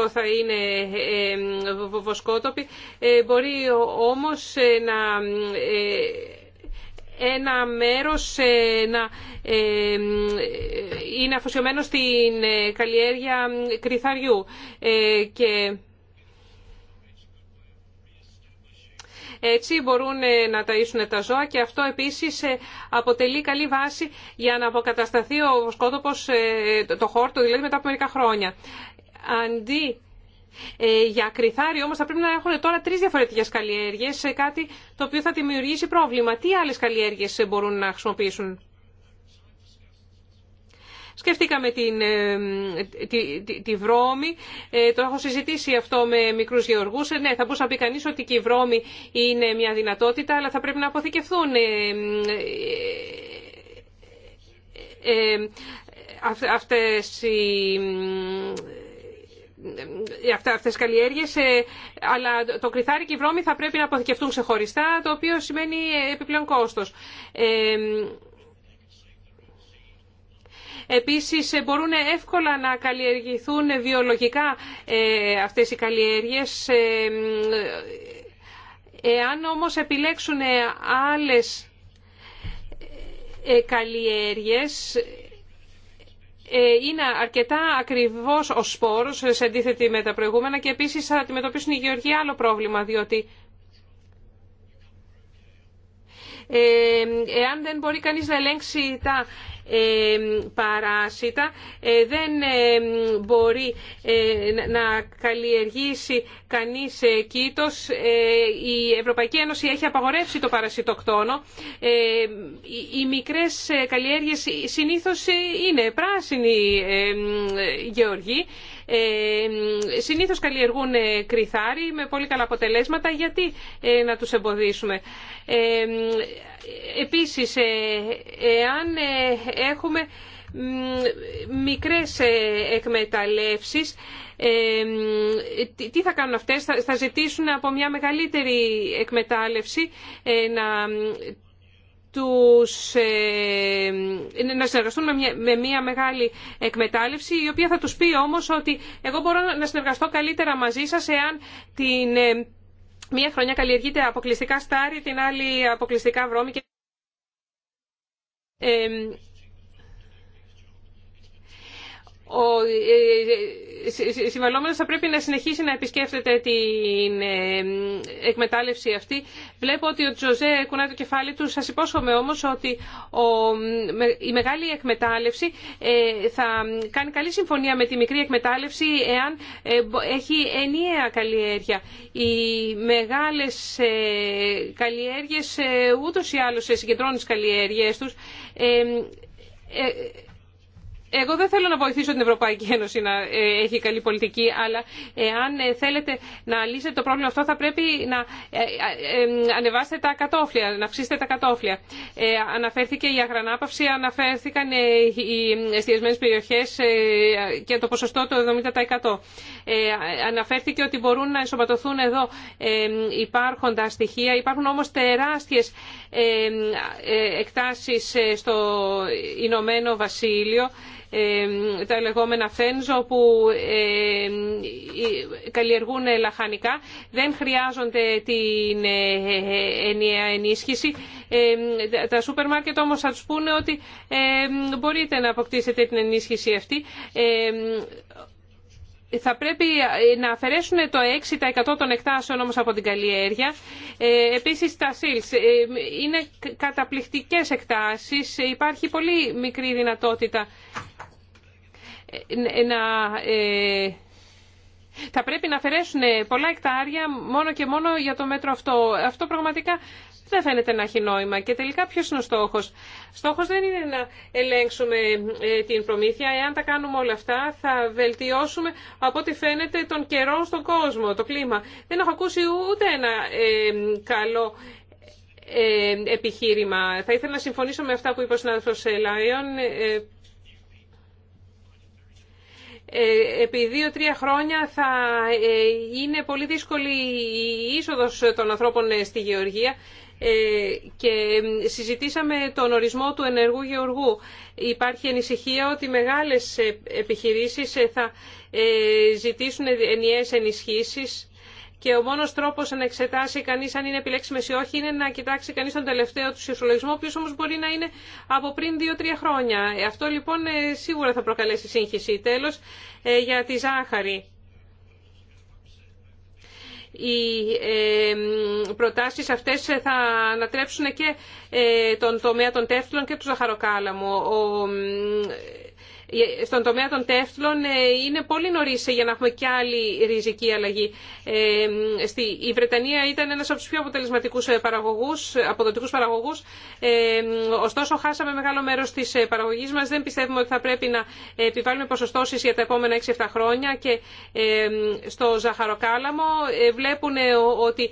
90% θα είναι βοσκότοποι. Μπορεί όμως να ένα μέρος ε, να ε, είναι αφοσιωμένο στην ε, καλλιέργεια κρυθαριού και Έτσι μπορούν να ταΐσουν τα ζώα και αυτό επίσης αποτελεί καλή βάση για να αποκατασταθεί ο σκότοπος, το χόρτο δηλαδή μετά από μερικά χρόνια. Αντί για κρυθάρι όμω θα πρέπει να έχουν τώρα τρεις διαφορετικές καλλιέργειες σε κάτι το οποίο θα δημιουργήσει πρόβλημα. Τι άλλες καλλιέργειες μπορούν να χρησιμοποιήσουν. Σκεφτήκαμε την, τη, βρώμη, ε, το έχω συζητήσει αυτό με μικρού γεωργούς. ναι, θα μπορούσε να πει κανεί ότι και η βρώμη είναι μια δυνατότητα, αλλά θα πρέπει να αποθηκευθούν ε, αυτές οι ε, αυτές τις καλλιέργειες, ε, αλλά το κρυθάρι και η βρώμη θα πρέπει να αποθηκευτούν ξεχωριστά, το οποίο σημαίνει ε, επιπλέον κόστος. Επίσης μπορούν εύκολα να καλλιεργηθούν βιολογικά αυτές οι καλλιέργειες. Εάν όμως επιλέξουν άλλες καλλιέργειες, ε, είναι αρκετά ακριβώ ο σπόρος σε αντίθετη με τα προηγούμενα και επίση θα αντιμετωπίσουν οι Γεωργοί άλλο πρόβλημα διότι ε, εάν δεν μπορεί κανείς να ελέγξει τα παράσιτα ε, δεν μπορεί ε, να καλλιεργήσει κανείς ε, κήτος. Η Ευρωπαϊκή Ένωση έχει απαγορεύσει το παρασιτοκτόνο. Οι μικρές καλλιέργειες συνήθως είναι πράσινοι γεωργοί ε, συνήθως καλλιεργούν ε, κρυθάρι με πολύ καλά αποτελέσματα. Γιατί ε, να τους εμποδίσουμε. Επίσης, εάν έχουμε μικρές εκμεταλλεύσεις τι θα κάνουν αυτές θα ζητήσουν από μια μεγαλύτερη εκμετάλλευση να τους, ε, να συνεργαστούν με μια, μεγάλη εκμετάλλευση η οποία θα τους πει όμως ότι εγώ μπορώ να συνεργαστώ καλύτερα μαζί σας εάν την ε, μία χρονιά καλλιεργείται αποκλειστικά στάρι, την άλλη αποκλειστικά βρώμη. Και... Ε, ο ε, ε, ε, συμβαλόμενος θα πρέπει να συνεχίσει να επισκέφτεται την εκμετάλλευση αυτή. Βλέπω ότι ο Τζοζέ κουνάει το κεφάλι του. Σας υπόσχομαι όμως ότι η μεγάλη εκμετάλλευση θα κάνει καλή συμφωνία με τη μικρή εκμετάλλευση εάν έχει ενιαία καλλιέργεια. Οι μεγάλες καλλιέργειες ούτως ή άλλως συγκεντρώνουν τις καλλιέργειές τους εγώ δεν θέλω να βοηθήσω την Ευρωπαϊκή Ένωση να ε, έχει καλή πολιτική, αλλά εάν ε, θέλετε να λύσετε το πρόβλημα αυτό θα πρέπει να ε, ανεβάσετε τα κατόφλια, να αυξήσετε τα κατόφλια. Αναφέρθηκε η αγρανάπαυση, αναφέρθηκαν οι εστιασμένες περιοχές και το ποσοστό το 70%. Αναφέρθηκε ότι μπορούν να ενσωματωθούν εδώ υπάρχοντα στοιχεία. Υπάρχουν όμως τεράστιες εκτάσεις στο Ηνωμένο Βασίλειο τα λεγόμενα φένζο που καλλιεργούν λαχανικά δεν χρειάζονται την ε, ε, ενιαία ενίσχυση. Τα σούπερ μάρκετ όμως θα τους πούνε ότι μπορείτε να αποκτήσετε την ενίσχυση αυτή θα πρέπει ε, να αφαιρέσουν το 6% των εκτάσεων όμως από την καλλιέργεια. Ε, επίσης τα σίλς είναι καταπληκτικές εκτάσεις. Υπάρχει πολύ μικρή δυνατότητα να, ε, θα πρέπει να αφαιρέσουν πολλά εκτάρια μόνο και μόνο για το μέτρο αυτό. Αυτό πραγματικά δεν φαίνεται να έχει νόημα. Και τελικά ποιο είναι ο στόχο. Στόχο δεν είναι να ελέγξουμε ε, την προμήθεια. Εάν τα κάνουμε όλα αυτά, θα βελτιώσουμε από ό,τι φαίνεται τον καιρό στον κόσμο, το κλίμα. Δεν έχω ακούσει ούτε ένα ε, καλό ε, επιχείρημα. Θα ήθελα να συμφωνήσω με αυτά που είπε ο συνάδελφο Λάιον. Ε, ε, επί δύο-τρία χρόνια θα ε, είναι πολύ δύσκολη η είσοδος των ανθρώπων ε, στη γεωργία και συζητήσαμε τον ορισμό του ενεργού γεωργού. Υπάρχει ανησυχία ότι μεγάλες επιχειρήσεις θα ζητήσουν ενιαίες ενισχύσεις και ο μόνος τρόπος να εξετάσει κανείς αν είναι επιλέξιμες ή όχι είναι να κοιτάξει κανείς τον τελευταίο του συσυλλογισμό, ο οποίο όμως μπορεί να είναι από πριν δύο-τρία χρόνια. Ε, αυτό λοιπόν ε, σίγουρα θα προκαλέσει σύγχυση. Τέλος, ε, για τη ζάχαρη. Οι προτάσεις αυτές θα ανατρέψουν και τον τομέα των τέφτλων και του ζαχαροκάλαμου. Ο ε, στον τομέα των τεύτλων ε, είναι πολύ νωρί για να έχουμε και άλλη ριζική αλλαγή. Ε, η Βρετανία ήταν ένα από του πιο αποτελεσματικού παραγωγούς, αποδοτικούς παραγωγούς, ωστόσο χάσαμε μεγάλο μέρο τη παραγωγή μα. Δεν πιστεύουμε ότι θα πρέπει να επιβάλλουμε ποσοστώσεις για τα επόμενα 6-7 χρόνια και στο Ζαχαροκάλαμο βλέπουν ότι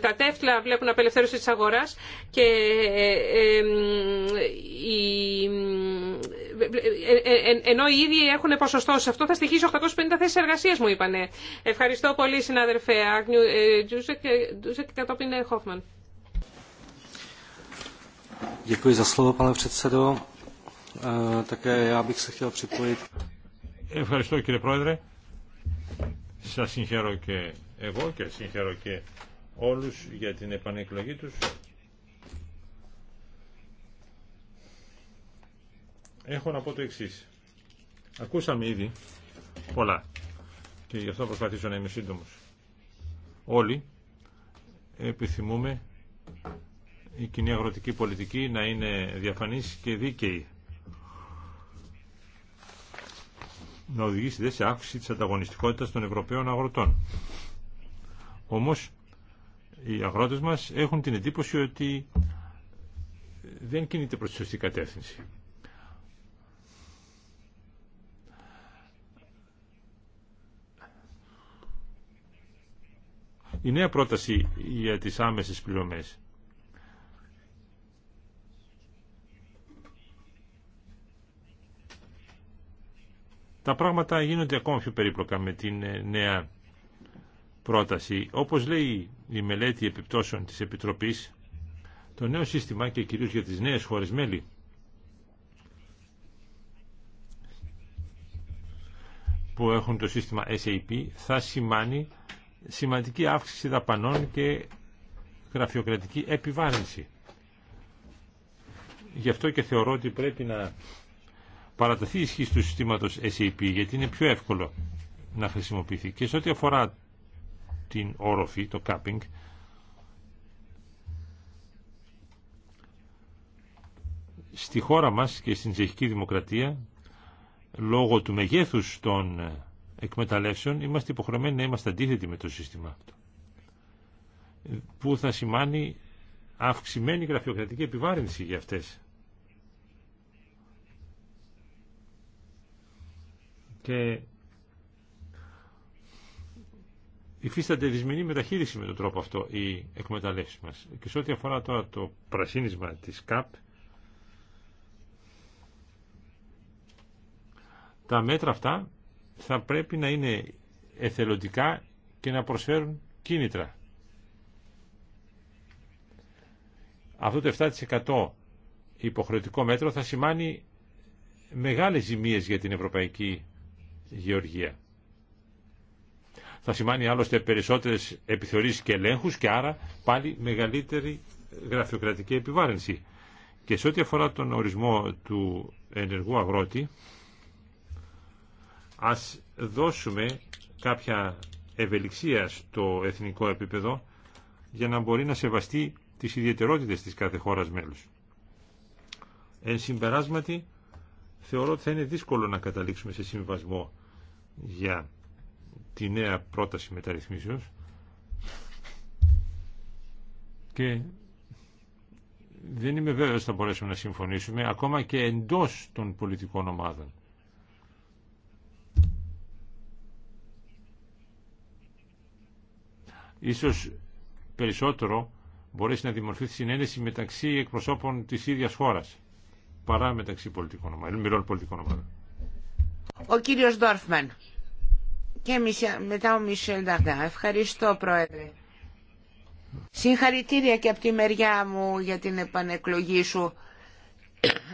τα τεύτλα βλέπουν απελευθέρωση τη αγορά. και η ενώ οι ίδιοι έχουν ποσοστό σε αυτό θα στοιχήσει 850 θέσει εργασία, μου είπανε. Ευχαριστώ πολύ συνάδελφε Άγνιου ε, ε, Τζούσεκ κατόπιν ε, Χόφμαν. Ευχαριστώ κύριε Πρόεδρε. Σας συγχαίρω και εγώ και συγχαίρω και όλους για την επανεκλογή τους έχω να πω το εξή. Ακούσαμε ήδη πολλά και γι' αυτό προσπαθήσω να είμαι σύντομο. Όλοι επιθυμούμε η κοινή αγροτική πολιτική να είναι διαφανής και δίκαιη. Να οδηγήσει δε σε αύξηση της ανταγωνιστικότητας των Ευρωπαίων αγροτών. Όμως, οι αγρότες μας έχουν την εντύπωση ότι δεν κινείται προς τη σωστή κατεύθυνση. Η νέα πρόταση για τις άμεσες πληρωμές. Τα πράγματα γίνονται ακόμα πιο περίπλοκα με την ε, νέα πρόταση. Όπως λέει η μελέτη επιπτώσεων της Επιτροπής, το νέο σύστημα και κυρίως για τις νέες χώρες μέλη που έχουν το σύστημα SAP θα σημάνει σημαντική αύξηση δαπανών και γραφειοκρατική επιβάρυνση. Γι' αυτό και θεωρώ ότι πρέπει να παραταθεί η ισχύ του συστήματος SAP γιατί είναι πιο εύκολο να χρησιμοποιηθεί. Και σε ό,τι αφορά την όροφη, το capping, στη χώρα μας και στην Τσεχική Δημοκρατία λόγω του μεγέθους των εκμεταλλεύσεων είμαστε υποχρεωμένοι να είμαστε αντίθετοι με το σύστημα αυτό που θα σημάνει αυξημένη γραφειοκρατική επιβάρυνση για αυτές. Και υφίσταται δυσμενή μεταχείριση με τον τρόπο αυτό η εκμεταλλεύση μας. Και σε ό,τι αφορά τώρα το πρασίνισμα της ΚΑΠ, τα μέτρα αυτά θα πρέπει να είναι εθελοντικά και να προσφέρουν κίνητρα. Αυτό το 7% υποχρεωτικό μέτρο θα σημάνει μεγάλες ζημίες για την ευρωπαϊκή γεωργία. Θα σημάνει άλλωστε περισσότερες επιθεωρήσεις και ελέγχους και άρα πάλι μεγαλύτερη γραφειοκρατική επιβάρυνση. Και σε ό,τι αφορά τον ορισμό του ενεργού αγρότη, Ας δώσουμε κάποια ευελιξία στο εθνικό επίπεδο για να μπορεί να σεβαστεί τις ιδιαιτερότητες της κάθε χώρας μέλους. Εν συμπεράσματι, θεωρώ ότι θα είναι δύσκολο να καταλήξουμε σε συμβασμό για τη νέα πρόταση μεταρρυθμίσεως και δεν είμαι βέβαιος θα μπορέσουμε να συμφωνήσουμε ακόμα και εντός των πολιτικών ομάδων. Ίσως περισσότερο μπορέσει να δημορφωθεί συνένεση μεταξύ εκπροσώπων της ίδιας χώρας παρά μεταξύ πολιτικών ομάδων, πολιτικών ομάδων. Ο κύριος Ντόρφμαν και μετά ο Μισελ Νταρντά. Ευχαριστώ Πρόεδρε. Συγχαρητήρια και από τη μεριά μου για την επανεκλογή σου.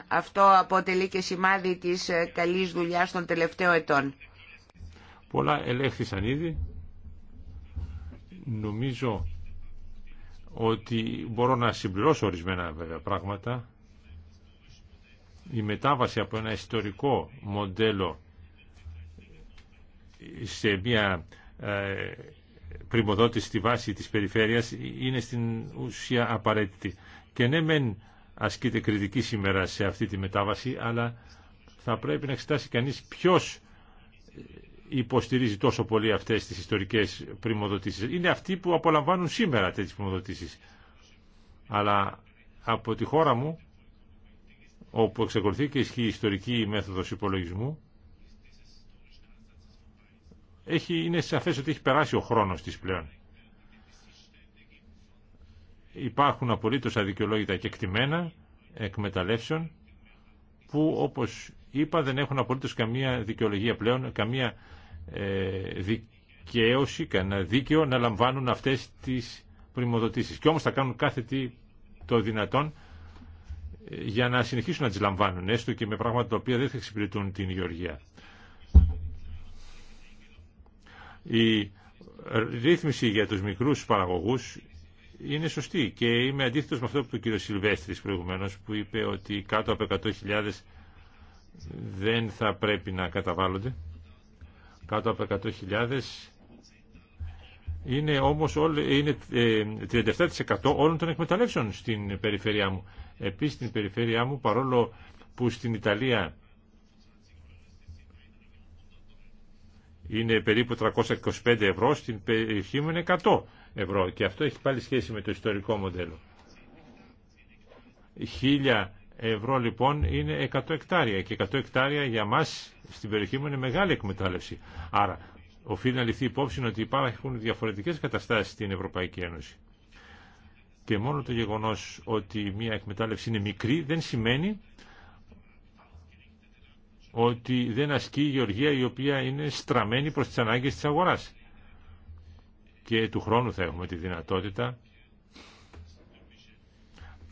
Αυτό αποτελεί και σημάδι της ε, καλής δουλειάς των τελευταίων ετών. Πολλά ελέγχθησαν ήδη. Νομίζω ότι μπορώ να συμπληρώσω ορισμένα βέβαια πράγματα. Η μετάβαση από ένα ιστορικό μοντέλο σε μια ε, πρημοδότηση στη βάση της περιφέρειας είναι στην ουσία απαραίτητη. Και ναι μεν ασκείται κριτική σήμερα σε αυτή τη μετάβαση, αλλά θα πρέπει να εξετάσει κανείς ποιος υποστηρίζει τόσο πολύ αυτές τις ιστορικές πρημοδοτήσεις. Είναι αυτοί που απολαμβάνουν σήμερα τέτοιες πρημοδοτήσεις. Αλλά από τη χώρα μου, όπου εξακολουθεί και ισχύει η ιστορική μέθοδος υπολογισμού, έχει, είναι σαφές ότι έχει περάσει ο χρόνος της πλέον. Υπάρχουν απολύτως αδικαιολόγητα και εκτιμένα εκμεταλλεύσεων που όπως είπα δεν έχουν απολύτως καμία δικαιολογία πλέον, καμία ε, δικαίωση, κανένα δίκαιο να λαμβάνουν αυτές τις πρημοδοτήσεις. Και όμως θα κάνουν κάθε τι το δυνατόν ε, για να συνεχίσουν να τις λαμβάνουν, έστω και με πράγματα τα οποία δεν θα εξυπηρετούν την γεωργία. Η ρύθμιση για τους μικρούς παραγωγούς είναι σωστή και είμαι αντίθετος με αυτό που το κύριο Σιλβέστρης προηγουμένως που είπε ότι κάτω από 100.000 δεν θα πρέπει να καταβάλλονται κάτω από 100.000 είναι όμως είναι 37% ε, όλων των εκμεταλλεύσεων στην περιφέρειά μου. Επίσης στην περιφέρειά μου παρόλο που στην Ιταλία είναι περίπου 325 ευρώ, στην περιοχή μου είναι 100 ευρώ και αυτό έχει πάλι σχέση με το ιστορικό μοντέλο ευρώ λοιπόν είναι 100 εκτάρια και 100 εκτάρια για μας στην περιοχή μου είναι μεγάλη εκμετάλλευση. Άρα οφείλει να ληφθεί υπόψη ότι υπάρχουν διαφορετικές καταστάσεις στην Ευρωπαϊκή Ένωση. Και μόνο το γεγονός ότι μια εκμετάλλευση είναι μικρή δεν σημαίνει ότι δεν ασκεί η γεωργία η οποία είναι στραμμένη προς τις ανάγκες της αγοράς. Και του χρόνου θα έχουμε τη δυνατότητα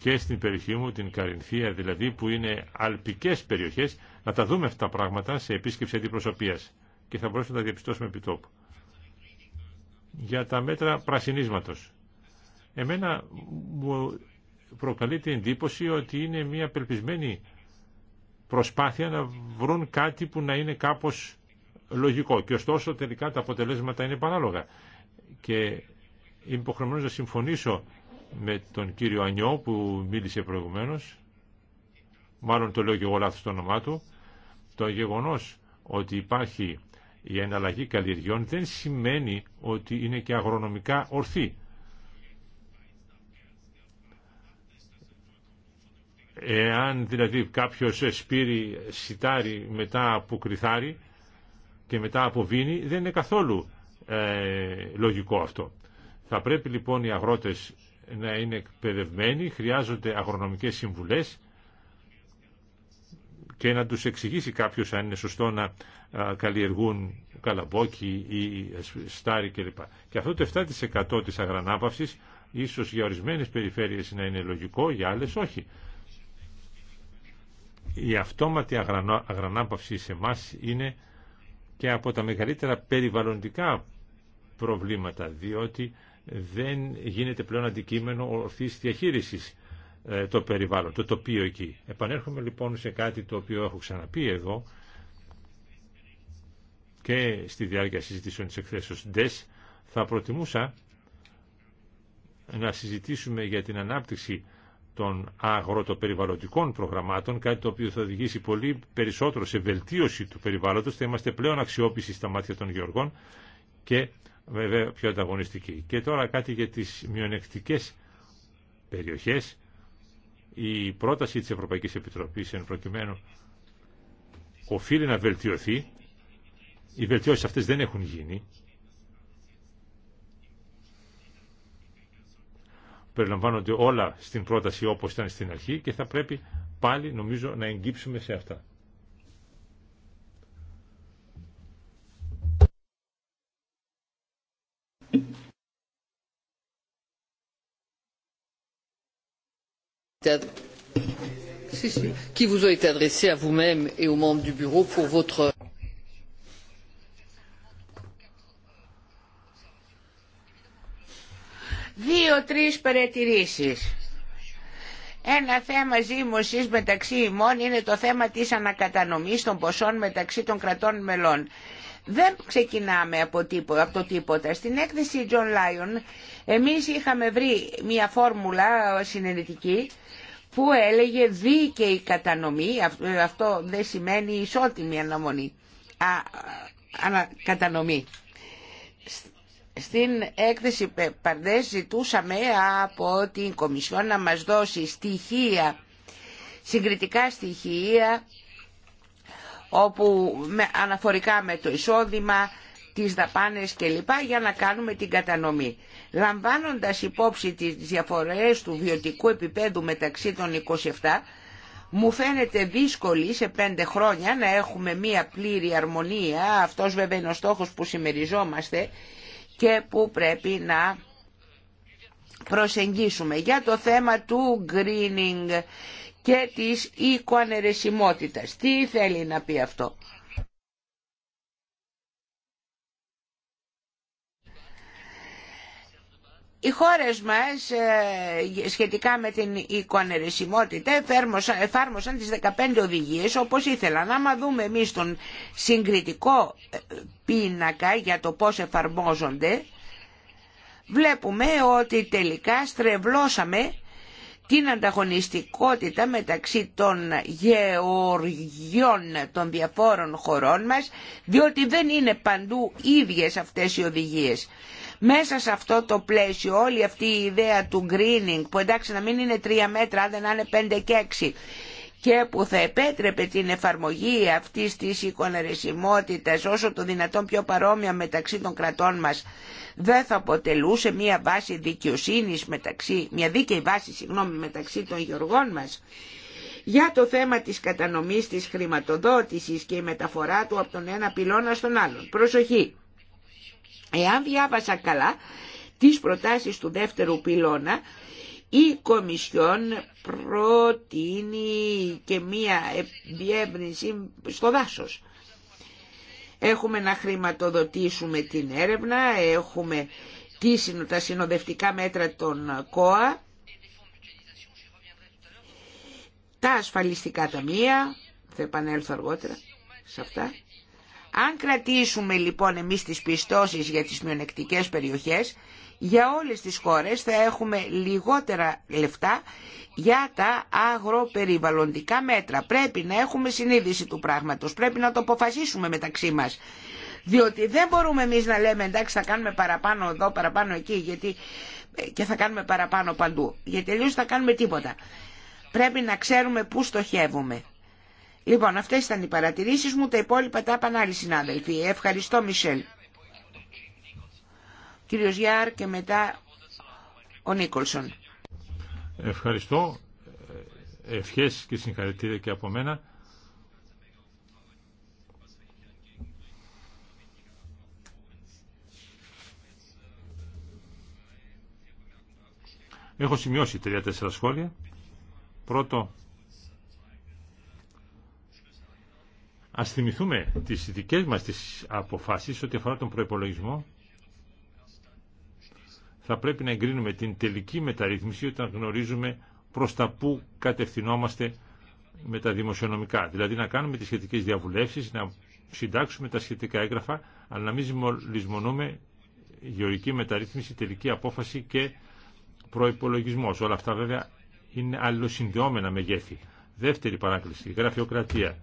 και στην περιοχή μου, την Καρινθία δηλαδή, που είναι αλπικές περιοχές, να τα δούμε αυτά τα πράγματα σε επίσκεψη αντιπροσωπείας και θα μπορέσουμε να τα διαπιστώσουμε επί Για τα μέτρα πρασινίσματος. Εμένα μου προκαλεί την εντύπωση ότι είναι μια απελπισμένη προσπάθεια να βρουν κάτι που να είναι κάπως λογικό. Και ωστόσο τελικά τα αποτελέσματα είναι παράλογα. Και είμαι υποχρεωμένος να συμφωνήσω με τον κύριο Ανιό που μίλησε προηγουμένως, μάλλον το λέω και εγώ λάθος το όνομά του, το γεγονός ότι υπάρχει η εναλλαγή καλλιεργιών δεν σημαίνει ότι είναι και αγρονομικά ορθή. Εάν δηλαδή κάποιος σπείρει σιτάρι μετά από κρυθάρι και μετά από βίνι, δεν είναι καθόλου ε, λογικό αυτό. Θα πρέπει λοιπόν οι αγρότες να είναι εκπαιδευμένοι, χρειάζονται αγρονομικές συμβουλές και να τους εξηγήσει κάποιος αν είναι σωστό να καλλιεργούν καλαμπόκι ή στάρι κλπ. Και αυτό το 7% της αγρανάπαυσης ίσως για ορισμένες περιφέρειες να είναι λογικό, για άλλες όχι. Η αυτόματη αγρανάπαυση σε εμά είναι και από τα μεγαλύτερα περιβαλλοντικά προβλήματα, διότι δεν γίνεται πλέον αντικείμενο ορθής διαχείρισης ε, το περιβάλλον, το τοπίο εκεί. Επανέρχομαι λοιπόν σε κάτι το οποίο έχω ξαναπεί εδώ και στη διάρκεια συζητήσεων της εκθέσεως DES θα προτιμούσα να συζητήσουμε για την ανάπτυξη των αγροτοπεριβαλλοντικών προγραμμάτων, κάτι το οποίο θα οδηγήσει πολύ περισσότερο σε βελτίωση του περιβάλλοντος, θα είμαστε πλέον αξιόπιστοι στα μάτια των γεωργών και βέβαια πιο ανταγωνιστική. Και τώρα κάτι για τις μειονεκτικές περιοχές. Η πρόταση της Ευρωπαϊκής Επιτροπής εν προκειμένου οφείλει να βελτιωθεί. Οι βελτιώσεις αυτές δεν έχουν γίνει. Περιλαμβάνονται όλα στην πρόταση όπως ήταν στην αρχή και θα πρέπει πάλι νομίζω να εγκύψουμε σε αυτά. qui vous ont été adressés à vous même et aux membres du bureau pour votre Δύο-τρεις παρατηρήσεις. Ένα θέμα ζήμωσης μεταξύ ημών είναι το θέμα της ανακατανομής των ποσών μεταξύ των κρατών μελών. Δεν ξεκινάμε από, τίποτα, το τίποτα. Στην έκθεση John Lyon εμείς είχαμε βρει μια φόρμουλα συνενετική που έλεγε δίκαιη κατανομή, αυτό δεν σημαίνει ισότιμη αναμονή, α, κατανομή. Στην έκθεση Παρδές ζητούσαμε από την Κομισιόν να μας δώσει στοιχεία, συγκριτικά στοιχεία όπου αναφορικά με το εισόδημα, τις δαπάνες κλπ. για να κάνουμε την κατανομή. Λαμβάνοντας υπόψη τις διαφορές του βιωτικού επίπεδου μεταξύ των 27, μου φαίνεται δύσκολη σε πέντε χρόνια να έχουμε μία πλήρη αρμονία, αυτός βέβαια είναι ο στόχος που συμμεριζόμαστε και που πρέπει να προσεγγίσουμε. Για το θέμα του greening και της οικοαναιρεσιμότητας. Τι θέλει να πει αυτό. Οι χώρες μας ε, σχετικά με την οικοανερεσιμότητα εφάρμοσαν τις 15 οδηγίες όπως ήθελαν. Άμα δούμε εμείς τον συγκριτικό ε, πίνακα για το πώς εφαρμόζονται, βλέπουμε ότι τελικά στρεβλώσαμε την ανταγωνιστικότητα μεταξύ των γεωργιών των διαφόρων χωρών μας, διότι δεν είναι παντού ίδιες αυτές οι οδηγίες. Μέσα σε αυτό το πλαίσιο όλη αυτή η ιδέα του greening, που εντάξει να μην είναι τρία μέτρα, δεν είναι πέντε και έξι, και που θα επέτρεπε την εφαρμογή αυτής της εικοναρεσιμότητας όσο το δυνατόν πιο παρόμοια μεταξύ των κρατών μας δεν θα αποτελούσε μια βάση δικαιοσύνης μεταξύ, μια δίκαιη βάση συγγνώμη, μεταξύ των γεωργών μας. Για το θέμα της κατανομής της χρηματοδότησης και η μεταφορά του από τον ένα πυλώνα στον άλλον. Προσοχή! Εάν διάβασα καλά τις προτάσεις του δεύτερου πυλώνα, η Κομισιόν προτείνει και μία διεύρυνση στο δάσος. Έχουμε να χρηματοδοτήσουμε την έρευνα, έχουμε τα συνοδευτικά μέτρα των ΚΟΑ, τα ασφαλιστικά ταμεία, θα επανέλθω αργότερα σε αυτά. Αν κρατήσουμε λοιπόν εμείς τις πιστώσεις για τις μειονεκτικές περιοχές, για όλες τις χώρες θα έχουμε λιγότερα λεφτά για τα αγροπεριβαλλοντικά μέτρα. Πρέπει να έχουμε συνείδηση του πράγματος, πρέπει να το αποφασίσουμε μεταξύ μας. Διότι δεν μπορούμε εμείς να λέμε εντάξει θα κάνουμε παραπάνω εδώ, παραπάνω εκεί γιατί... Ε, και θα κάνουμε παραπάνω παντού. Γιατί αλλιώς θα κάνουμε τίποτα. Πρέπει να ξέρουμε πού στοχεύουμε. Λοιπόν, αυτές ήταν οι παρατηρήσεις μου, τα υπόλοιπα τα είπαν άλλοι συνάδελφοι. Ευχαριστώ Μισελ κύριος Γιάρ και μετά ο Νίκολσον. Ευχαριστώ. Ευχές και συγχαρητήρια και από μένα. Έχω σημειώσει τρία-τέσσερα σχόλια. Πρώτο, ας θυμηθούμε τις δικές μας τις αποφάσεις ό,τι αφορά τον προϋπολογισμό θα πρέπει να εγκρίνουμε την τελική μεταρρύθμιση όταν γνωρίζουμε προς τα που κατευθυνόμαστε με τα δημοσιονομικά. Δηλαδή να κάνουμε τις σχετικές διαβουλεύσεις, να συντάξουμε τα σχετικά έγγραφα, αλλά να μην λησμονούμε γεωρική μεταρρύθμιση, τελική απόφαση και προϋπολογισμός. Όλα αυτά βέβαια είναι αλληλοσυνδεόμενα μεγέθη. Δεύτερη παράκληση, γραφειοκρατία.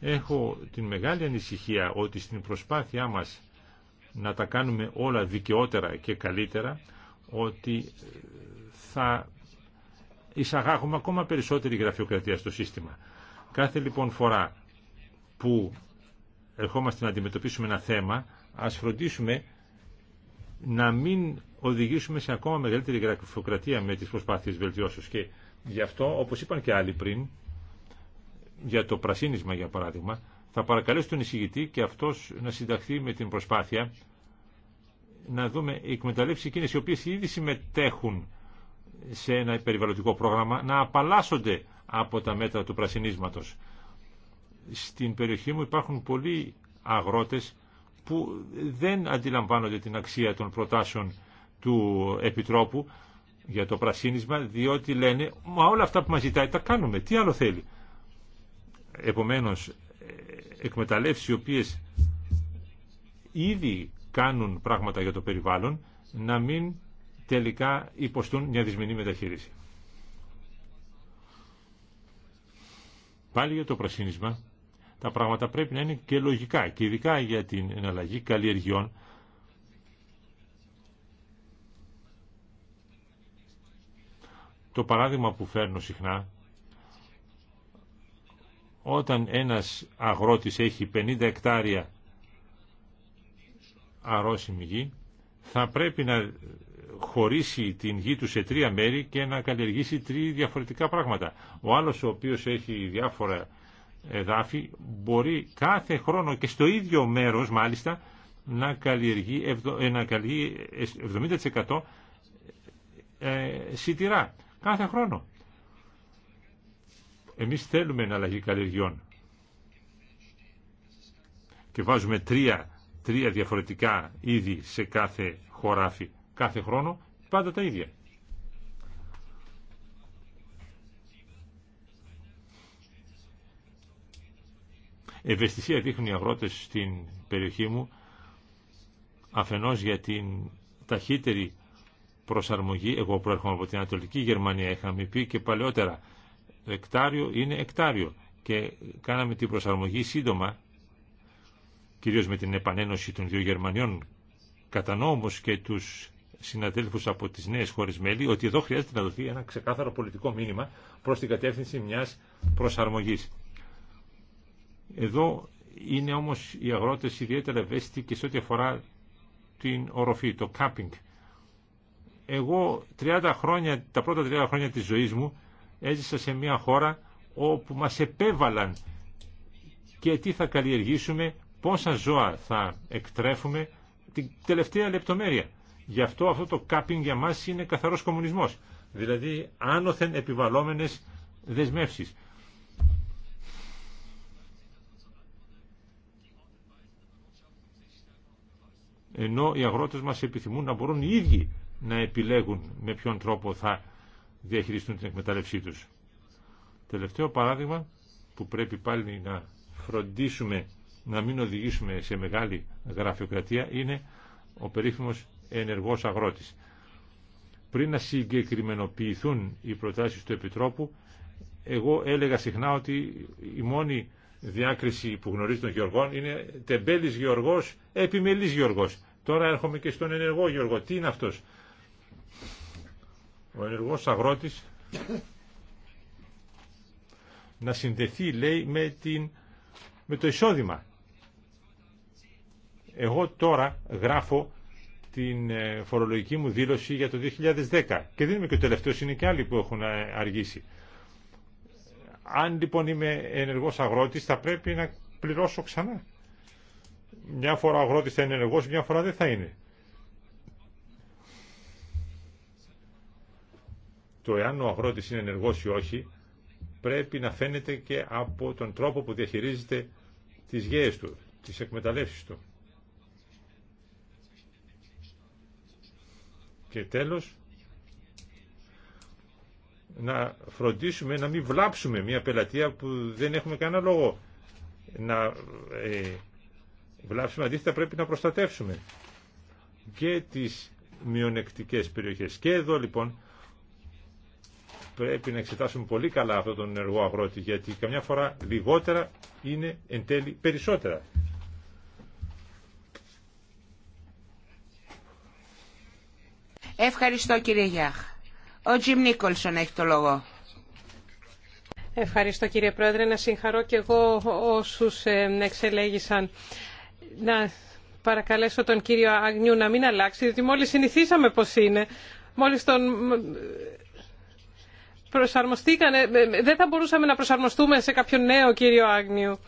Έχω την μεγάλη ανησυχία ότι στην προσπάθειά μας να τα κάνουμε όλα δικαιότερα και καλύτερα, ότι θα εισαγάγουμε ακόμα περισσότερη γραφειοκρατία στο σύστημα. Κάθε λοιπόν φορά που ερχόμαστε να αντιμετωπίσουμε ένα θέμα, ας φροντίσουμε να μην οδηγήσουμε σε ακόμα μεγαλύτερη γραφειοκρατία με τις προσπάθειες βελτιώσεως. Και γι' αυτό, όπως είπαν και άλλοι πριν, για το πρασίνισμα για παράδειγμα, θα παρακαλέσω τον εισηγητή και αυτός να συνταχθεί με την προσπάθεια να δούμε οι εκμεταλλεύσεις εκείνες οι οποίες ήδη συμμετέχουν σε ένα περιβαλλοντικό πρόγραμμα να απαλλάσσονται από τα μέτρα του πρασινίσματος. Στην περιοχή μου υπάρχουν πολλοί αγρότες που δεν αντιλαμβάνονται την αξία των προτάσεων του Επιτρόπου για το πρασίνισμα, διότι λένε «Μα όλα αυτά που μας ζητάει τα κάνουμε, τι άλλο θέλει». Επομένως, εκμεταλλεύσεις οι οποίες ήδη κάνουν πράγματα για το περιβάλλον να μην τελικά υποστούν μια δυσμενή μεταχείριση. Πάλι για το πρασίνισμα, τα πράγματα πρέπει να είναι και λογικά και ειδικά για την εναλλαγή καλλιεργιών Το παράδειγμα που φέρνω συχνά όταν ένας αγρότης έχει 50 εκτάρια αρρώσιμη γη, θα πρέπει να χωρίσει την γη του σε τρία μέρη και να καλλιεργήσει τρία διαφορετικά πράγματα. Ο άλλος ο οποίος έχει διάφορα εδάφη μπορεί κάθε χρόνο και στο ίδιο μέρος μάλιστα να καλλιεργεί 70% ε, ε, σιτηρά κάθε χρόνο. Εμείς θέλουμε εναλλαγή καλλιεργιών και βάζουμε τρία, τρία διαφορετικά είδη σε κάθε χωράφι κάθε χρόνο, πάντα τα ίδια. Ευαισθησία δείχνουν οι αγρότες στην περιοχή μου αφενός για την ταχύτερη προσαρμογή. Εγώ προέρχομαι από την Ανατολική Γερμανία, είχαμε πει και παλαιότερα εκτάριο είναι εκτάριο και κάναμε την προσαρμογή σύντομα κυρίως με την επανένωση των δύο Γερμανιών κατανοώ νόμος και τους συναδέλφους από τις νέες χώρες μέλη ότι εδώ χρειάζεται να δοθεί ένα ξεκάθαρο πολιτικό μήνυμα προς την κατεύθυνση μιας προσαρμογής. Εδώ είναι όμως οι αγρότες ιδιαίτερα ευαίσθητοι και σε ό,τι αφορά την οροφή, το κάπινγκ. Εγώ 30 χρόνια, τα πρώτα 30 χρόνια της ζωής μου Έζησα σε μια χώρα όπου μας επέβαλαν και τι θα καλλιεργήσουμε, πόσα ζώα θα εκτρέφουμε την τελευταία λεπτομέρεια. Γι' αυτό αυτό το κάπινγκ για μας είναι καθαρός κομμουνισμός. Δηλαδή άνωθεν επιβαλόμενες δεσμεύσεις. Ενώ οι αγρότες μας επιθυμούν να μπορούν οι ίδιοι να επιλέγουν με ποιον τρόπο θα διαχειριστούν την εκμετάλλευσή τους. Τελευταίο παράδειγμα που πρέπει πάλι να φροντίσουμε να μην οδηγήσουμε σε μεγάλη γραφειοκρατία είναι ο περίφημος ενεργός αγρότης. Πριν να συγκεκριμενοποιηθούν οι προτάσεις του Επιτρόπου, εγώ έλεγα συχνά ότι η μόνη διάκριση που γνωρίζει τον Γεωργό είναι τεμπέλης Γεωργός, επιμελής Γεωργός. Τώρα έρχομαι και στον ενεργό Γεωργό. Τι είναι αυτός ο ενεργός αγρότης να συνδεθεί λέει με, με το εισόδημα. Εγώ τώρα γράφω την ε, φορολογική μου δήλωση για το 2010 και δεν είμαι και ο τελευταίος, είναι και άλλοι που έχουν ε, αργήσει. Αν λοιπόν είμαι ενεργός αγρότης θα πρέπει να πληρώσω ξανά. Μια φορά ο αγρότης θα είναι ενεργός, μια φορά δεν θα είναι. το εάν ο αγρότης είναι ενεργός ή όχι πρέπει να φαίνεται και από τον τρόπο που διαχειρίζεται τις γέες του, τις εκμεταλλεύσεις του. Και τέλος, να φροντίσουμε να μην βλάψουμε μια πελατεία που δεν έχουμε κανένα λόγο να ε, βλάψουμε. Αντίθετα πρέπει να προστατεύσουμε και τις μειονεκτικές περιοχές. Και εδώ λοιπόν πρέπει να εξετάσουμε πολύ καλά αυτό τον ενεργό αγρότη, γιατί καμιά φορά λιγότερα είναι εν τέλει περισσότερα. Ευχαριστώ κύριε Γιάχ. Ο Τζιμ Νίκολσον έχει το λόγο. Ευχαριστώ κύριε Πρόεδρε. Να συγχαρώ και εγώ όσους ε, εξελέγησαν να παρακαλέσω τον κύριο Αγνιού να μην αλλάξει, διότι μόλις συνηθίσαμε πώς είναι. Μόλις τον προσαρμοστήκανε, ε, ε, δεν θα μπορούσαμε να προσαρμοστούμε σε κάποιον νέο κύριο Άγνιου.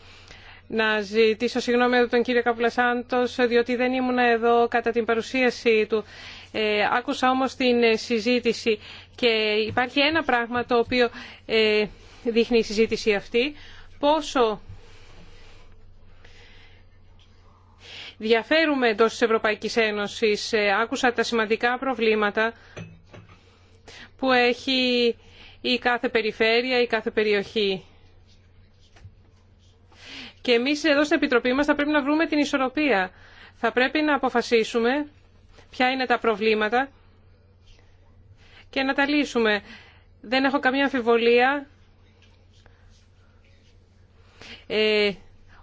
Να ζητήσω συγγνώμη από τον κύριο Καπλασάντος, διότι δεν ήμουν εδώ κατά την παρουσίασή του. Ε, άκουσα όμως την συζήτηση και υπάρχει ένα πράγμα το οποίο δείχνει η συζήτηση αυτή. Πόσο διαφέρουμε εντός της Ευρωπαϊκής Ένωσης. άκουσα τα σημαντικά προβλήματα που έχει η κάθε περιφέρεια, η κάθε περιοχή. Και εμείς εδώ στην Επιτροπή μας θα πρέπει να βρούμε την ισορροπία. Θα πρέπει να αποφασίσουμε ποια είναι τα προβλήματα και να τα λύσουμε. Δεν έχω καμία αμφιβολία. Ε,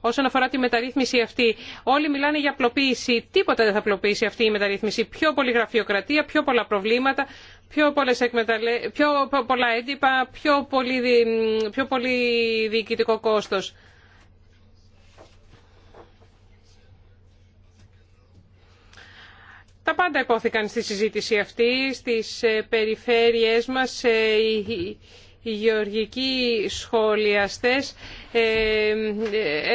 όσον αφορά τη μεταρρύθμιση αυτή. Όλοι μιλάνε για απλοποίηση. Τίποτα δεν θα απλοποιήσει αυτή η μεταρρύθμιση. Πιο πολλή γραφειοκρατία, πιο πολλά προβλήματα, πιο, πολλές εκμεταλλε... πιο πολλά έντυπα, πιο πολύ, πιο πολύ διοικητικό κόστος. Τα πάντα υπόθηκαν στη συζήτηση αυτή, στις ε, περιφέρειές μας οι γεωργικοί σχολιαστές ε,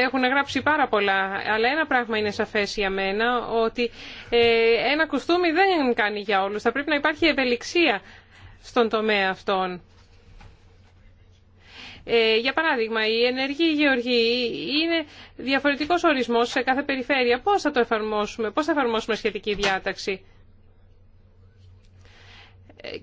έχουν γράψει πάρα πολλά. Αλλά ένα πράγμα είναι σαφές για μένα, ότι ε, ένα κουστούμι δεν κάνει για όλους. Θα πρέπει να υπάρχει ευελιξία στον τομέα αυτόν. Ε, για παράδειγμα, η ενεργή γεωργία είναι διαφορετικός ορισμός σε κάθε περιφέρεια. Πώς θα το εφαρμόσουμε, πώς θα εφαρμόσουμε σχετική διάταξη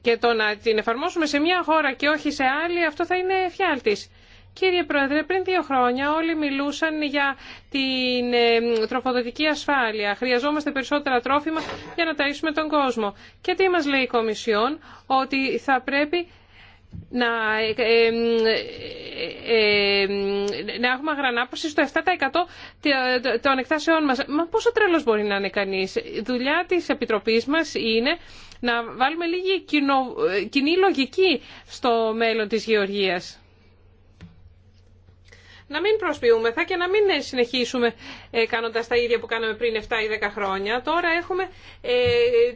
και το να την εφαρμόσουμε σε μια χώρα και όχι σε άλλη, αυτό θα είναι φιάλτης. Κύριε Πρόεδρε, πριν δύο χρόνια όλοι μιλούσαν για την ε, τροφοδοτική ασφάλεια. Χρειαζόμαστε περισσότερα τρόφιμα για να ταΐσουμε τον κόσμο. Και τι μας λέει η Κομισιόν, ότι θα πρέπει να, ε, ε, ε να έχουμε αγρανάπωση στο 7% των εκτάσεών μας. Μα πόσο τρελός μπορεί να είναι κανείς. Η δουλειά της Επιτροπής μας είναι να βάλουμε λίγη κοινο, ε, κοινή λογική στο μέλλον της γεωργίας. Να μην προσποιούμεθα και να μην συνεχίσουμε κάνοντας τα ίδια που κάναμε πριν 7 ή 10 χρόνια. Τώρα έχουμε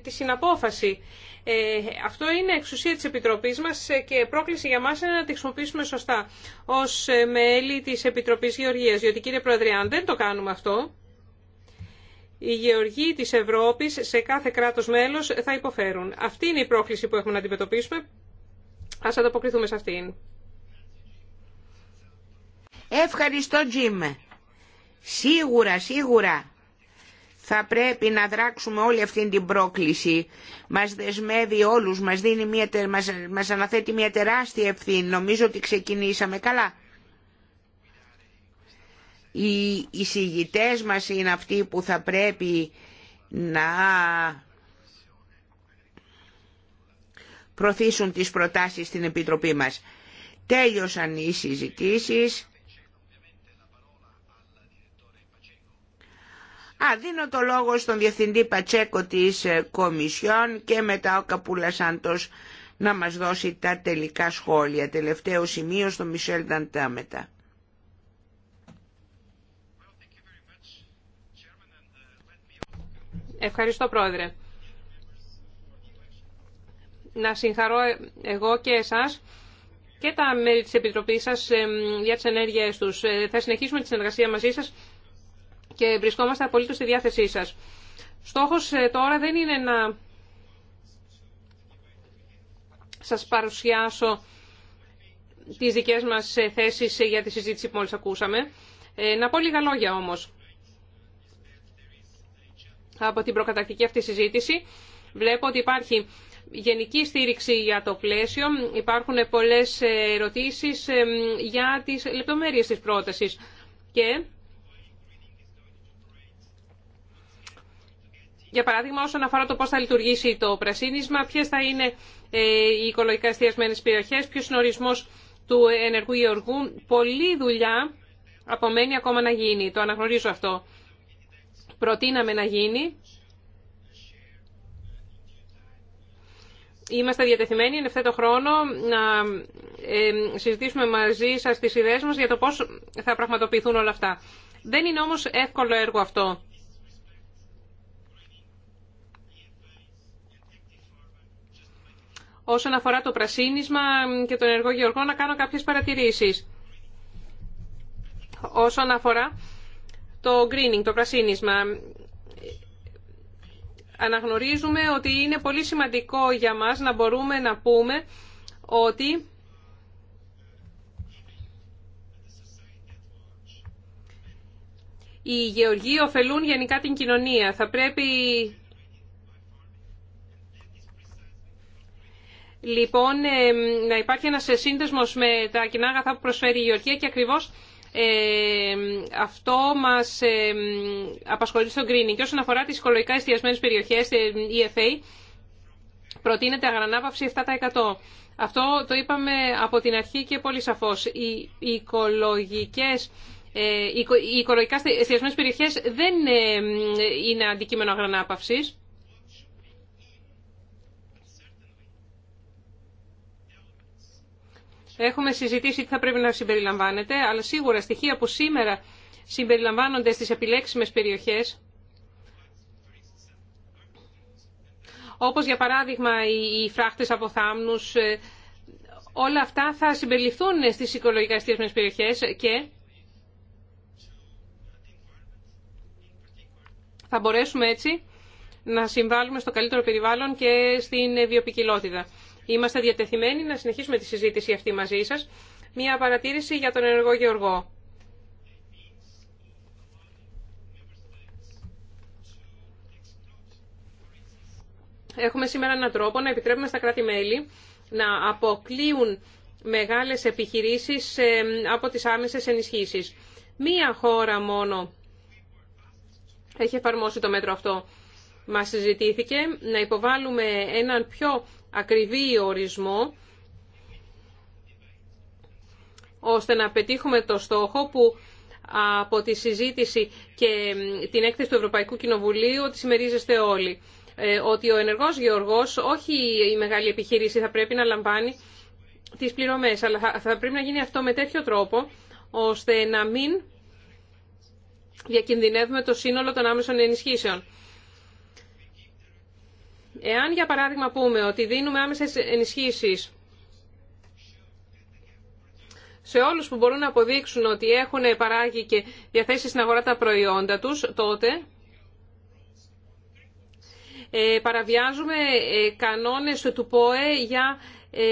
τη συναπόφαση. Ε, αυτό είναι εξουσία της Επιτροπής μας ε, και πρόκληση για μας είναι να τη χρησιμοποιήσουμε σωστά ως ε, μέλη της Επιτροπής Γεωργίας. Διότι κύριε Πρόεδρε, αν δεν το κάνουμε αυτό, οι γεωργοί της Ευρώπης σε κάθε κράτος μέλος θα υποφέρουν. Αυτή είναι η πρόκληση που έχουμε να αντιμετωπίσουμε. Ας ανταποκριθούμε σε αυτήν. Ευχαριστώ Τζιμ. Σίγουρα, σίγουρα θα πρέπει να δράξουμε όλη αυτή την πρόκληση. Μας δεσμεύει όλους, μας, δίνει μια, αναθέτει μια τεράστια ευθύνη. Νομίζω ότι ξεκινήσαμε καλά. Οι εισηγητές μας είναι αυτοί που θα πρέπει να προθήσουν τις προτάσεις στην Επιτροπή μας. Τέλειωσαν οι συζητήσεις. Α, δίνω το λόγο στον Διευθυντή Πατσέκο της ε, Κομισιόν και μετά ο καπούλας να μας δώσει τα τελικά σχόλια. Τελευταίο σημείο στο Μισελ Νταντά μετά. Ευχαριστώ Πρόεδρε. Να συγχαρώ ε, εγώ και εσάς και τα μέλη της Επιτροπής σας ε, για τις ενέργειές τους. Θα συνεχίσουμε τη συνεργασία μαζί σας και βρισκόμαστε απολύτως στη διάθεσή σας. Στόχος ε, τώρα δεν είναι να σας παρουσιάσω τις δικές μας ε, θέσεις ε, για τη συζήτηση που μόλις ακούσαμε. Να πω λίγα λόγια όμως. Από την προκατακτική αυτή συζήτηση βλέπω ότι υπάρχει γενική στήριξη για το πλαίσιο. Υπάρχουν πολλές ερωτήσεις για τις λεπτομέρειες της πρότασης. Και για παράδειγμα όσον αφορά το πώς θα λειτουργήσει το πρασίνισμα, ποιε θα είναι ε, οι οικολογικά εστιασμένε περιοχές, ποιο είναι ο ορισμό του ενεργού γεωργού. Πολλή δουλειά απομένει ακόμα να γίνει, το αναγνωρίζω αυτό. Προτείναμε να γίνει. Είμαστε διατεθειμένοι εν ευθέτω χρόνο να ε, συζητήσουμε μαζί σας τις ιδέες μας για το πώς θα πραγματοποιηθούν όλα αυτά. Δεν είναι όμως εύκολο έργο αυτό. όσον αφορά το πρασίνισμα και τον ενεργό γεωργό να κάνω κάποιες παρατηρήσεις. Όσον αφορά το greening, το πρασίνισμα, αναγνωρίζουμε ότι είναι πολύ σημαντικό για μας να μπορούμε να πούμε ότι οι γεωργοί ωφελούν γενικά την κοινωνία. Θα πρέπει λοιπόν να υπάρχει ένας σύνδεσμος με τα κοινά αγαθά που προσφέρει η Γεωργία και ακριβώς ε, αυτό μας απασχολεί στο greening. Και όσον αφορά τις οικολογικά εστιασμένες περιοχές, η EFA, προτείνεται αγρανάπαυση 7%. Αυτό το είπαμε από την αρχή και πολύ σαφώς. Οι οικολογικές ε, οι οικολογικά εστιασμένες περιοχές δεν είναι αντικείμενο αγρανάπαυσης. Έχουμε συζητήσει τι θα πρέπει να συμπεριλαμβάνεται, αλλά σίγουρα στοιχεία που σήμερα συμπεριλαμβάνονται στις επιλέξιμες περιοχές, όπως για παράδειγμα οι φράχτες από θάμνους, ε, όλα αυτά θα συμπεριληφθούν στις οικολογικά εστιασμένες περιοχές και θα μπορέσουμε έτσι να συμβάλλουμε στο καλύτερο περιβάλλον και στην βιοπικιλότητα. Είμαστε διατεθειμένοι να συνεχίσουμε τη συζήτηση αυτή μαζί σας. Μία παρατήρηση για τον ενεργό γεωργό. Έχουμε σήμερα έναν τρόπο να επιτρέπουμε στα κράτη-μέλη να αποκλείουν μεγάλες επιχειρήσεις από τις άμεσες ενισχύσεις. Μία χώρα μόνο έχει εφαρμόσει το μέτρο αυτό. Μας συζητήθηκε να υποβάλουμε έναν πιο ακριβή ορισμό ώστε να πετύχουμε το στόχο που από τη συζήτηση και την έκθεση του Ευρωπαϊκού Κοινοβουλίου τη συμμερίζεστε όλοι. Ε, ότι ο ενεργός γεωργός, όχι η μεγάλη επιχείρηση, θα πρέπει να λαμβάνει τις πληρωμές, αλλά θα πρέπει να γίνει αυτό με τέτοιο τρόπο, ώστε να μην διακινδυνεύουμε το σύνολο των άμεσων ενισχύσεων. Εάν για παράδειγμα πούμε ότι δίνουμε άμεσες ενισχύσεις σε όλους που μπορούν να αποδείξουν ότι έχουν παράγει και διαθέσει στην αγορά τα προϊόντα τους, τότε ε, παραβιάζουμε ε, κανόνες του ΠΟΕ για ε,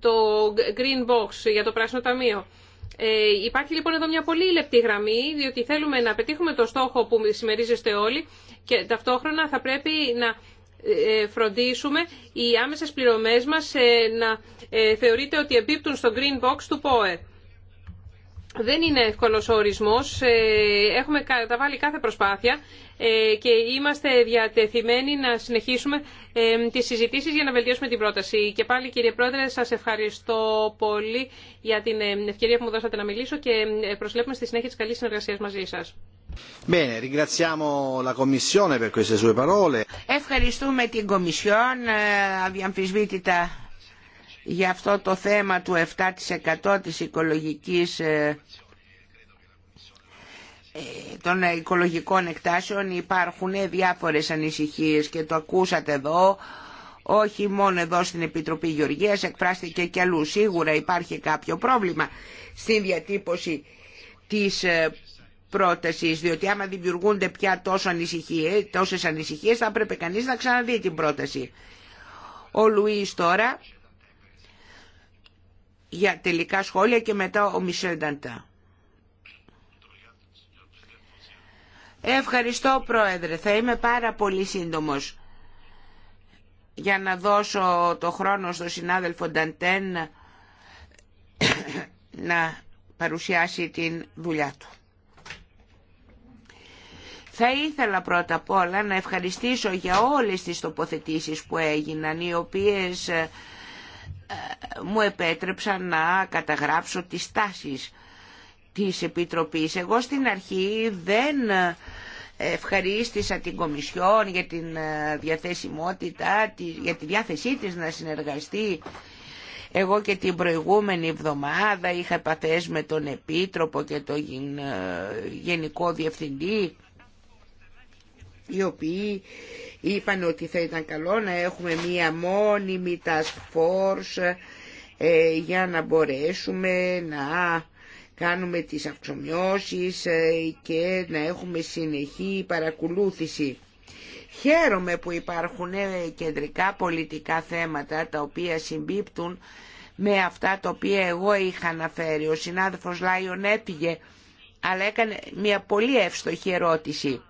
το Green Box, για το Πράσινο Ταμείο. Υπάρχει λοιπόν εδώ μια πολύ λεπτή γραμμή, διότι θέλουμε να πετύχουμε το στόχο που συμμερίζεστε όλοι και ταυτόχρονα θα πρέπει να ε, φροντίσουμε οι άμεσες πληρωμές μας ε, να ε, θεωρείται ότι επίπτουν στο green box του ΠΟΕ. Δεν είναι εύκολος ο ορισμός. Έχουμε καταβάλει κάθε προσπάθεια και είμαστε διατεθειμένοι να συνεχίσουμε τις συζητήσεις για να βελτιώσουμε την πρόταση. Και πάλι κύριε Πρόεδρε, σας ευχαριστώ πολύ για την ευκαιρία που μου δώσατε να μιλήσω και προσλέπουμε στη συνέχεια της καλής συνεργασίας μαζί σας. Ευχαριστούμε την Κομισιόν ε, αδιαμφισβήτητα για αυτό το θέμα του 7% της οικολογικής ε, ε, των οικολογικών εκτάσεων υπάρχουν διάφορες ανησυχίες και το ακούσατε εδώ όχι μόνο εδώ στην Επιτροπή Γεωργίας εκφράστηκε και αλλού σίγουρα υπάρχει κάποιο πρόβλημα στην διατύπωση της διότι άμα δημιουργούνται πια τόσο ανησυχίες, τόσες ανησυχίες θα πρέπει κανείς να ξαναδεί την πρόταση. Ο Λουίς τώρα για τελικά σχόλια και μετά ο Μισελ Νταντά. Ευχαριστώ Πρόεδρε, θα είμαι πάρα πολύ σύντομος για να δώσω το χρόνο στο συνάδελφο Νταντέν να παρουσιάσει την δουλειά του. Θα ήθελα πρώτα απ' όλα να ευχαριστήσω για όλες τις τοποθετήσεις που έγιναν, οι οποίες ε, ε, μου επέτρεψαν να καταγράψω τις τάσεις της Επιτροπής. Εγώ στην αρχή δεν ευχαρίστησα την Κομισιόν για την ε, διαθεσιμότητα, για τη διάθεσή της να συνεργαστεί. Εγώ και την προηγούμενη εβδομάδα είχα επαφές με τον Επίτροπο και τον Γενικό Διευθυντή οι οποίοι είπαν ότι θα ήταν καλό να έχουμε μία μόνιμη task force ε, για να μπορέσουμε να κάνουμε τις αυξομοιώσεις ε, και να έχουμε συνεχή παρακολούθηση. Χαίρομαι που υπάρχουν ε, κεντρικά πολιτικά θέματα τα οποία συμπίπτουν με αυτά τα οποία εγώ είχα αναφέρει. Ο συνάδελφος Λάιον έφυγε αλλά έκανε μια πολύ εύστοχη ερώτηση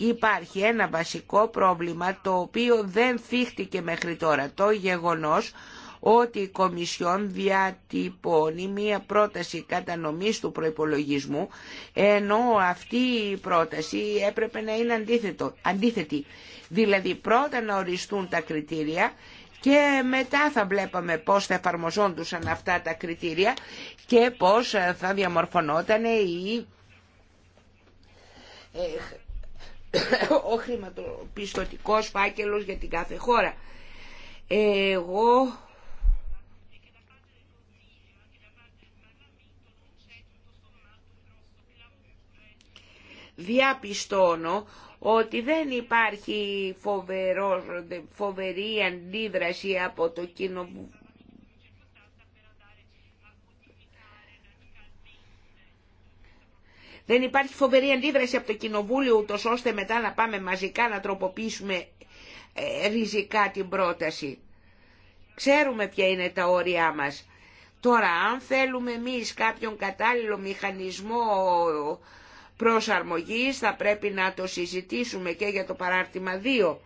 υπάρχει ένα βασικό πρόβλημα το οποίο δεν φύχτηκε μέχρι τώρα. Το γεγονός ότι η Κομισιόν διατυπώνει μία πρόταση κατανομής του προϋπολογισμού, ενώ αυτή η πρόταση έπρεπε να είναι αντίθετο, αντίθετη. Δηλαδή πρώτα να οριστούν τα κριτήρια και μετά θα βλέπαμε πώς θα εφαρμοζόντουσαν αυτά τα κριτήρια και πώς θα διαμορφωνόταν η [COUGHS] ο χρηματοπιστωτικός φάκελος για την κάθε χώρα. Εγώ διαπιστώνω ότι δεν υπάρχει φοβερό, φοβερή αντίδραση από το κοινοβούλιο δεν υπάρχει φοβερή αντίδραση από το Κοινοβούλιο ούτω ώστε μετά να πάμε μαζικά να τροποποιήσουμε ε, ριζικά την πρόταση. Ξέρουμε ποια είναι τα όρια μας. Τώρα αν θέλουμε εμείς κάποιον κατάλληλο μηχανισμό προσαρμογής θα πρέπει να το συζητήσουμε και για το παράρτημα 2.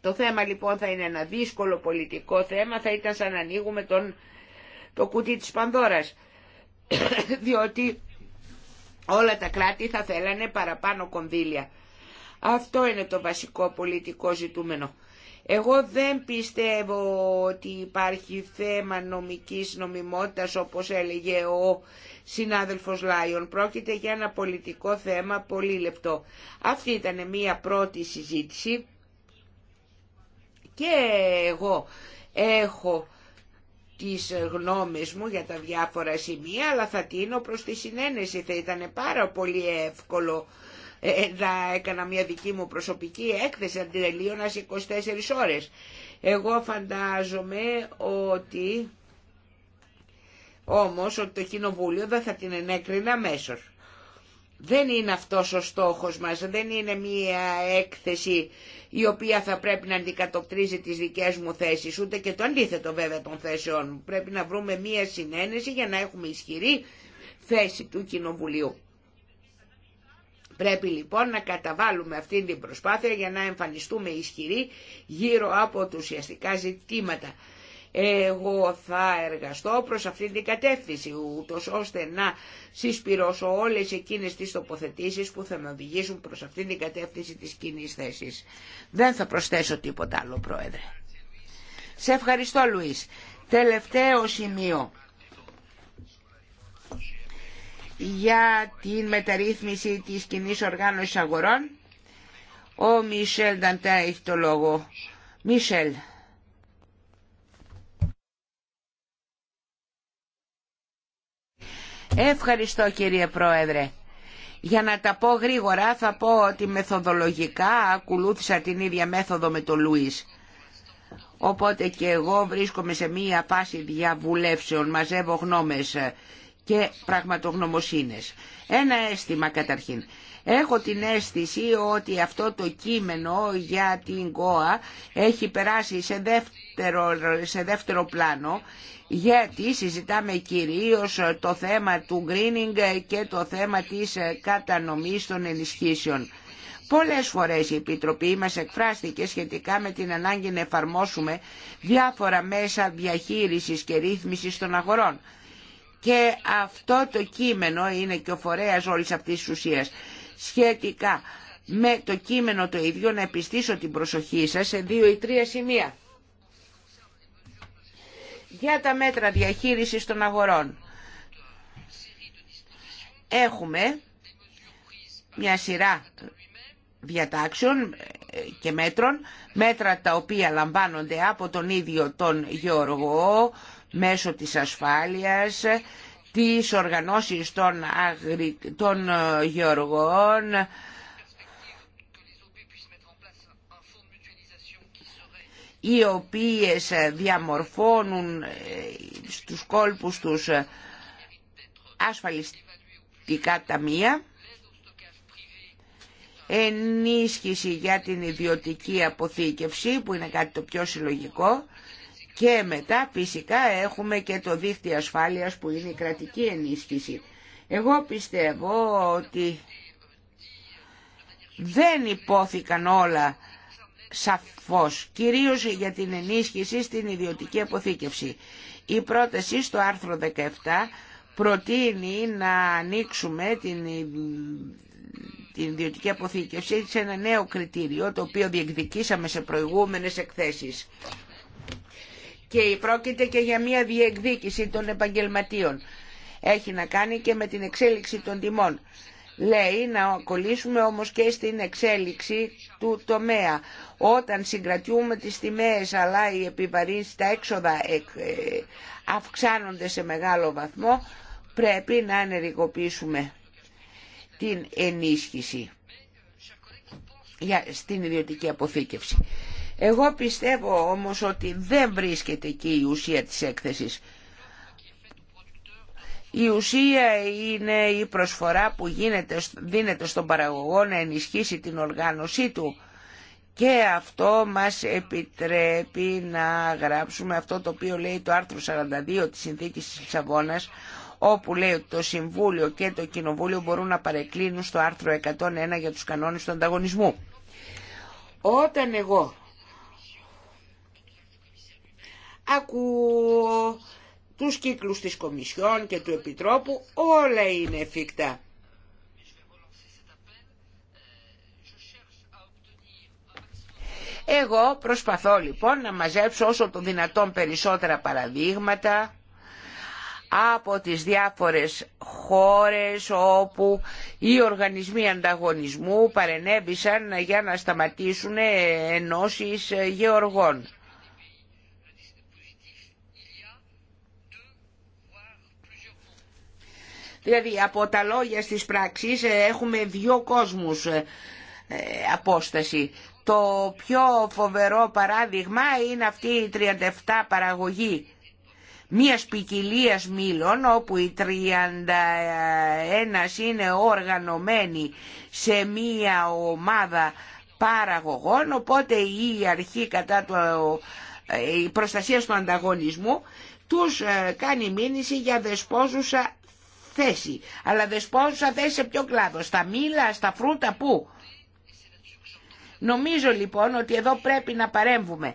Το θέμα λοιπόν θα είναι ένα δύσκολο πολιτικό θέμα, θα ήταν σαν να ανοίγουμε το κουτί της Πανδώρας διότι όλα τα κράτη θα θέλανε παραπάνω κονδύλια. Αυτό είναι το βασικό πολιτικό ζητούμενο. Εγώ δεν πιστεύω ότι υπάρχει θέμα νομικής νομιμότητας όπως έλεγε ο συνάδελφος Λάιον. Πρόκειται για ένα πολιτικό θέμα πολύ λεπτό. Αυτή ήταν μία πρώτη συζήτηση και εγώ έχω τις ε, γνώμες μου για τα διάφορα σημεία, αλλά θα τίνω προς τη συνένεση. Θα ήταν πάρα πολύ εύκολο ε, ε, να έκανα μια δική μου προσωπική έκθεση αντιτελείωνας 24 ώρες. Εγώ φαντάζομαι ότι όμως ότι το κοινοβούλιο δεν θα την ενέκρινα αμέσως. Δεν είναι αυτός ο στόχος μας, δεν είναι μία έκθεση η οποία θα πρέπει να αντικατοπτρίζει τις δικές μου θέσεις, ούτε και το αντίθετο βέβαια των θέσεων μου. Πρέπει να βρούμε μία συνένεση για να έχουμε ισχυρή θέση του Κοινοβουλίου. Πρέπει λοιπόν να καταβάλουμε αυτή την προσπάθεια για να εμφανιστούμε ισχυροί γύρω από τους ουσιαστικά ζητήματα εγώ θα εργαστώ προς αυτήν την κατεύθυνση, ούτως ώστε να συσπυρώσω όλες εκείνες τις τοποθετήσεις που θα με οδηγήσουν προς αυτήν την κατεύθυνση της κοινή θέση. Δεν θα προσθέσω τίποτα άλλο, Πρόεδρε. Σε ευχαριστώ, Λουίς. Τελευταίο σημείο για την μεταρρύθμιση της κοινή οργάνωσης αγορών. Ο Μισελ Νταντά έχει το λόγο. Μισελ. Ευχαριστώ κύριε Πρόεδρε. Για να τα πω γρήγορα θα πω ότι μεθοδολογικά ακολούθησα την ίδια μέθοδο με τον Λουίς. Οπότε και εγώ βρίσκομαι σε μία φάση διαβουλεύσεων, μαζεύω γνώμες και πραγματογνωμοσύνες. Ένα αίσθημα καταρχήν. Έχω την αίσθηση ότι αυτό το κείμενο για την ΚΟΑ έχει περάσει σε δεύτερο, σε δεύτερο πλάνο γιατί συζητάμε κυρίως το θέμα του greening και το θέμα της κατανομής των ενισχύσεων. Πολλές φορές η Επιτροπή μας εκφράστηκε σχετικά με την ανάγκη να εφαρμόσουμε διάφορα μέσα διαχείρισης και ρύθμισης των αγορών. Και αυτό το κείμενο είναι και ο φορέας όλης αυτής της ουσίας. Σχετικά με το κείμενο το ίδιο να επιστήσω την προσοχή σας σε δύο ή τρία σημεία. Για τα μέτρα διαχείρισης των αγορών. Έχουμε μια σειρά διατάξεων και μέτρων, μέτρα τα οποία λαμβάνονται από τον ίδιο τον Γεωργό μέσω της ασφάλειας, της οργανώσεις των, αγρι... των ε, γεωργών, οι οποίες ε, διαμορφώνουν ε, στους κόλπους τους ε, ασφαλιστικά ταμεία, ενίσχυση για την ιδιωτική αποθήκευση που είναι κάτι το πιο συλλογικό και μετά φυσικά έχουμε και το δίκτυο ασφάλειας που είναι η κρατική ενίσχυση. Εγώ πιστεύω ότι δεν υπόθηκαν όλα σαφώς, κυρίως για την ενίσχυση στην ιδιωτική αποθήκευση. Η πρόταση στο άρθρο 17 προτείνει να ανοίξουμε την, την ιδιωτική αποθήκευση σε ένα νέο κριτήριο, το οποίο διεκδικήσαμε σε προηγούμενες εκθέσεις. Και πρόκειται και για μια διεκδίκηση των επαγγελματίων. Έχει να κάνει και με την εξέλιξη των τιμών. Λέει να κολλήσουμε όμως και στην εξέλιξη του τομέα. Όταν συγκρατιούμε τις τιμές αλλά οι επιβαρύνσεις τα έξοδα ε, ε, αυξάνονται σε μεγάλο βαθμό, πρέπει να ενεργοποιήσουμε την ενίσχυση για, στην ιδιωτική αποθήκευση. Εγώ πιστεύω όμως ότι δεν βρίσκεται εκεί η ουσία της έκθεσης. Η ουσία είναι η προσφορά που δίνεται στον παραγωγό να ενισχύσει την οργάνωσή του και αυτό μας επιτρέπει να γράψουμε αυτό το οποίο λέει το άρθρο 42 της Συνθήκης της Λισαβόνας όπου λέει ότι το Συμβούλιο και το Κοινοβούλιο μπορούν να παρεκκλίνουν στο άρθρο 101 για τους κανόνες του ανταγωνισμού. Όταν εγώ ακούω τους κύκλους της Κομισιόν και του Επιτρόπου, όλα είναι εφικτά. Εγώ προσπαθώ λοιπόν να μαζέψω όσο το δυνατόν περισσότερα παραδείγματα από τις διάφορες χώρες όπου οι οργανισμοί ανταγωνισμού παρενέβησαν για να σταματήσουν ενώσεις γεωργών. Δηλαδή από τα λόγια στις πράξεις ε, έχουμε δύο κόσμους ε, απόσταση. Το πιο φοβερό παράδειγμα είναι αυτή η 37 παραγωγή μια ποικιλία μήλων όπου η 31 είναι οργανωμένοι σε μια ομάδα παραγωγών οπότε η αρχή κατά το, ε, η προστασία του ανταγωνισμού τους κάνει μήνυση για δεσπόζουσα θέση. Αλλά δεσπόζουσα θέση σε ποιο κλάδο, στα μήλα, στα φρούτα, πού. Νομίζω λοιπόν ότι εδώ πρέπει να παρέμβουμε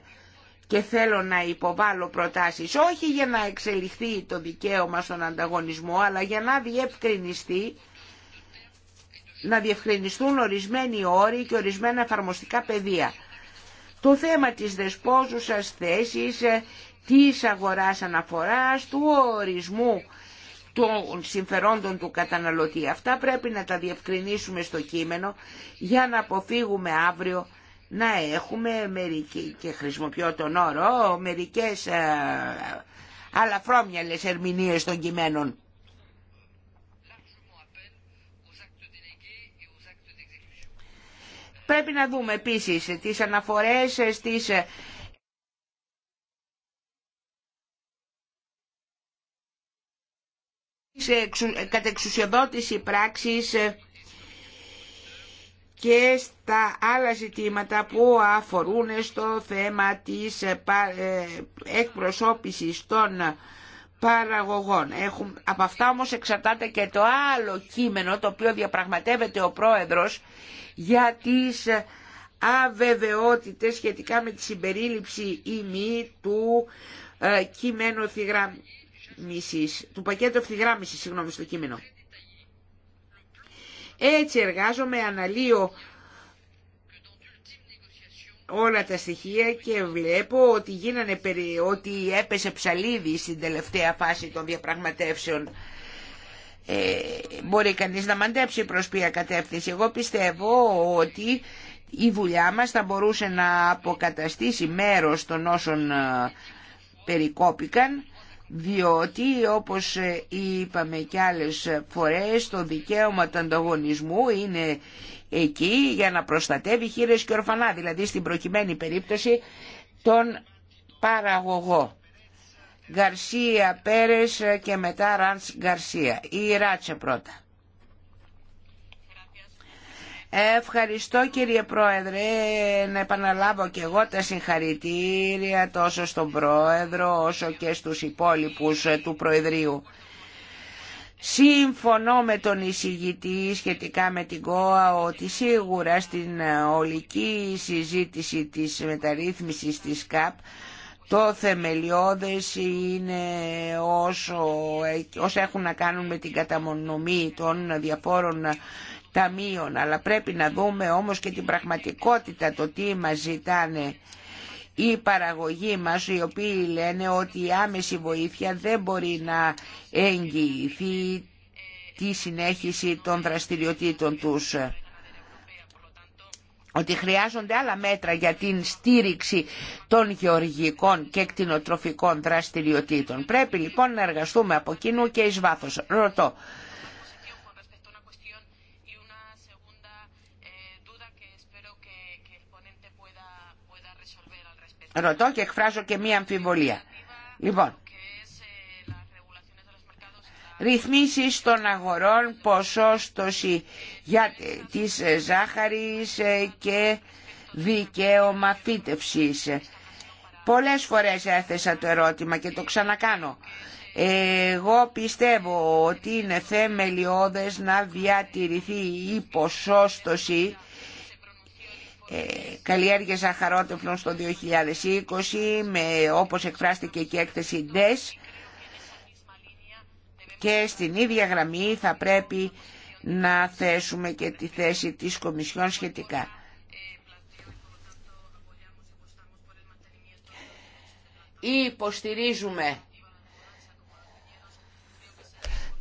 και θέλω να υποβάλω προτάσεις όχι για να εξελιχθεί το δικαίωμα στον ανταγωνισμό αλλά για να διευκρινιστεί να διευκρινιστούν ορισμένοι όροι και ορισμένα εφαρμοστικά πεδία. Το θέμα της δεσπόζουσας θέσης, ε, της αγοράς αναφοράς, του ορισμού των συμφερόντων του καταναλωτή. Αυτά πρέπει να τα διευκρινίσουμε στο κείμενο για να αποφύγουμε αύριο να έχουμε μερικοί, και χρησιμοποιώ τον όρο, μερικές α, ε, αλαφρόμυαλες ερμηνείες των κειμένων. Πρέπει να δούμε επίσης τις αναφορές ε, στις ε, κατεξουσιοδότηση πράξης ε, και στα άλλα ζητήματα που αφορούν στο θέμα της ε, ε, εκπροσώπησης των παραγωγών. Έχουν, από αυτά όμως εξαρτάται και το άλλο κείμενο το οποίο διαπραγματεύεται ο πρόεδρος για τις αβεβαιότητες σχετικά με τη συμπερίληψη ή μη του κείμενου κειμένου του πακέτου ευθυγράμμισης, συγγνώμη, στο κείμενο. Έτσι εργάζομαι, αναλύω όλα τα στοιχεία και βλέπω ότι, γίνανε, ότι έπεσε ψαλίδι στην τελευταία φάση των διαπραγματεύσεων. Ε, μπορεί κανείς να μαντέψει προς ποια κατεύθυνση. Εγώ πιστεύω ότι η δουλειά μας θα μπορούσε να αποκαταστήσει μέρος των όσων ε, περικόπηκαν διότι όπως ε, είπαμε και άλλες φορές το δικαίωμα του ανταγωνισμού είναι εκεί για να προστατεύει χείρες και ορφανά, δηλαδή στην προκειμένη περίπτωση τον παραγωγό. Γκαρσία Πέρες και μετά Ραντς Γκαρσία ή Ράτσε πρώτα. Ευχαριστώ κύριε Πρόεδρε. Να επαναλάβω και εγώ τα συγχαρητήρια τόσο στον Πρόεδρο όσο και στους υπόλοιπους ε, του Προεδρείου. Σύμφωνο με τον εισηγητή σχετικά με την ΚΟΑ ότι σίγουρα στην ε, ολική συζήτηση της μεταρρύθμισης της ΚΑΠ το θεμελιώδες είναι όσο, ε, όσο έχουν να κάνουν με την καταμονομή των διαφόρων ταμείων αλλά πρέπει να δούμε όμως και την πραγματικότητα το τι μας ζητάνε οι παραγωγοί μας οι οποίοι λένε ότι η άμεση βοήθεια δεν μπορεί να εγγυηθεί τη συνέχιση των δραστηριοτήτων τους ότι χρειάζονται άλλα μέτρα για την στήριξη των γεωργικών και κτηνοτροφικών δραστηριοτήτων. Πρέπει λοιπόν να εργαστούμε από κοινού και εις βάθος. Ρωτώ, ρωτώ και εκφράζω και μία αμφιβολία. Λοιπόν, ρυθμίσεις των αγορών, ποσόστοση για της ζάχαρης και δικαίωμα φύτευσης. Πολλές φορές έθεσα το ερώτημα και το ξανακάνω. Εγώ πιστεύω ότι είναι θεμελιώδες να διατηρηθεί η ποσόστοση ε, καλλιέργεια ζαχαρότευνων στο 2020 με όπως εκφράστηκε και η έκθεση DES και στην ίδια γραμμή θα πρέπει να θέσουμε και τη θέση της Κομισιόν σχετικά. Υποστηρίζουμε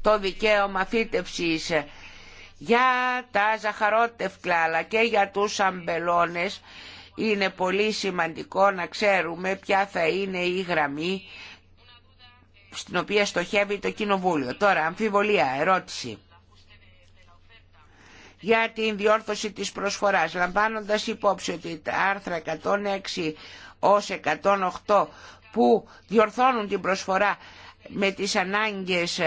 το δικαίωμα φύτευσης για τα ζαχαρότευκλα αλλά και για τους αμπελώνες είναι πολύ σημαντικό να ξέρουμε ποια θα είναι η γραμμή στην οποία στοχεύει το Κοινοβούλιο. Τώρα, αμφιβολία, ερώτηση. Για την διόρθωση της προσφοράς, λαμβάνοντας υπόψη ότι τα άρθρα 106 ως 108 που διορθώνουν την προσφορά με τις ανάγκες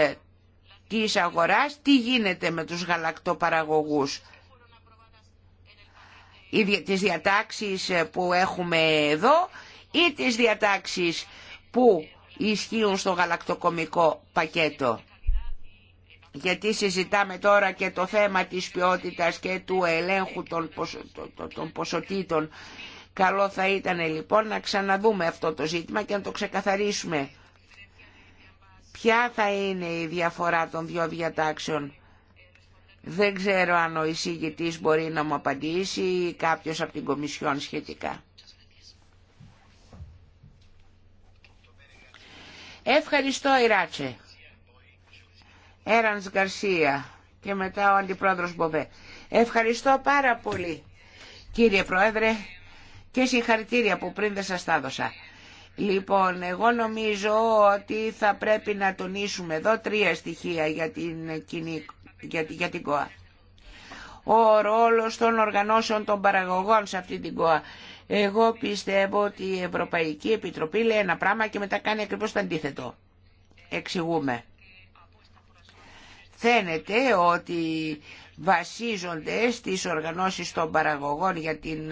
της αγοράς, τι γίνεται με τους γαλακτοπαραγωγούς. Ή τις διατάξεις που έχουμε εδώ ή τις διατάξεις που ισχύουν στο γαλακτοκομικό πακέτο. Γιατί συζητάμε τώρα και το θέμα της ποιότητας και του ελέγχου των, των ποσοτήτων. Καλό θα ήταν λοιπόν να ξαναδούμε αυτό το ζήτημα και να το ξεκαθαρίσουμε. Ποια θα είναι η διαφορά των δύο διατάξεων. Δεν ξέρω αν ο εισηγητής μπορεί να μου απαντήσει ή κάποιος από την Κομισιόν σχετικά. Ευχαριστώ Ιράτσε. Έραντς Γκαρσία και μετά ο Αντιπρόεδρος Μποβέ. Ευχαριστώ πάρα πολύ κύριε Πρόεδρε και συγχαρητήρια που πριν δεν σας τα έδωσα. Λοιπόν, εγώ νομίζω ότι θα πρέπει να τονίσουμε εδώ τρία στοιχεία για την, κοινή, για, για την ΚΟΑ. Ο ρόλος των οργανώσεων των παραγωγών σε αυτή την ΚΟΑ. Εγώ πιστεύω ότι η Ευρωπαϊκή Επιτροπή λέει ένα πράγμα και μετά κάνει ακριβώς το αντίθετο. Εξηγούμε. Φαίνεται ότι βασίζονται στις οργανώσεις των παραγωγών για την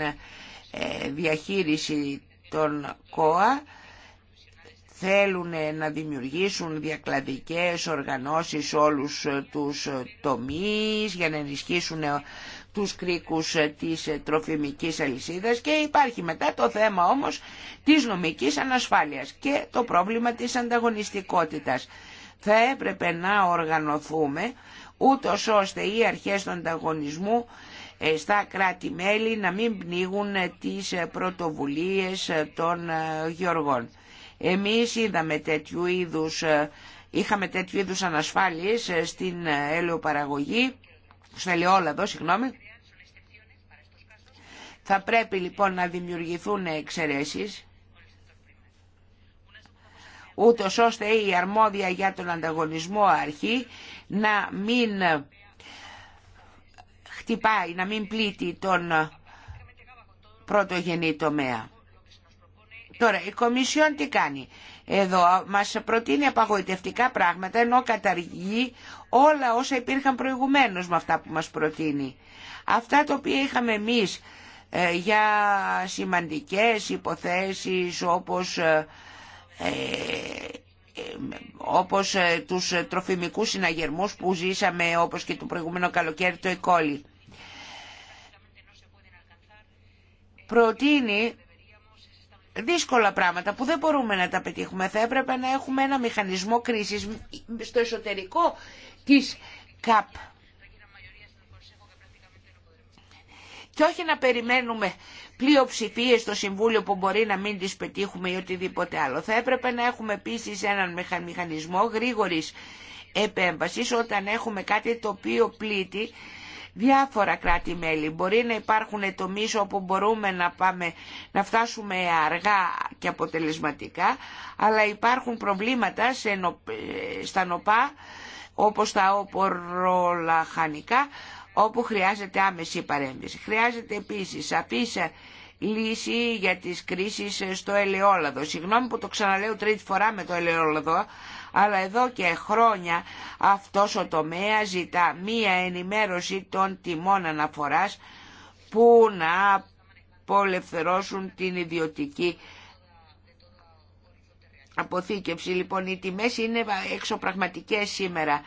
ε, διαχείριση των ΚΟΑ θέλουν να δημιουργήσουν διακλαδικές οργανώσεις όλους τους τομείς για να ενισχύσουν τους κρίκους της τροφιμικής αλυσίδας και υπάρχει μετά το θέμα όμως της νομικής ανασφάλειας και το πρόβλημα της ανταγωνιστικότητας. Θα έπρεπε να οργανωθούμε ούτω ώστε οι αρχές του ανταγωνισμού ε, στα κράτη-μέλη να μην πνίγουν τις πρωτοβουλίες των ε, γεωργών. Εμείς είδαμε τέτοιου είδους, ε, είχαμε τέτοιου είδους ανασφάλειες ε, στην ε, ελαιοπαραγωγή, στο ελαιόλαδο, συγγνώμη. Θα πρέπει λοιπόν να δημιουργηθούν εξαιρέσεις ούτως ώστε η αρμόδια για τον ανταγωνισμό αρχή να μην χτυπάει, να μην πλήττει τον πρωτογενή τομέα. Τώρα, η Κομισιόν τι κάνει. Εδώ μας προτείνει απαγοητευτικά πράγματα, ενώ καταργεί όλα όσα υπήρχαν προηγουμένως με αυτά που μας προτείνει. Αυτά τα οποία είχαμε εμείς ε, για σημαντικές υποθέσεις όπως, ε, ε, ε, όπως ε, τους τροφιμικούς συναγερμούς που ζήσαμε όπως και το προηγούμενο καλοκαίρι το Εκόλι. E. Προτείνει δύσκολα πράγματα που δεν μπορούμε να τα πετύχουμε. Θα έπρεπε να έχουμε ένα μηχανισμό κρίσης στο εσωτερικό της ΚΑΠ. Και όχι να περιμένουμε πλειοψηφίες στο Συμβούλιο που μπορεί να μην τις πετύχουμε ή οτιδήποτε άλλο. Θα έπρεπε να έχουμε επίση έναν μηχανισμό γρήγορης επέμβασης όταν έχουμε κάτι το οποίο πλήττει διάφορα κράτη-μέλη. Μπορεί να υπάρχουν τομείς όπου μπορούμε να, πάμε, να φτάσουμε αργά και αποτελεσματικά, αλλά υπάρχουν προβλήματα σε στα νοπά, όπως τα οπορολαχανικά, όπου χρειάζεται άμεση παρέμβαση. Χρειάζεται επίσης αφήσα λύση για τις κρίσεις στο ελαιόλαδο. Συγγνώμη που το ξαναλέω τρίτη φορά με το ελαιόλαδο, αλλά εδώ και χρόνια αυτός ο τομέας ζητά μία ενημέρωση των τιμών αναφοράς που να απολευθερώσουν την ιδιωτική αποθήκευση. Λοιπόν, οι τιμές είναι εξωπραγματικές σήμερα.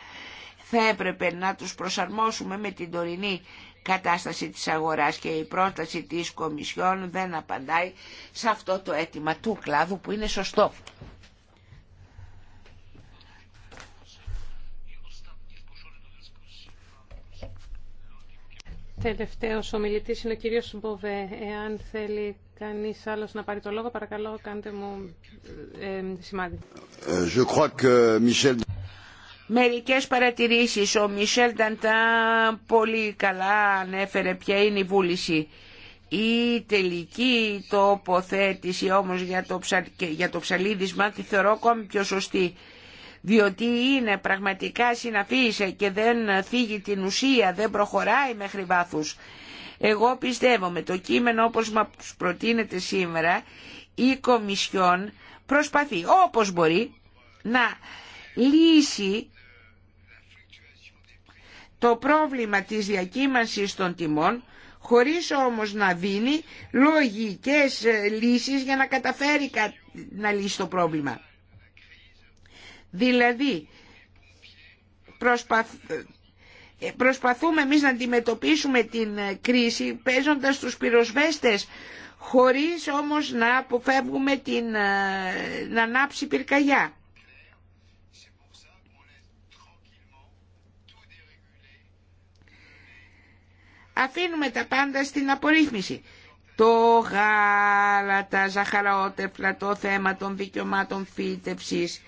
Θα έπρεπε να τους προσαρμόσουμε με την τωρινή κατάσταση της αγοράς και η πρόταση της Κομισιόν δεν απαντάει σε αυτό το αίτημα του κλάδου που είναι σωστό. Τελευταίος ομιλητή είναι ο κύριο Μποβέ. Εάν θέλει κανεί άλλο να πάρει το λόγο, παρακαλώ κάντε μου ε, ε σημάδι. Μερικές παρατηρήσεις. Ο Μισελ Νταντάν πολύ καλά ανέφερε ποια είναι η βούληση. Η τελική τοποθέτηση όμως για το, για το ψαλίδισμα τη θεωρώ ακόμη πιο σωστή διότι είναι πραγματικά συναφής και δεν φύγει την ουσία, δεν προχωράει μέχρι βάθους. Εγώ πιστεύω με το κείμενο όπως μας προτείνεται σήμερα, η Κομισιόν προσπαθεί όπως μπορεί να λύσει το πρόβλημα της διακύμανσης των τιμών, χωρίς όμως να δίνει λογικές λύσεις για να καταφέρει να λύσει το πρόβλημα. Δηλαδή, προσπαθούμε εμείς να αντιμετωπίσουμε την ε, κρίση παίζοντας τους πυροσβέστες, χωρίς όμως να αποφεύγουμε την... Ε, να ανάψει πυρκαγιά. Αφήνουμε τα πάντα στην απορρίθμιση. Το γάλα, τα ζαχαραότεφλα, το θέμα των δικαιωμάτων φύτευσης,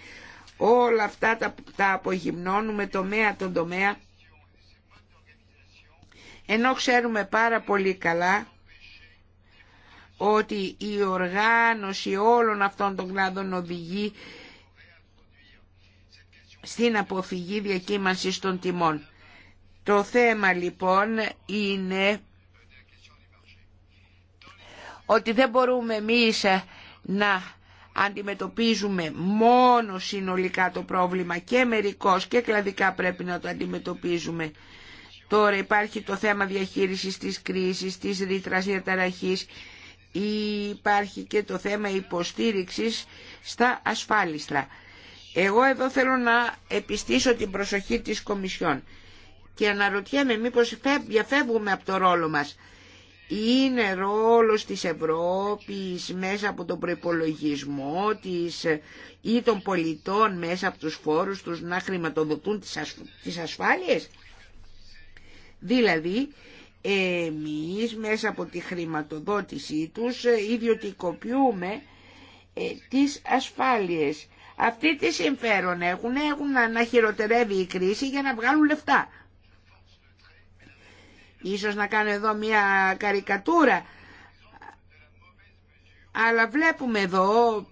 όλα αυτά τα, τα απογυμνώνουμε τομέα τον τομέα ενώ ξέρουμε πάρα πολύ καλά ότι η οργάνωση όλων αυτών των κλάδων οδηγεί στην αποφυγή διακύμανσης των τιμών. Το θέμα λοιπόν είναι ότι δεν μπορούμε εμείς να αντιμετωπίζουμε μόνο συνολικά το πρόβλημα και μερικώς και κλαδικά πρέπει να το αντιμετωπίζουμε. Τώρα υπάρχει το θέμα διαχείρισης της κρίσης, της ρήτρας διαταραχής, υπάρχει και το θέμα υποστήριξης στα ασφάλιστρα. Εγώ εδώ θέλω να επιστήσω την προσοχή της Κομισιόν και αναρωτιέμαι μήπως διαφεύγουμε από το ρόλο μας είναι ρόλος της Ευρώπης μέσα από τον προϋπολογισμό της ή των πολιτών μέσα από τους φόρους τους να χρηματοδοτούν τις, ασφ... ασφάλειες. Δηλαδή, εμείς μέσα από τη χρηματοδότησή τους ε, ιδιωτικοποιούμε ε, τις ασφάλειες. Αυτοί τι συμφέρον έχουν, έχουν να χειροτερεύει η κρίση για να βγάλουν λεφτά. Ίσως να κάνω εδώ μια καρικατούρα, αλλά βλέπουμε εδώ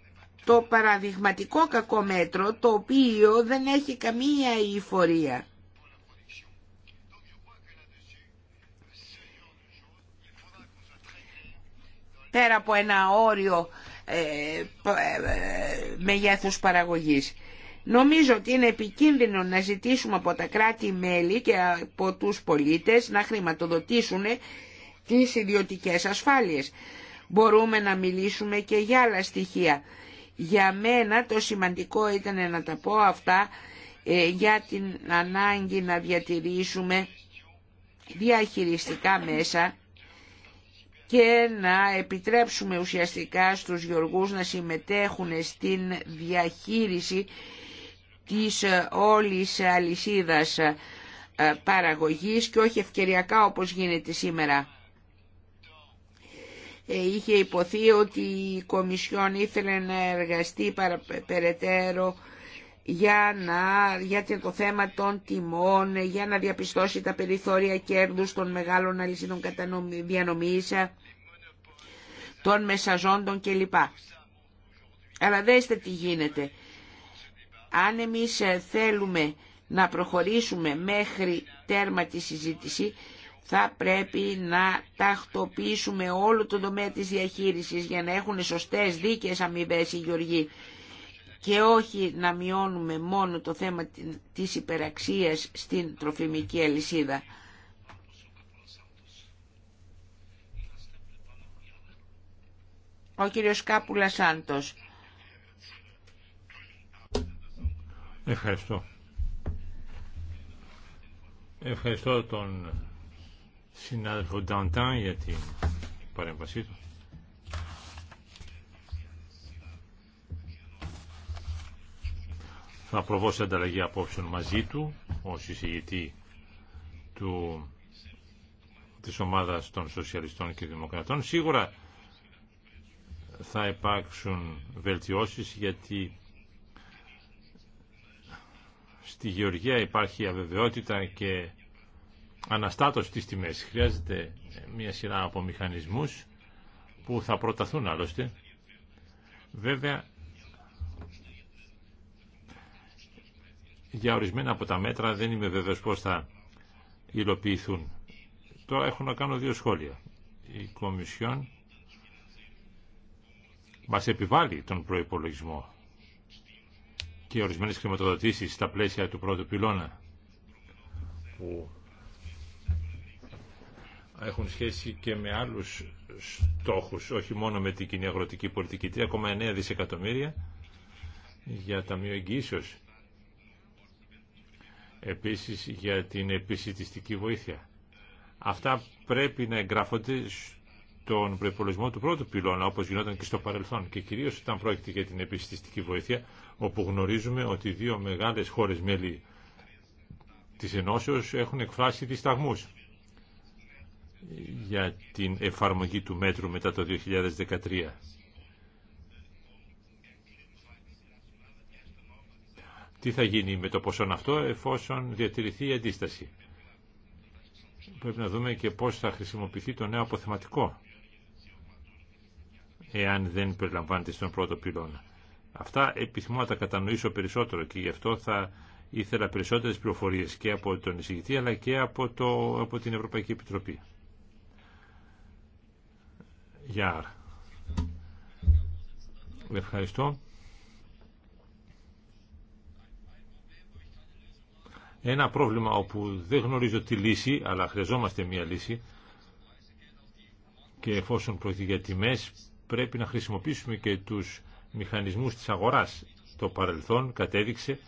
το παραδειγματικό κακό μέτρο το οποίο δεν έχει καμία ειφορία. Πέρα από ένα όριο ε, ε, ε, μεγέθους παραγωγής. Νομίζω ότι είναι επικίνδυνο να ζητήσουμε από τα κράτη-μέλη και από τους πολίτες να χρηματοδοτήσουν τις ιδιωτικές ασφάλειες. Μπορούμε να μιλήσουμε και για άλλα στοιχεία. Για μένα το σημαντικό ήταν να τα πω αυτά ε, για την ανάγκη να διατηρήσουμε διαχειριστικά μέσα και να επιτρέψουμε ουσιαστικά στους γεωργούς να συμμετέχουν στην διαχείριση της ε, όλης αλυσίδας ε, παραγωγής και όχι ευκαιριακά όπως γίνεται σήμερα. Ε, είχε υποθεί ότι η Κομισιόν ήθελε να εργαστεί περαιτέρω για, να, για το θέμα των τιμών, για να διαπιστώσει τα περιθώρια κέρδους των μεγάλων αλυσίδων διανομής, των μεσαζόντων κλπ. Αλλά δέστε τι γίνεται αν εμείς ε, θέλουμε να προχωρήσουμε μέχρι τέρμα τη συζήτηση, θα πρέπει να τακτοποιήσουμε όλο το τομέα της διαχείρισης για να έχουν σωστές δίκαιες αμοιβέ οι γεωργοί και όχι να μειώνουμε μόνο το θέμα της υπεραξίας στην τροφιμική αλυσίδα. Ο κύριος Κάπουλα Σάντος. Ευχαριστώ. Ευχαριστώ τον συνάδελφο Νταντάν για την παρέμβασή του. Θα προβώ σε ανταλλαγή απόψεων μαζί του ως εισηγητή του, της ομάδας των Σοσιαλιστών και Δημοκρατών. Σίγουρα θα υπάρξουν βελτιώσεις γιατί Στη γεωργία υπάρχει αβεβαιότητα και αναστάτωση στις τιμές. Χρειάζεται μια σειρά από μηχανισμούς που θα προταθούν άλλωστε. Βέβαια, για ορισμένα από τα μέτρα δεν είμαι βέβαιος πώς θα υλοποιηθούν. Τώρα έχω να κάνω δύο σχόλια. Η Κομισιόν μας επιβάλλει τον προϋπολογισμό και ορισμένες χρηματοδοτήσεις στα πλαίσια του πρώτου πυλώνα που έχουν σχέση και με άλλους στόχους, όχι μόνο με την κοινή αγροτική πολιτική. 3,9 δισεκατομμύρια για τα εγγύησεως. Επίσης για την επισητιστική βοήθεια. Αυτά πρέπει να εγγράφονται στον προπολογισμό του πρώτου πυλώνα, όπως γινόταν και στο παρελθόν. Και κυρίως όταν πρόκειται για την επισητιστική βοήθεια, όπου γνωρίζουμε ότι δύο μεγάλες χώρες μέλη της Ενώσεως έχουν εκφράσει δισταγμούς για την εφαρμογή του μέτρου μετά το 2013. Τι θα γίνει με το ποσό αυτό εφόσον διατηρηθεί η αντίσταση. Πρέπει να δούμε και πώς θα χρησιμοποιηθεί το νέο αποθεματικό εάν δεν περιλαμβάνεται στον πρώτο πυλώνα. Αυτά επιθυμώ να τα κατανοήσω περισσότερο και γι' αυτό θα ήθελα περισσότερες πληροφορίες και από τον εισηγητή αλλά και από, το, από την Ευρωπαϊκή Επιτροπή. Γεια. Ευχαριστώ. Ένα πρόβλημα όπου δεν γνωρίζω τη λύση, αλλά χρειαζόμαστε μια λύση και εφόσον πρόκειται για τιμές πρέπει να χρησιμοποιήσουμε και τους μηχανισμούς της αγοράς. Το παρελθόν κατέδειξε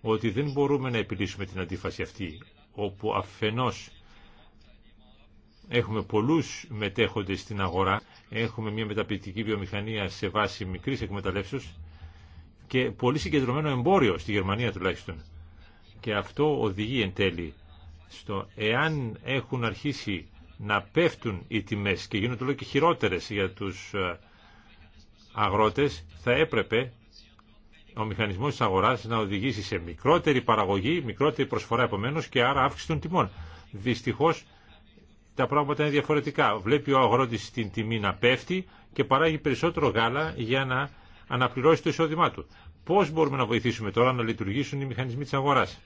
ότι δεν μπορούμε να επιλύσουμε την αντίφαση αυτή, όπου αφενός έχουμε πολλούς μετέχοντες στην αγορά, έχουμε μια μεταπληκτική βιομηχανία σε βάση μικρής εκμεταλλεύσεως και πολύ συγκεντρωμένο εμπόριο στη Γερμανία τουλάχιστον. Και αυτό οδηγεί εν τέλει στο εάν έχουν αρχίσει να πέφτουν οι τιμές και γίνονται όλο και χειρότερες για τους ε, αγρότες θα έπρεπε ο μηχανισμός της αγοράς να οδηγήσει σε μικρότερη παραγωγή, μικρότερη προσφορά επομένω και άρα αύξηση των τιμών. Δυστυχώς τα πράγματα είναι διαφορετικά. Βλέπει ο αγρότης την τιμή να πέφτει και παράγει περισσότερο γάλα για να αναπληρώσει το εισόδημά του. Πώς μπορούμε να βοηθήσουμε τώρα να λειτουργήσουν οι μηχανισμοί της αγοράς.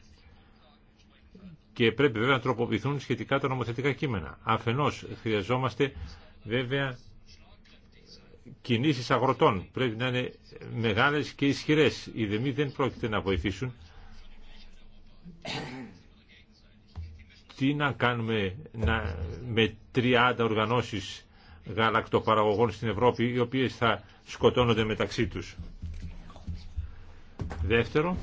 Και πρέπει βέβαια να τροποποιηθούν σχετικά τα νομοθετικά κείμενα. Αφενό χρειαζόμαστε βέβαια κινήσεις αγροτών πρέπει να είναι μεγάλες και ισχυρές. Οι δεμοί δεν πρόκειται να βοηθήσουν. Τι να κάνουμε να, με 30 οργανώσεις γαλακτοπαραγωγών στην Ευρώπη οι οποίες θα σκοτώνονται μεταξύ τους. Δεύτερο,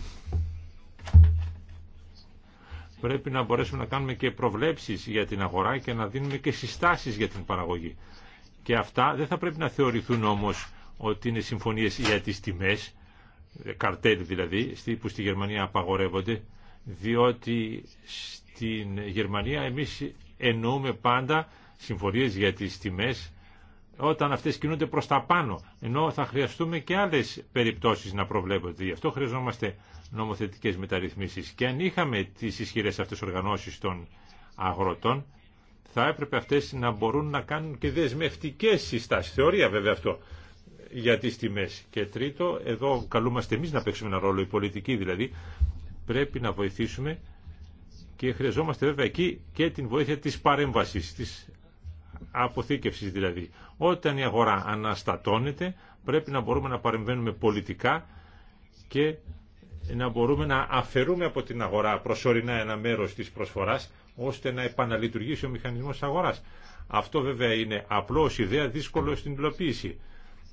πρέπει να μπορέσουμε να κάνουμε και προβλέψεις για την αγορά και να δίνουμε και συστάσεις για την παραγωγή. Και αυτά δεν θα πρέπει να θεωρηθούν όμως ότι είναι συμφωνίες για τις τιμές, καρτέλ δηλαδή, που στη Γερμανία απαγορεύονται, διότι στην Γερμανία εμείς εννοούμε πάντα συμφωνίες για τις τιμές όταν αυτές κινούνται προς τα πάνω, ενώ θα χρειαστούμε και άλλες περιπτώσεις να προβλέπονται. Γι' αυτό χρειαζόμαστε νομοθετικές μεταρρυθμίσεις. Και αν είχαμε τις ισχυρές αυτές οργανώσεις των αγροτών, θα έπρεπε αυτές να μπορούν να κάνουν και δεσμευτικές συστάσεις. Θεωρία βέβαια αυτό για τις τιμές. Και τρίτο, εδώ καλούμαστε εμείς να παίξουμε ένα ρόλο, η πολιτική δηλαδή, πρέπει να βοηθήσουμε και χρειαζόμαστε βέβαια εκεί και την βοήθεια της παρέμβασης, της αποθήκευσης δηλαδή. Όταν η αγορά αναστατώνεται πρέπει να μπορούμε να παρεμβαίνουμε πολιτικά και να μπορούμε να αφαιρούμε από την αγορά προσωρινά ένα μέρος της προσφοράς ώστε να επαναλειτουργήσει ο μηχανισμός αγοράς. Αυτό βέβαια είναι απλό ιδέα, δύσκολο στην υλοποίηση.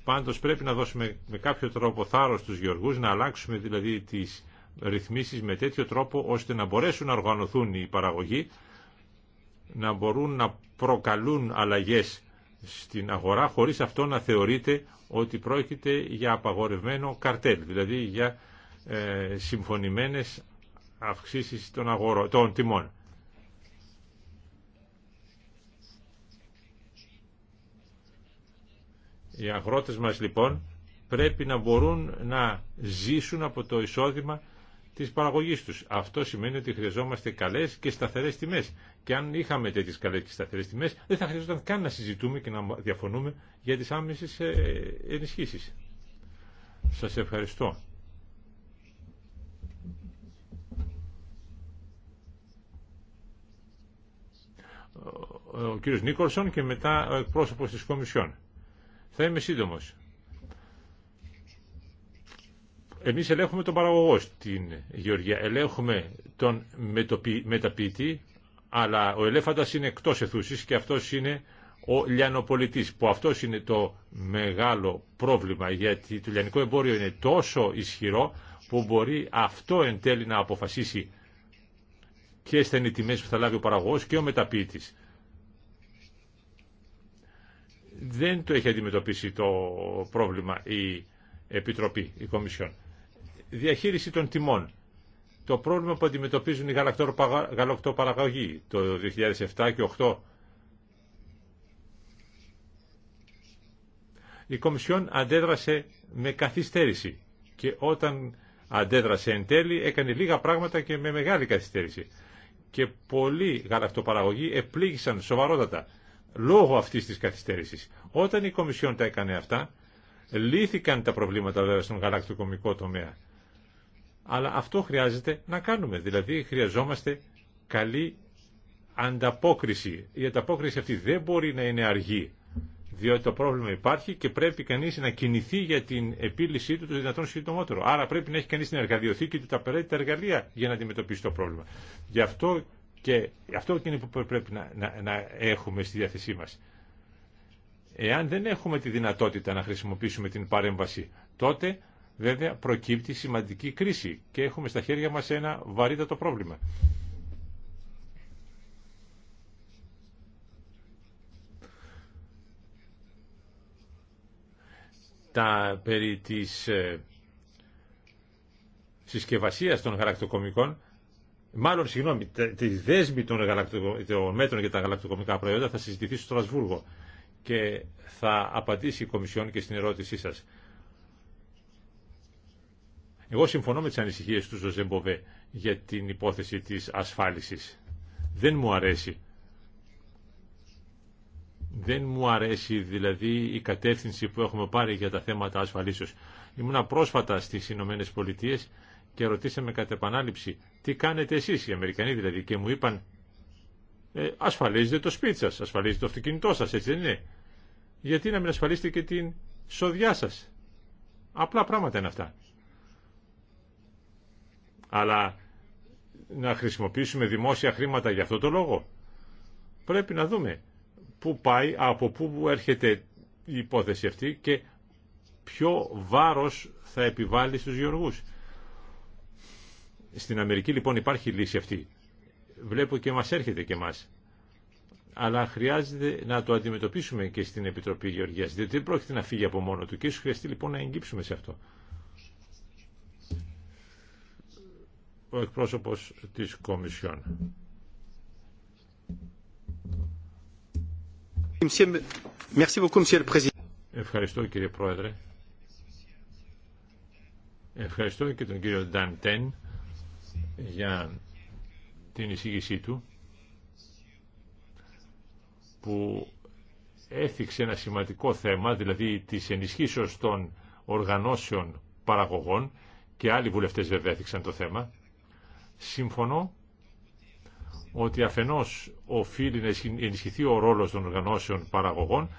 Πάντως πρέπει να δώσουμε με κάποιο τρόπο θάρρος στους γεωργούς, να αλλάξουμε δηλαδή τις ρυθμίσεις με τέτοιο τρόπο ώστε να μπορέσουν να οργανωθούν οι παραγωγοί, να μπορούν να προκαλούν αλλαγές στην αγορά χωρίς αυτό να θεωρείται ότι πρόκειται για απαγορευμένο καρτέλ, δηλαδή για ε, συμφωνημένες αυξήσεις των, αγορο... των τιμών. Οι αγρότες μας λοιπόν πρέπει να μπορούν να ζήσουν από το εισόδημα της παραγωγής τους. Αυτό σημαίνει ότι χρειαζόμαστε καλές και σταθερές τιμές. Και αν είχαμε τέτοιες καλές και σταθερές τιμές, δεν θα χρειαζόταν καν να συζητούμε και να διαφωνούμε για τις άμεσες ε, ενισχύσεις. Σας ευχαριστώ. Ο κύριος Νίκολσον και μετά ο εκπρόσωπος της Κομισιόν. Θα είμαι σύντομο. Εμείς ελέγχουμε τον παραγωγό στην Γεωργία. Ελέγχουμε τον μεταποιητή, αλλά ο ελέφαντας είναι εκτός εθούσης και αυτός είναι ο λιανοπολιτής, που αυτό είναι το μεγάλο πρόβλημα, γιατί το λιανικό εμπόριο είναι τόσο ισχυρό που μπορεί αυτό εν τέλει να αποφασίσει και θα είναι που θα λάβει ο παραγωγός και ο μεταποιητής δεν το έχει αντιμετωπίσει το πρόβλημα η Επιτροπή, η Κομισιόν. Διαχείριση των τιμών. Το πρόβλημα που αντιμετωπίζουν οι γαλακτοπαραγωγοί το 2007 και 2008. Η Κομισιόν αντέδρασε με καθυστέρηση και όταν αντέδρασε εν τέλει έκανε λίγα πράγματα και με μεγάλη καθυστέρηση. Και πολλοί γαλακτοπαραγωγοί επλήγησαν σοβαρότατα λόγω αυτή τη καθυστέρησης. Όταν η Κομισιόν τα έκανε αυτά, λύθηκαν τα προβλήματα βέβαια στον γαλακτοκομικό τομέα. Αλλά αυτό χρειάζεται να κάνουμε. Δηλαδή χρειαζόμαστε καλή ανταπόκριση. Η ανταπόκριση αυτή δεν μπορεί να είναι αργή, διότι το πρόβλημα υπάρχει και πρέπει κανεί να κινηθεί για την επίλυσή του το δυνατόν συντομότερο. Άρα πρέπει να έχει κανεί την εργαδιοθήκη του τα απαραίτητα εργαλεία για να αντιμετωπίσει το πρόβλημα. Γι' αυτό και αυτό είναι που πρέπει να, έχουμε στη διάθεσή μας. Εάν δεν έχουμε τη δυνατότητα να χρησιμοποιήσουμε την παρέμβαση, τότε βέβαια προκύπτει σημαντική κρίση και έχουμε στα χέρια μας ένα βαρύτατο πρόβλημα. Τα περί της ε, συσκευασίας των χαρακτοκομικών μάλλον συγγνώμη, τη δέσμη των, των μέτρων για τα γαλακτοκομικά προϊόντα θα συζητηθεί στο Στρασβούργο και θα απαντήσει η Κομισιόν και στην ερώτησή σας. Εγώ συμφωνώ με τις ανησυχίες του Ζωζεμποβέ για την υπόθεση της ασφάλισης. Δεν μου αρέσει. Δεν μου αρέσει δηλαδή η κατεύθυνση που έχουμε πάρει για τα θέματα ασφαλίσεως. Ήμουνα πρόσφατα στις Ηνωμένε Πολιτείες και ρωτήσαμε κατά επανάληψη τι κάνετε εσείς οι Αμερικανοί δηλαδή και μου είπαν ε, ασφαλίζετε το σπίτι σας, ασφαλίζετε το αυτοκίνητό σας, έτσι δεν είναι. Γιατί να μην ασφαλίσετε και την σοδιά σας. Απλά πράγματα είναι αυτά. Αλλά να χρησιμοποιήσουμε δημόσια χρήματα για αυτό το λόγο. Πρέπει να δούμε πού πάει, από πού έρχεται η υπόθεση αυτή και ποιο βάρος θα επιβάλλει στους γεωργούς. Στην Αμερική λοιπόν υπάρχει λύση αυτή. Βλέπω και μας έρχεται και μας. Αλλά χρειάζεται να το αντιμετωπίσουμε και στην Επιτροπή Γεωργίας, διότι δεν πρόκειται να φύγει από μόνο του και ίσως χρειαστεί λοιπόν να εγγύψουμε σε αυτό. Ο εκπρόσωπος της Κομισιόν. Ευχαριστώ κύριε Πρόεδρε. Ευχαριστώ και τον κύριο Νταντέν για την εισήγησή του που έθιξε ένα σημαντικό θέμα, δηλαδή της ενισχύσεως των οργανώσεων παραγωγών και άλλοι βουλευτές βέβαια έθιξαν το θέμα. Συμφωνώ ότι αφενός οφείλει να ενισχυθεί ο ρόλος των οργανώσεων παραγωγών,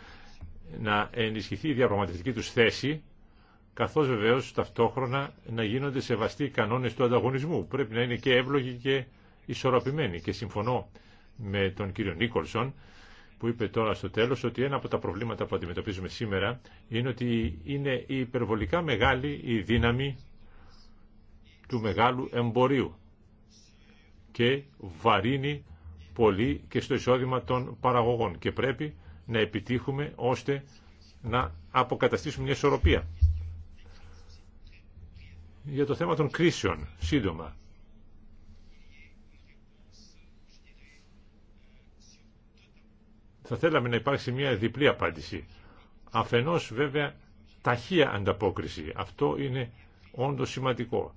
να ενισχυθεί η διαπραγματευτική τους θέση καθώς βεβαίως ταυτόχρονα να γίνονται σεβαστοί οι κανόνες του ανταγωνισμού. Πρέπει να είναι και εύλογοι και ισορροπημένοι. Και συμφωνώ με τον κύριο Νίκολσον που είπε τώρα στο τέλος ότι ένα από τα προβλήματα που αντιμετωπίζουμε σήμερα είναι ότι είναι υπερβολικά μεγάλη η δύναμη του μεγάλου εμπορίου και βαρύνει πολύ και στο εισόδημα των παραγωγών και πρέπει να επιτύχουμε ώστε να αποκαταστήσουμε μια ισορροπία για το θέμα των κρίσεων, σύντομα. Θα θέλαμε να υπάρξει μια διπλή απάντηση. Αφενός βέβαια ταχεία ανταπόκριση. Αυτό είναι όντως σημαντικό.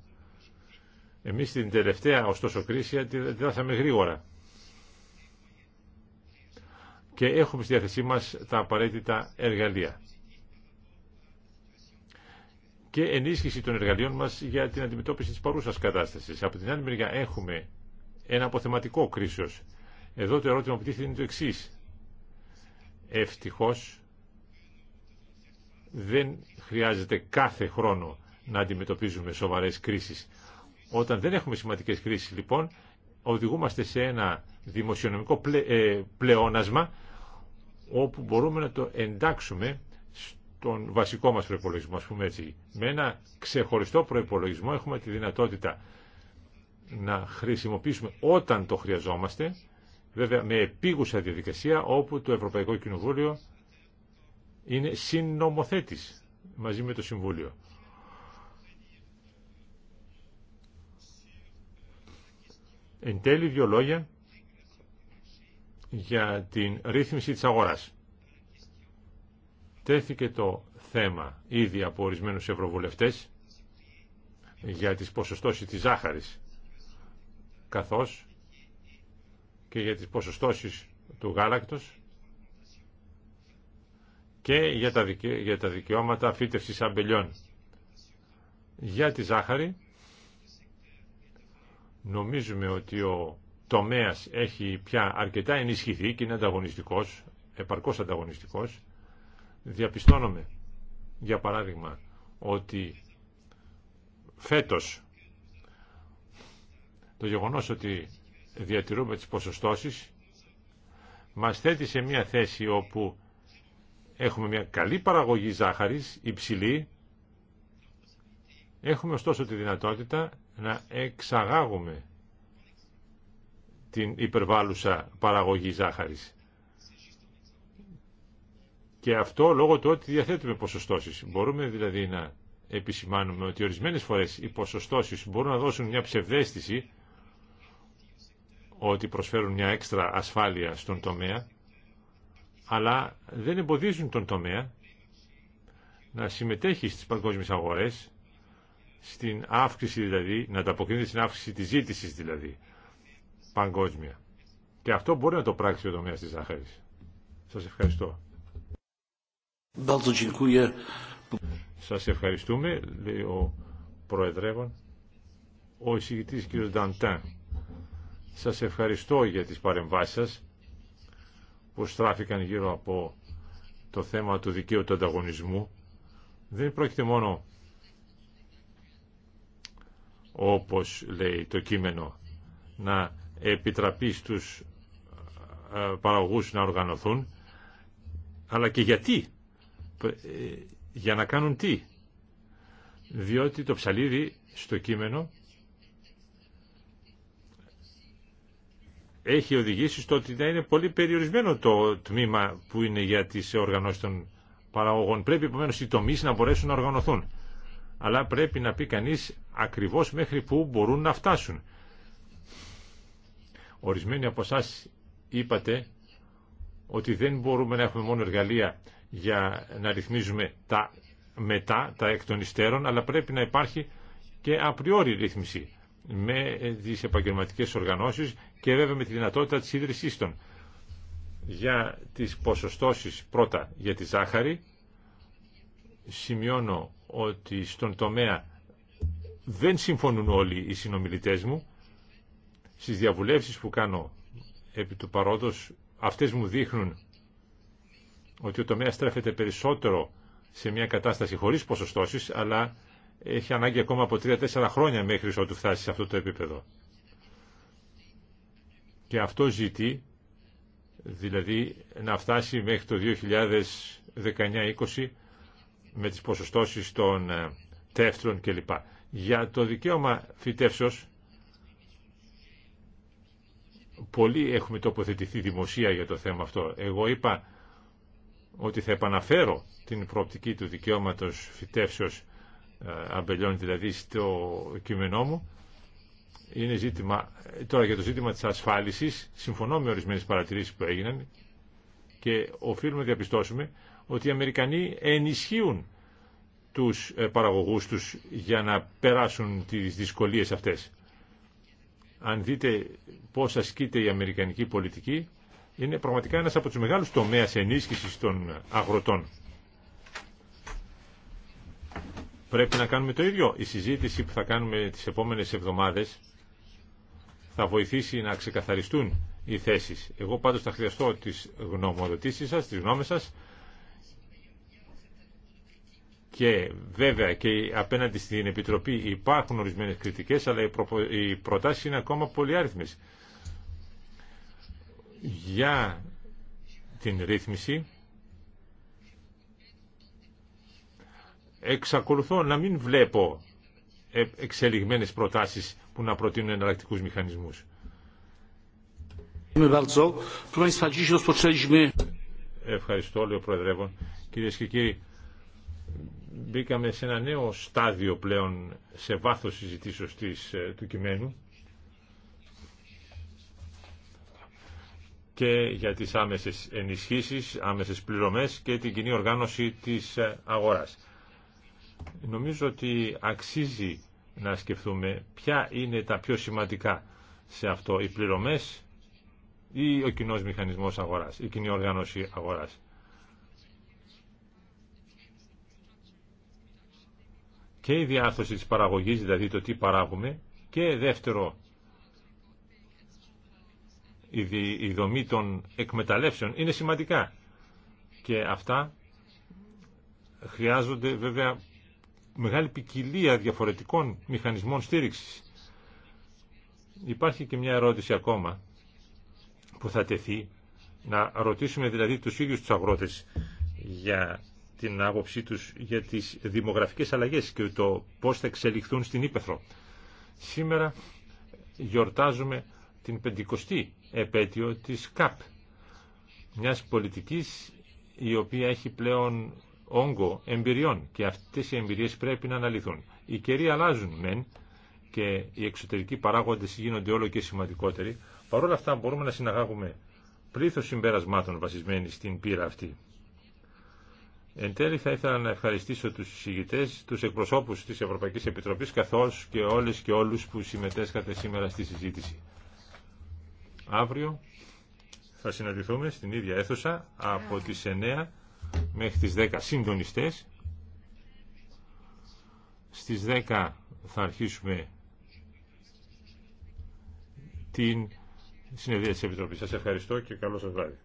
Εμείς την τελευταία ωστόσο κρίση αντιδράσαμε γρήγορα. Και έχουμε στη διάθεσή μας τα απαραίτητα εργαλεία και ενίσχυση των εργαλείων μας για την αντιμετώπιση της παρούσας κατάστασης. Από την άλλη μεριά έχουμε ένα αποθεματικό κρίσιος. Εδώ το ερώτημα που τίθεται είναι το εξή. Ευτυχώ δεν χρειάζεται κάθε χρόνο να αντιμετωπίζουμε σοβαρές κρίσεις. Όταν δεν έχουμε σημαντικές κρίσεις λοιπόν οδηγούμαστε σε ένα δημοσιονομικό ε, πλεόνασμα όπου μπορούμε να το εντάξουμε τον βασικό μας προϋπολογισμό, ας πούμε έτσι. Με ένα ξεχωριστό προϋπολογισμό έχουμε τη δυνατότητα να χρησιμοποιήσουμε όταν το χρειαζόμαστε, βέβαια με επίγουσα διαδικασία όπου το Ευρωπαϊκό Κοινοβούλιο είναι συνομοθέτης μαζί με το Συμβούλιο. Εν τέλει δύο λόγια για την ρύθμιση της αγοράς. Τέθηκε το θέμα ήδη από ορισμένου ευρωβουλευτές για τις ποσοστώσεις της ζάχαρης καθώς και για τις ποσοστώσεις του γάλακτος και για τα, για τα δικαιώματα φύτευσης αμπελιών. Για τη ζάχαρη νομίζουμε ότι ο τομέας έχει πια αρκετά ενισχυθεί και είναι ανταγωνιστικός, επαρκώς ανταγωνιστικός διαπιστώνουμε, για παράδειγμα, ότι φέτος το γεγονός ότι διατηρούμε τις ποσοστώσεις μας θέτει σε μια θέση όπου έχουμε μια καλή παραγωγή ζάχαρης, υψηλή, έχουμε ωστόσο τη δυνατότητα να εξαγάγουμε την υπερβάλλουσα παραγωγή ζάχαρης. Και αυτό λόγω του ότι διαθέτουμε ποσοστώσεις. Μπορούμε δηλαδή να επισημάνουμε ότι ορισμένες φορές οι ποσοστώσεις μπορούν να δώσουν μια ψευδέστηση ότι προσφέρουν μια έξτρα ασφάλεια στον τομέα, αλλά δεν εμποδίζουν τον τομέα να συμμετέχει στις παγκόσμιες αγορές, στην αύξηση δηλαδή, να ανταποκρίνεται στην αύξηση της ζήτησης δηλαδή, παγκόσμια. Και αυτό μπορεί να το πράξει ο τομέας της ζάχαρης. Σας ευχαριστώ. Σας ευχαριστούμε, λέει ο Προεδρεύων, ο εισηγητής κ. Νταντάν. Σας ευχαριστώ για τις παρεμβάσεις σας που στράφηκαν γύρω από το θέμα του δικαίου του ανταγωνισμού. Δεν πρόκειται μόνο όπως λέει το κείμενο να επιτραπεί στους ε, παραγωγούς να οργανωθούν αλλά και γιατί ε, για να κάνουν τι. Διότι το ψαλίδι στο κείμενο έχει οδηγήσει στο ότι να είναι πολύ περιορισμένο το τμήμα που είναι για τις οργανώσεις των παραγωγών. Πρέπει επομένω οι τομείς να μπορέσουν να οργανωθούν. Αλλά πρέπει να πει κανείς ακριβώς μέχρι που μπορούν να φτάσουν. Ορισμένοι από εσά είπατε ότι δεν μπορούμε να έχουμε μόνο εργαλεία για να ρυθμίζουμε τα μετά, τα εκ των υστέρων, αλλά πρέπει να υπάρχει και απριόρι ρύθμιση με τις επαγγελματικές οργανώσεις και βέβαια με τη δυνατότητα της ίδρυσής των. Για τις ποσοστώσεις πρώτα για τη ζάχαρη, σημειώνω ότι στον τομέα δεν συμφωνούν όλοι οι συνομιλητές μου. Στις διαβουλεύσεις που κάνω επί του παρόντος, αυτές μου δείχνουν ότι ο τομέας στρέφεται περισσότερο σε μια κατάσταση χωρίς ποσοστώσεις, αλλά έχει ανάγκη ακόμα από 3-4 χρόνια μέχρι ότου φτάσει σε αυτό το επίπεδο. Και αυτό ζητεί, δηλαδή να φτάσει μέχρι το 2019-20 με τις ποσοστώσεις των ε, τεύτρων κλπ. Για το δικαίωμα φυτεύσεως, πολλοί έχουμε τοποθετηθεί δημοσία για το θέμα αυτό. Εγώ είπα ότι θα επαναφέρω την προοπτική του δικαιώματος φυτεύσεως ε, αμπελιών δηλαδή στο κείμενό μου είναι ζήτημα τώρα για το ζήτημα της ασφάλισης συμφωνώ με ορισμένες παρατηρήσεις που έγιναν και οφείλουμε να διαπιστώσουμε ότι οι Αμερικανοί ενισχύουν τους ε, παραγωγούς τους για να περάσουν τις δυσκολίες αυτές αν δείτε πώς ασκείται η αμερικανική πολιτική είναι πραγματικά ένας από τους μεγάλους τομέας ενίσχυσης των αγροτών. Πρέπει να κάνουμε το ίδιο. Η συζήτηση που θα κάνουμε τις επόμενες εβδομάδες θα βοηθήσει να ξεκαθαριστούν οι θέσεις. Εγώ πάντως θα χρειαστώ τις γνωμοδοτήσεις σας, τις γνώμες σας και βέβαια και απέναντι στην Επιτροπή υπάρχουν ορισμένες κριτικές αλλά οι προτάσεις είναι ακόμα πολύ άριθμες για την ρύθμιση εξακολουθώ να μην βλέπω εξελιγμένες προτάσεις που να προτείνουν εναλλακτικούς μηχανισμούς. Ευχαριστώ, λέει ο Προεδρεύων. Κυρίε και κύριοι, μπήκαμε σε ένα νέο στάδιο πλέον σε βάθος συζητήσεως της, ε, του κειμένου. και για τις άμεσες ενισχύσεις, άμεσες πληρωμές και την κοινή οργάνωση της ε, αγοράς. Νομίζω ότι αξίζει να σκεφτούμε ποια είναι τα πιο σημαντικά σε αυτό, οι πληρωμές ή ο κοινός μηχανισμός αγοράς, η κοινή οργάνωση αγοράς. Και η διάρθρωση της παραγωγής, δηλαδή το τι παράγουμε, και δεύτερο η δομή των εκμεταλλεύσεων είναι σημαντικά και αυτά χρειάζονται βέβαια μεγάλη ποικιλία διαφορετικών μηχανισμών στήριξης. Υπάρχει και μια ερώτηση ακόμα που θα τεθεί να ρωτήσουμε δηλαδή τους ίδιους τους αγρότες για την άποψή τους για τις δημογραφικές αλλαγές και το πώς θα εξελιχθούν στην Ήπεθρο. Σήμερα γιορτάζουμε την πεντηκοστή επέτειο της ΚΑΠ, μιας πολιτικής η οποία έχει πλέον όγκο εμπειριών και αυτές οι εμπειρίες πρέπει να αναλυθούν. Οι καιροί αλλάζουν μεν και οι εξωτερικοί παράγοντες γίνονται όλο και σημαντικότεροι, παρόλα αυτά μπορούμε να συναγάγουμε πλήθος συμπέρασμάτων βασισμένοι στην πύρα αυτή. Εν τέλει θα ήθελα να ευχαριστήσω τους συγητές, τους εκπροσώπους της Ευρωπαϊκής Επιτροπής καθώς και όλες και όλους που συμμετέσχατε σήμερα στη συζήτηση. Αύριο θα συναντηθούμε στην ίδια αίθουσα από τις 9 μέχρι τις 10 συντονιστές. Στις 10 θα αρχίσουμε την συνεδρία της Επιτροπής. Σας ευχαριστώ και καλό σας βράδυ.